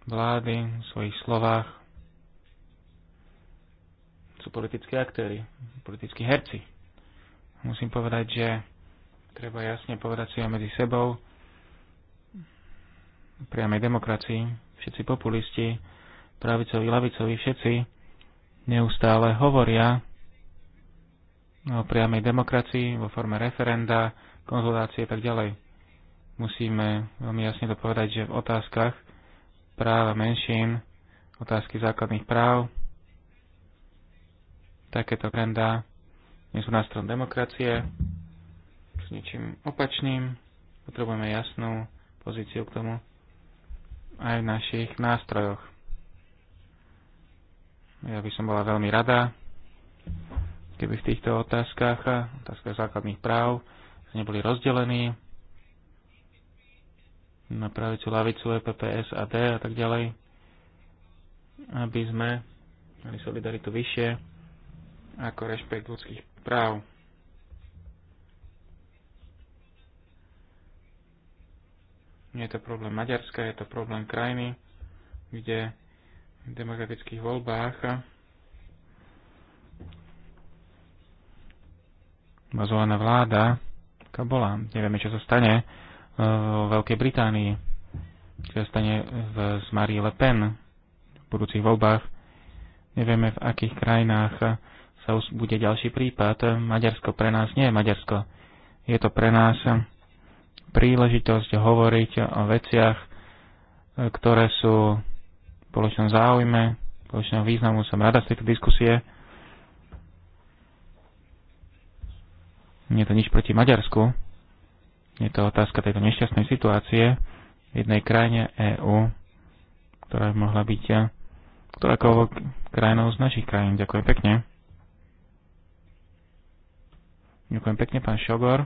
Vlády v svojich slovách sú politickí aktéry, politickí herci. Musím povedať, že treba jasne povedať si aj medzi sebou, priamej demokracii, všetci populisti, pravicovi, lavicovi, všetci neustále hovoria o priamej demokracii vo forme referenda, konzultácie a tak ďalej. Musíme veľmi jasne to povedať, že v otázkach práva menšín, otázky základných práv, Takéto agendá nie sú nástrojom demokracie, s ničím opačným. Potrebujeme jasnú pozíciu k tomu aj v našich nástrojoch. Ja by som bola veľmi rada, keby v týchto otázkach, otázkach základných práv, neboli rozdelení na pravicu, lavicu, EPPS, AD a tak ďalej, aby sme mali solidaritu vyššie ako rešpekt ľudských práv. Nie je to problém Maďarska, je to problém krajiny, kde v demokratických voľbách bazovaná vláda, aká bola, nevieme, čo sa stane eh, v Veľkej Británii, čo sa stane v, s Marie Le Pen v budúcich voľbách, nevieme, v akých krajinách sa už bude ďalší prípad. Maďarsko pre nás nie je Maďarsko. Je to pre nás príležitosť hovoriť o veciach, ktoré sú v spoločnom záujme, spoločného významu. Som rada z tejto diskusie. Nie je to nič proti Maďarsku. Je to otázka tejto nešťastnej situácie v jednej krajine EÚ, ktorá by mohla byť eh, ktorákoľvek krajinou z našich krajín. Ďakujem pekne. Ďakujem pekne, pán Šogor.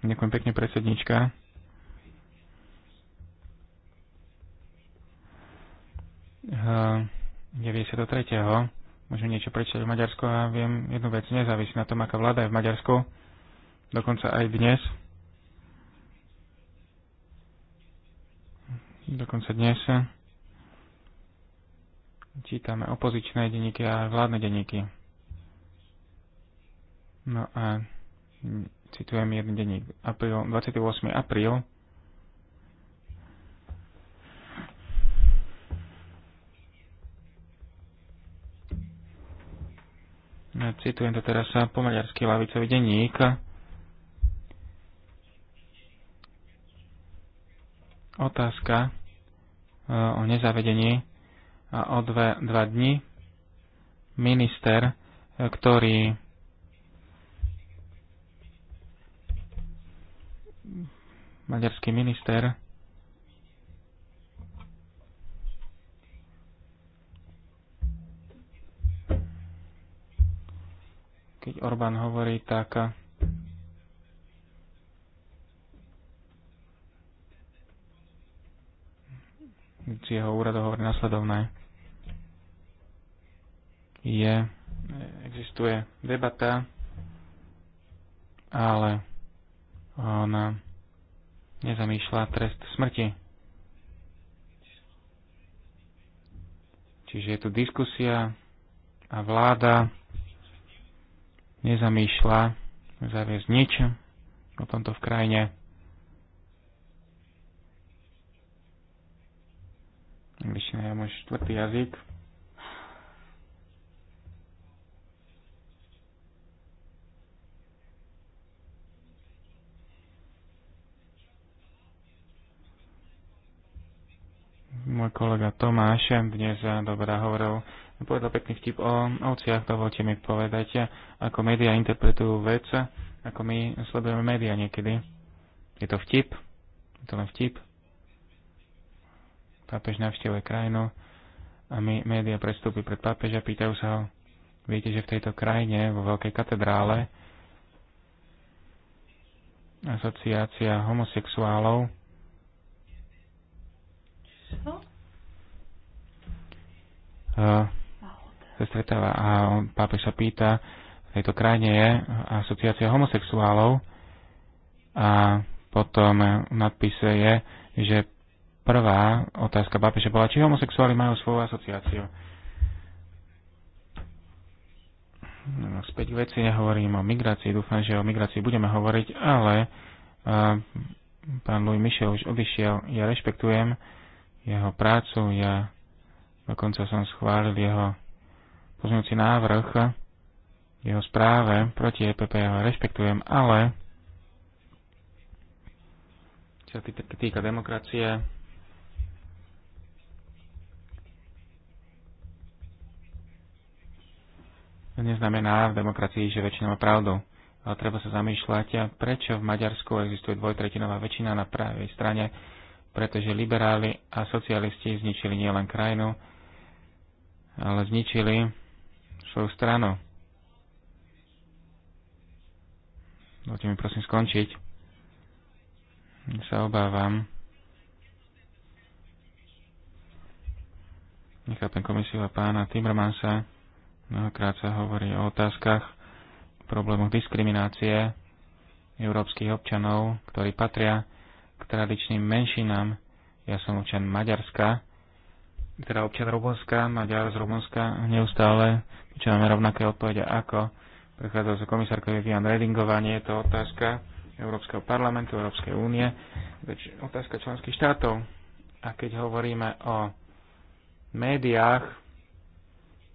Ďakujem pekne, predsednička. Uh, ehm, 93. Môžem niečo prečítať v Maďarsku a viem jednu vec, nezávisí na tom, aká vláda je v Maďarsku, dokonca aj dnes. Dokonca dnes čítame opozičné denníky a vládne denníky. No a citujem jeden denník, apríl, 28. apríl. No, citujem to teraz po maďarský lavicový denník. Otázka e, o nezavedení a o dve, dva dni minister, e, ktorý maďarský minister keď Orbán hovorí, tak e, z jeho úradu hovorí nasledovné je, existuje debata, ale ona nezamýšľa trest smrti. Čiže je tu diskusia a vláda nezamýšľa zaviesť nič o tomto v krajine. Angličtina je môj štvrtý jazyk. Tomáš dnes dobrá hovoril, povedal pekný vtip o ovciach, dovolte mi povedať, ako médiá interpretujú vec, ako my sledujeme médiá niekedy. Je to vtip, je to len vtip. Pápež navštevuje krajinu a my, médiá prestúpi pred pápeža, pýtajú sa ho, viete, že v tejto krajine, vo veľkej katedrále, asociácia homosexuálov, sa stretáva a pápež sa pýta, v tejto krajine je asociácia homosexuálov a potom v nadpise je, že prvá otázka pápeža bola, či homosexuáli majú svoju asociáciu. No, späť k veci nehovorím o migrácii, dúfam, že o migrácii budeme hovoriť, ale a, pán Louis Michel už odišiel, ja rešpektujem jeho prácu, ja Dokonca som schválil jeho poznúci návrh, jeho správe proti EPP, ja ho rešpektujem, ale čo sa týka demokracie, to neznamená v demokracii, že väčšina má pravdu. Ale treba sa zamýšľať, prečo v Maďarsku existuje dvojtretinová väčšina na pravej strane, pretože liberáli a socialisti zničili nielen krajinu, ale zničili svoju stranu. Dovolte mi prosím skončiť. Ja sa obávam. Nechápem komisiu a pána Timmermansa. Mnohokrát sa hovorí o otázkach, problémoch diskriminácie európskych občanov, ktorí patria k tradičným menšinám. Ja som občan Maďarska teda občan Rumunska, Maďar z Rumunska, neustále počúvame rovnaké odpovede ako sa komisárka Vivian Redingová. Nie je to otázka Európskeho parlamentu, Európskej únie, veď otázka členských štátov. A keď hovoríme o médiách,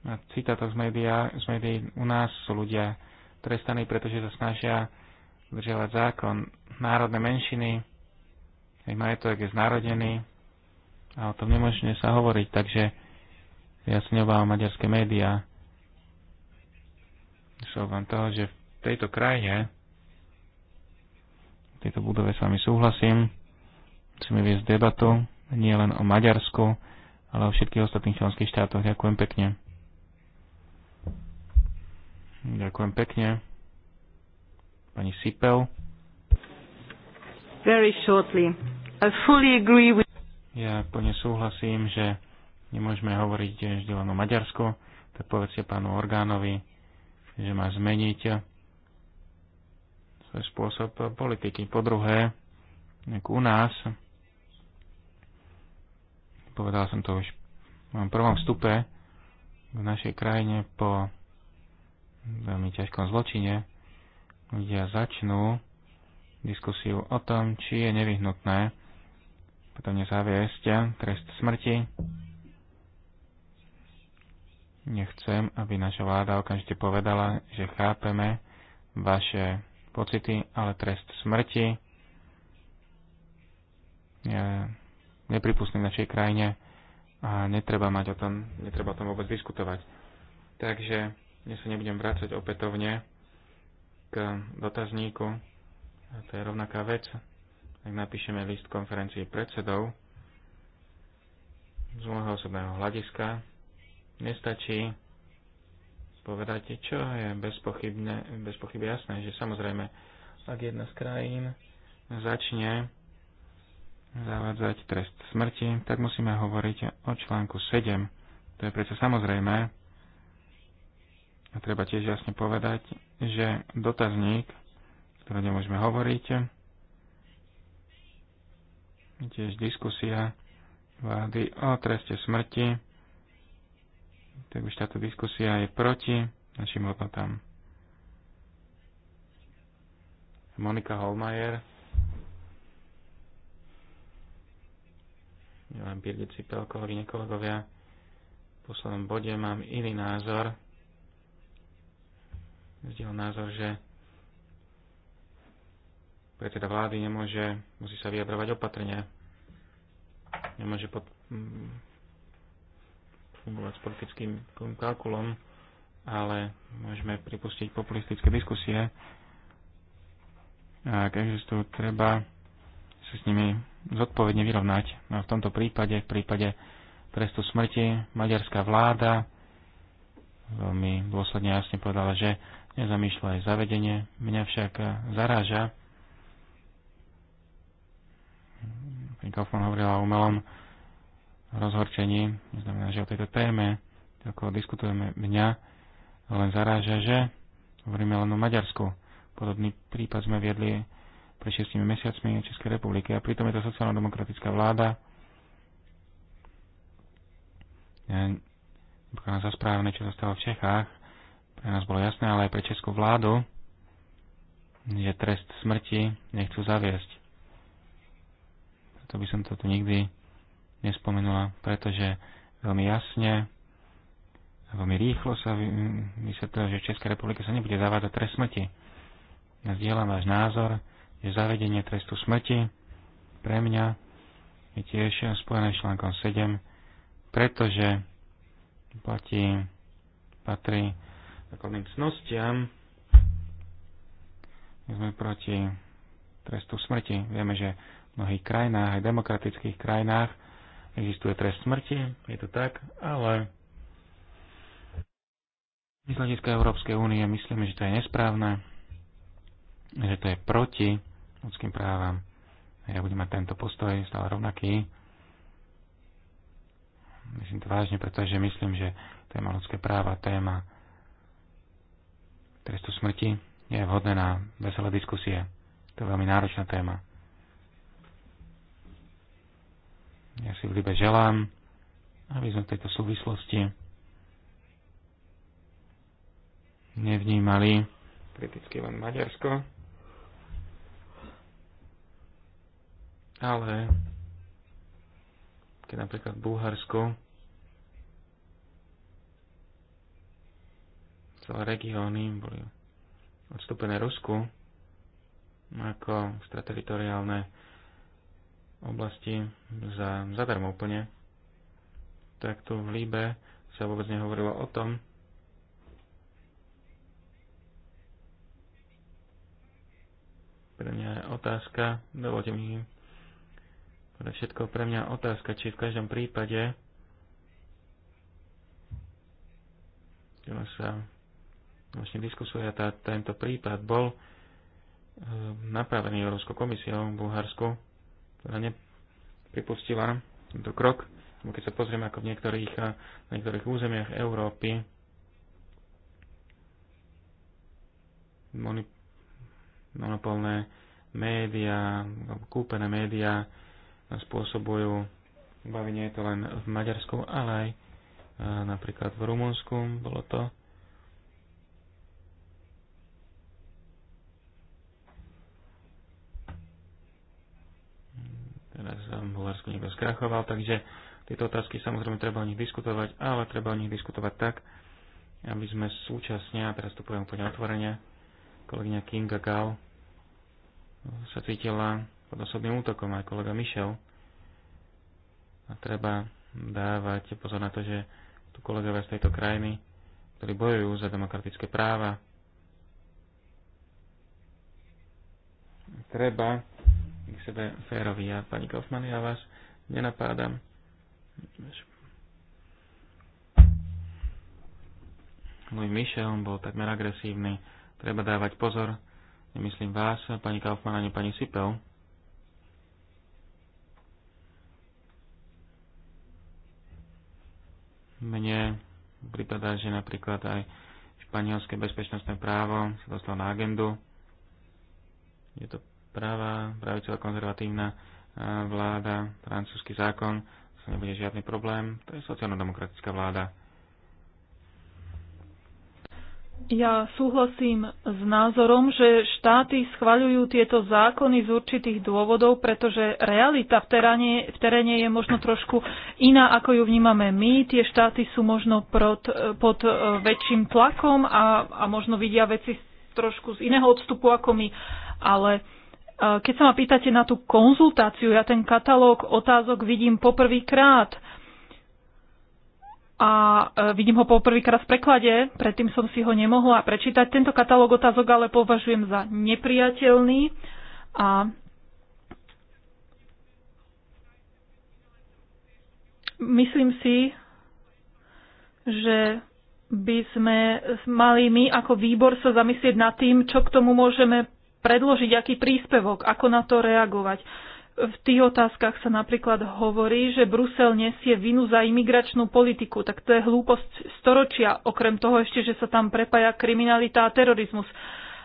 na citátoch z, médiá, z médií u nás sú ľudia trestaní, pretože sa snažia držiavať zákon. Národné menšiny, aj majetok je znárodený, a o tom nemožne sa hovoriť, takže ja si neobávam maďarské médiá. Myslím vám toho, že v tejto krajine, v tejto budove s vami súhlasím, musíme viesť debatu nie len o Maďarsku, ale o všetkých ostatných členských štátoch. Ďakujem pekne. Ďakujem pekne. Pani Sipel. Very shortly. I fully agree with ja plne súhlasím, že nemôžeme hovoriť vždy len o Maďarsku, tak povedzte pánu Orgánovi, že má zmeniť svoj spôsob politiky. Po druhé, ako u nás, povedal som to už v prvom vstupe, v našej krajine po veľmi ťažkom zločine ľudia začnú diskusiu o tom, či je nevyhnutné potom nezaviesť trest smrti. Nechcem, aby naša vláda okamžite povedala, že chápeme vaše pocity, ale trest smrti je nepripustný v našej krajine a netreba mať o tom, netreba o tom vôbec diskutovať. Takže dnes sa nebudem vrácať opätovne k dotazníku. A to je rovnaká vec ak napíšeme list konferencii predsedov, z môjho osobného hľadiska nestačí povedať, čo je bez, bez pochyby jasné, že samozrejme, ak jedna z krajín začne zavádzať trest smrti, tak musíme hovoriť o článku 7. To je predsa samozrejme. A treba tiež jasne povedať, že dotazník, ktorý nemôžeme hovoriť, tiež diskusia vlády o treste smrti, tak už táto diskusia je proti našim hodnotám. Monika Holmajer. Milan Birgit Cipel, kolegyne, kolegovia. V poslednom bode mám iný názor. Zdiel názor, že predseda vlády nemôže, musí sa vyjadrovať opatrne nemôže pod, mm, fungovať s politickým kalkulom, ale môžeme pripustiť populistické diskusie. A keďže tu treba sa s nimi zodpovedne vyrovnať. No v tomto prípade, v prípade trestu smrti, maďarská vláda veľmi dôsledne jasne povedala, že nezamýšľa aj zavedenie. Mňa však zaráža, mikrofón hovorila o umelom rozhorčení, znamená, že o tejto téme, ako diskutujeme mňa, len zaráža, že hovoríme len o Maďarsku. Podobný prípad sme viedli pred 6 mesiacmi v Českej republiky, a pritom je to sociálno-demokratická vláda. Ja, za správne, čo sa stalo v Čechách, pre nás bolo jasné, ale aj pre českú vládu, že trest smrti nechcú zaviesť to by som to tu nikdy nespomenula, pretože veľmi jasne a veľmi rýchlo sa vysvetlilo, že Česká republika sa nebude zavádzať trest smrti. Ja zdieľam váš názor, že zavedenie trestu smrti pre mňa je tiež spojené s článkom 7, pretože platí, patrí takovým cnostiam. My sme proti trestu smrti. Vieme, že v mnohých krajinách, aj demokratických krajinách, existuje trest smrti, je to tak, ale z hľadiska Európskej únie myslíme, že to je nesprávne, že to je proti ľudským právam. Ja budem mať tento postoj stále rovnaký. Myslím to vážne, pretože myslím, že téma ľudské práva, téma trestu smrti je vhodné na veselé diskusie. To je veľmi náročná téma. Ja si v Libe želám, aby sme v tejto súvislosti nevnímali kriticky len Maďarsko, ale keď napríklad Bulharsko, celé regióny boli odstúpené Rusku ako extrateritoriálne oblasti za, zadarmo úplne, tak tu v Líbe sa vôbec nehovorilo o tom, pre mňa je otázka, dovolte mi pre všetko pre mňa otázka, či v každom prípade sa vlastne diskusuje tento prípad bol eh, napravený Európskou komisiou v Bulharsku ktorá nepripustila tento krok. Keď sa pozrieme, ako v niektorých, eh, v niektorých územiach Európy monopolné médiá, kúpené médiá eh, spôsobujú obavy nie je to len v Maďarsku, ale aj eh, napríklad v Rumunsku. Bolo to teraz Bulharsko niekto skrachoval, takže tieto otázky samozrejme treba o nich diskutovať, ale treba o nich diskutovať tak, aby sme súčasne, a teraz tu poviem úplne otvorene, kolegyňa Kinga Gal sa cítila pod osobným útokom, aj kolega Michel. A treba dávať pozor na to, že tu kolegovia z tejto krajiny, ktorí bojujú za demokratické práva, treba k sebe férovi. Ja, pani Kaufmann, ja vás nenapádam. Môj Michel bol takmer agresívny. Treba dávať pozor. Nemyslím vás, pani Kaufmann, ani pani Sipel. Mne prípada, že napríklad aj španielské bezpečnostné právo sa dostalo na agendu. Je to práva, pravicová konzervatívna e, vláda, francúzsky zákon, to nebude žiadny problém, to je sociálno-demokratická vláda. Ja súhlasím s názorom, že štáty schvaľujú tieto zákony z určitých dôvodov, pretože realita v teréne, v teréne je možno trošku iná, ako ju vnímame my. Tie štáty sú možno pod, pod e, väčším tlakom a, a možno vidia veci trošku z iného odstupu ako my. Ale uh, Eh, keď sa ma pýtate na tú konzultáciu, ja ten katalóg otázok vidím poprvýkrát a eh, vidím ho poprvýkrát v preklade, predtým som si ho nemohla prečítať. Tento katalóg otázok ale považujem za nepriateľný a myslím si, že by sme mali my ako výbor sa zamyslieť nad tým, čo k tomu môžeme predložiť, aký príspevok, ako na to reagovať. V tých otázkach sa napríklad hovorí, že Brusel nesie vinu za imigračnú politiku, tak to je hlúposť storočia, okrem toho ešte, že sa tam prepája kriminalita a terorizmus.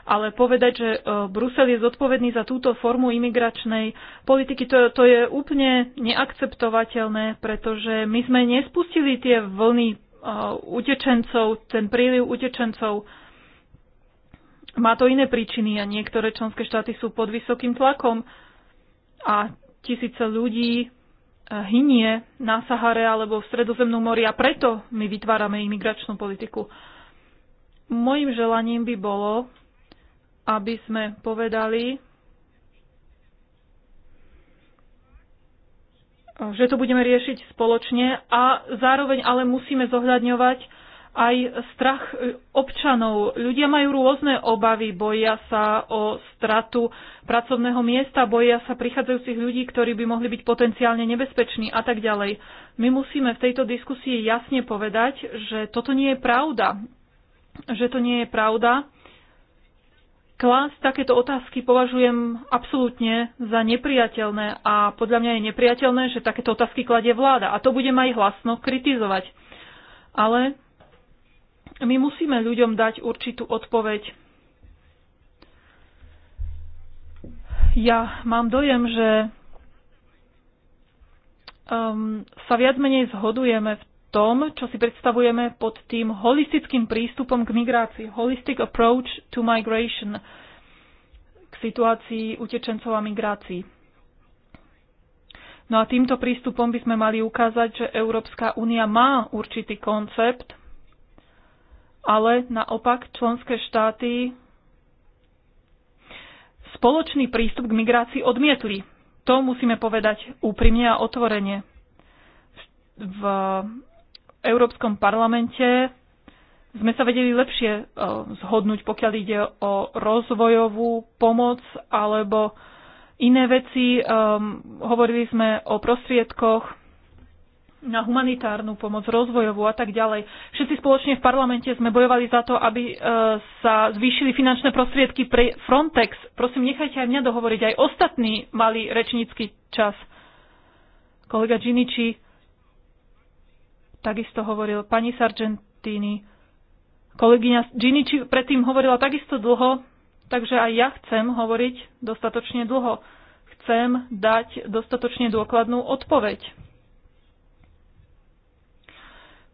Ale povedať, že e, Brusel je zodpovedný za túto formu imigračnej politiky, to, to je úplne neakceptovateľné, pretože my sme nespustili tie vlny uh, utečencov, ten príliv utečencov. Má to iné príčiny a niektoré členské štáty sú pod vysokým tlakom a tisíce ľudí eh, hynie na Sahare alebo v Stredozemnom mori a preto my vytvárame imigračnú politiku. Mojím želaním by bolo, aby sme povedali, že to budeme riešiť spoločne a zároveň ale musíme zohľadňovať aj strach e, občanov. Ľudia majú rôzne obavy, boja sa o stratu pracovného miesta, boja sa prichádzajúcich ľudí, ktorí by mohli byť potenciálne nebezpeční a tak ďalej. My musíme v tejto diskusii jasne povedať, že toto nie je pravda. Že to nie je pravda. Klas takéto otázky považujem absolútne za nepriateľné a podľa mňa je nepriateľné, že takéto otázky kladie vláda. A to budem aj hlasno kritizovať. Ale my musíme ľuďom dať určitú odpoveď. Ja mám dojem, že um, sa viac menej zhodujeme v tom, čo si predstavujeme pod tým holistickým prístupom k migrácii, holistic approach to migration, k situácii utečencov a migrácií. No a týmto prístupom by sme mali ukázať, že Európska únia má určitý koncept ale naopak členské štáty spoločný prístup k migrácii odmietli. To musíme povedať úprimne a otvorene. V Európskom parlamente sme sa vedeli lepšie e, zhodnúť, pokiaľ ide o rozvojovú pomoc alebo iné veci. Ehm, hovorili sme o prostriedkoch na humanitárnu pomoc, rozvojovú a tak ďalej. Všetci spoločne v parlamente sme bojovali za to, aby e, sa zvýšili finančné prostriedky pre Frontex. Prosím, nechajte aj mňa dohovoriť, aj ostatní mali rečnícky čas. Kolega Giniči takisto hovoril, pani Sargentini, kolegyňa Giniči predtým hovorila takisto dlho, takže aj ja chcem hovoriť dostatočne dlho. Chcem dať dostatočne dôkladnú odpoveď.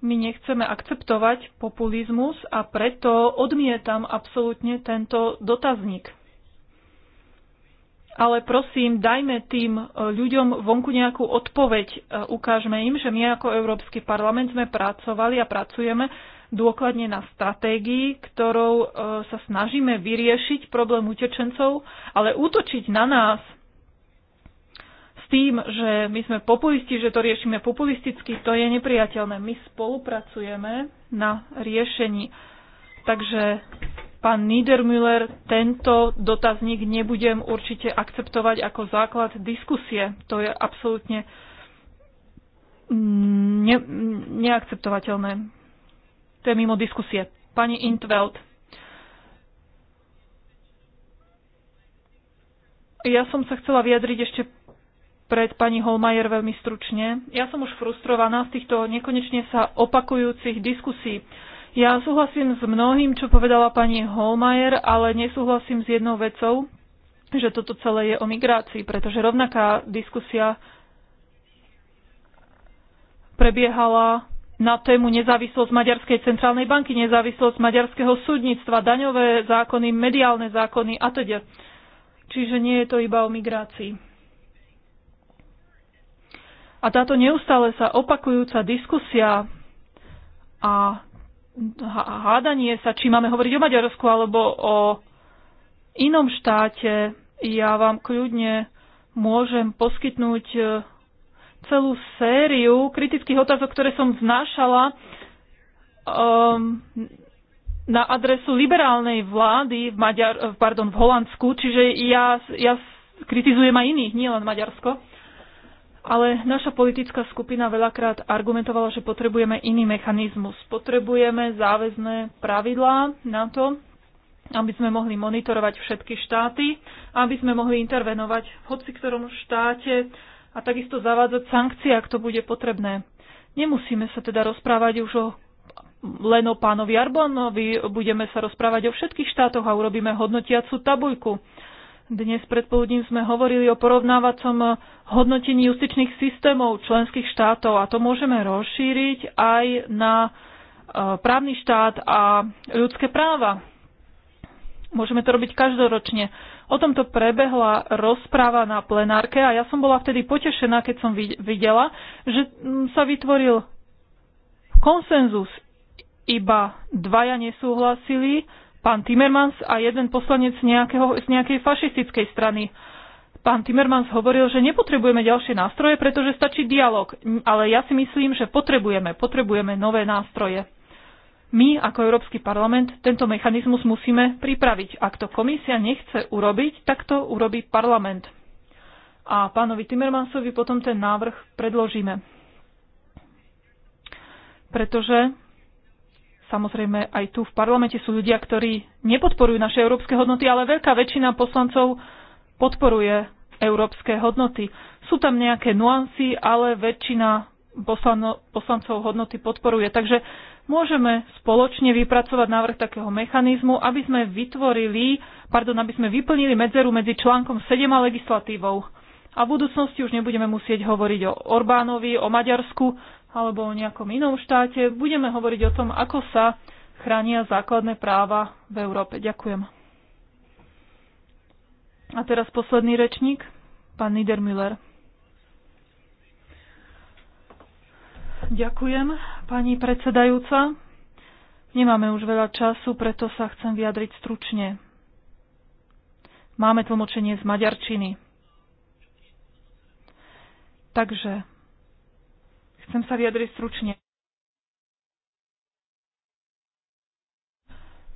My nechceme akceptovať populizmus a preto odmietam absolútne tento dotazník. Ale prosím, dajme tým e, ľuďom vonku nejakú odpoveď. E, ukážme im, že my ako Európsky parlament sme pracovali a pracujeme dôkladne na stratégii, ktorou e, sa snažíme vyriešiť problém utečencov, ale útočiť na nás s tým, že my sme populisti, že to riešime populisticky, to je nepriateľné. My spolupracujeme na riešení. Takže pán Niedermüller, tento dotazník nebudem určite akceptovať ako základ diskusie. To je absolútne ne, neakceptovateľné. To je mimo diskusie. Pani Intveld. Ja som sa chcela vyjadriť ešte pred pani Holmajer veľmi stručne. Ja som už frustrovaná z týchto nekonečne sa opakujúcich diskusí. Ja súhlasím s mnohým, čo povedala pani Holmajer, ale nesúhlasím s jednou vecou, že toto celé je o migrácii, pretože rovnaká diskusia prebiehala na tému nezávislosť Maďarskej centrálnej banky, nezávislosť maďarského súdnictva, daňové zákony, mediálne zákony a teda. Čiže nie je to iba o migrácii. A táto neustále sa opakujúca diskusia a hádanie sa, či máme hovoriť o Maďarsku alebo o inom štáte, ja vám kľudne môžem poskytnúť e, celú sériu kritických otázok, ktoré som znášala um, na adresu liberálnej vlády v, Maďar, pardon, v Holandsku, čiže ja, ja kritizujem aj iných, nielen Maďarsko. Ale naša politická skupina veľakrát argumentovala, že potrebujeme iný mechanizmus. Potrebujeme záväzné pravidlá na to, aby sme mohli monitorovať všetky štáty, aby sme mohli intervenovať v hoci ktorom štáte a takisto zavádzať sankcie, ak to bude potrebné. Nemusíme sa teda rozprávať už o len o pánovi Arbonovi, budeme sa rozprávať o všetkých štátoch a urobíme hodnotiacu tabuľku. Dnes predpoludním sme hovorili o porovnávacom eh, hodnotení justičných systémov členských štátov a to môžeme rozšíriť aj na eh, právny štát a ľudské práva. Môžeme to robiť každoročne. O tomto prebehla rozpráva na plenárke a ja som bola vtedy potešená, keď som videla, že mm, sa vytvoril konsenzus. Iba dvaja nesúhlasili, pán Timmermans a jeden poslanec nejakého, z nejakej fašistickej strany. Pán Timmermans hovoril, že nepotrebujeme ďalšie nástroje, pretože stačí dialog. Ale ja si myslím, že potrebujeme, potrebujeme nové nástroje. My ako Európsky parlament tento mechanizmus musíme pripraviť. Ak to komisia nechce urobiť, tak to urobí parlament. A pánovi Timmermansovi potom ten návrh predložíme. Pretože Samozrejme, aj tu v parlamente sú ľudia, ktorí nepodporujú naše európske hodnoty, ale veľká väčšina poslancov podporuje európske hodnoty. Sú tam nejaké nuancy, ale väčšina poslano, poslancov hodnoty podporuje. Takže môžeme spoločne vypracovať návrh takého mechanizmu, aby sme vytvorili, pardon, aby sme vyplnili medzeru medzi článkom 7 a legislatívou. A v budúcnosti už nebudeme musieť hovoriť o Orbánovi, o Maďarsku alebo o nejakom inom štáte. Budeme hovoriť o tom, ako sa chránia základné práva v Európe. Ďakujem. A teraz posledný rečník, pán Niedermüller. Ďakujem, pani predsedajúca. Nemáme už veľa času, preto sa chcem vyjadriť stručne. Máme tlmočenie z maďarčiny. Takže Chcem sa vyjadriť stručne.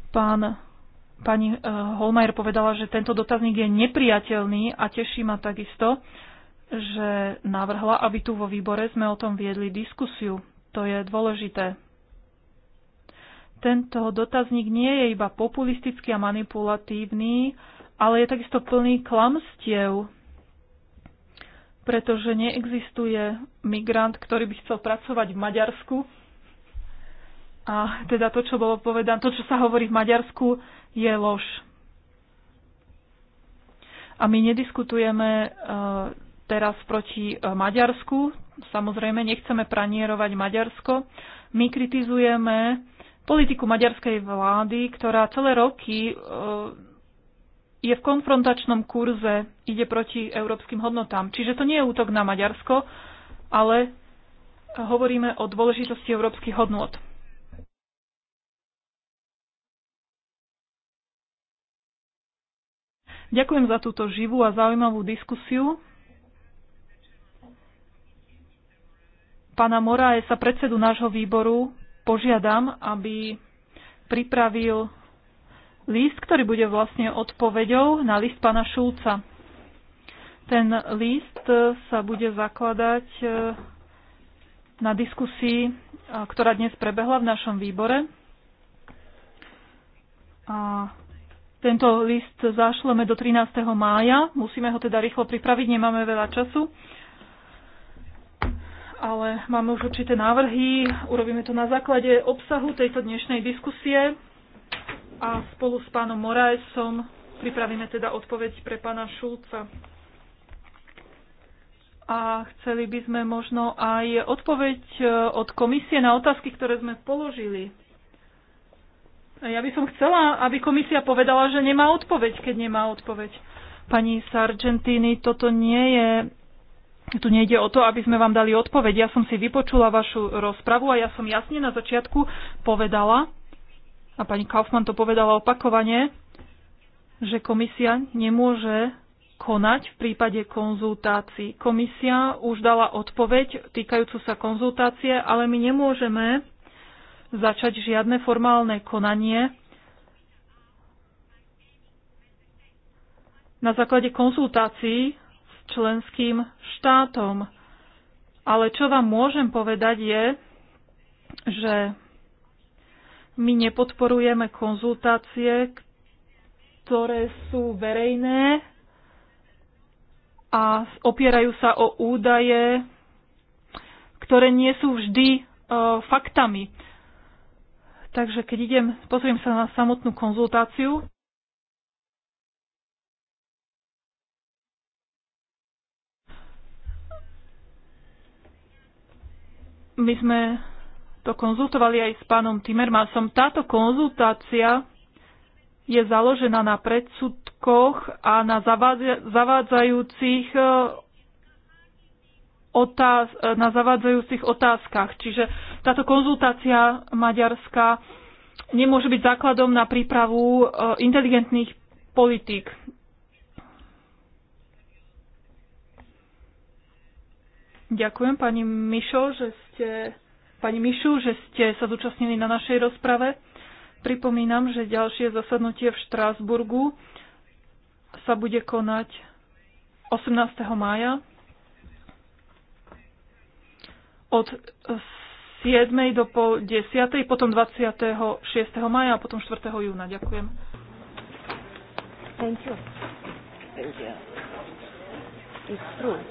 Pán, pani eh, Holmajer povedala, že tento dotazník je nepriateľný a teší ma takisto, že navrhla, aby tu vo výbore sme o tom viedli diskusiu. To je dôležité. Tento dotazník nie je iba populistický a manipulatívny, ale je takisto plný klamstiev pretože neexistuje migrant, ktorý by chcel pracovať v Maďarsku. A teda to, čo bolo povedané, to, čo sa hovorí v Maďarsku, je lož. A my nediskutujeme e, teraz proti e, Maďarsku. Samozrejme, nechceme pranierovať Maďarsko. My kritizujeme politiku maďarskej vlády, ktorá celé roky e, je v konfrontačnom kurze, ide proti európskym hodnotám. Čiže to nie je útok na Maďarsko, ale hovoríme o dôležitosti európskych hodnot. Ďakujem za túto živú a zaujímavú diskusiu. Pána sa predsedu nášho výboru, požiadam, aby pripravil list, ktorý bude vlastne odpoveďou na list pána Šulca. Ten list e, sa bude zakladať e, na diskusii, e, ktorá dnes prebehla v našom výbore. A tento list zašleme do 13. mája. Musíme ho teda rýchlo pripraviť, nemáme veľa času. Ale máme už určité návrhy. Urobíme to na základe obsahu tejto dnešnej diskusie a spolu s pánom Moraesom pripravíme teda odpoveď pre pána Šulca. A chceli by sme možno aj odpoveď e, od komisie na otázky, ktoré sme položili. Ja by som chcela, aby komisia povedala, že nemá odpoveď, keď nemá odpoveď. Pani Sargentini, toto nie je tu nejde o to, aby sme vám dali odpoveď. Ja som si vypočula vašu rozpravu a ja som jasne na začiatku povedala, a pani Kaufmann to povedala opakovane, že komisia nemôže konať v prípade konzultácií. Komisia už dala odpoveď týkajúcu sa konzultácie, ale my nemôžeme začať žiadne formálne konanie na základe konzultácií s členským štátom. Ale čo vám môžem povedať je, že my nepodporujeme konzultácie, ktoré sú verejné a opierajú sa o údaje, ktoré nie sú vždy e, faktami. Takže keď idem, pozriem sa na samotnú konzultáciu. My sme to konzultovali aj s pánom Timmermansom. Táto konzultácia je založená na predsudkoch a na zavádzajúcich e, otáz- e, na zavádzajúcich otázkach. Čiže táto konzultácia maďarská nemôže byť základom na prípravu e, inteligentných politík. Ďakujem pani Mišo, že ste pani Mišu, že ste sa zúčastnili na našej rozprave. Pripomínam, že ďalšie zasadnutie v Štrásburgu sa bude konať 18. mája od 7. do po 10. potom 26. maja a potom 4. júna. Ďakujem. Thank you. Thank you. It's true.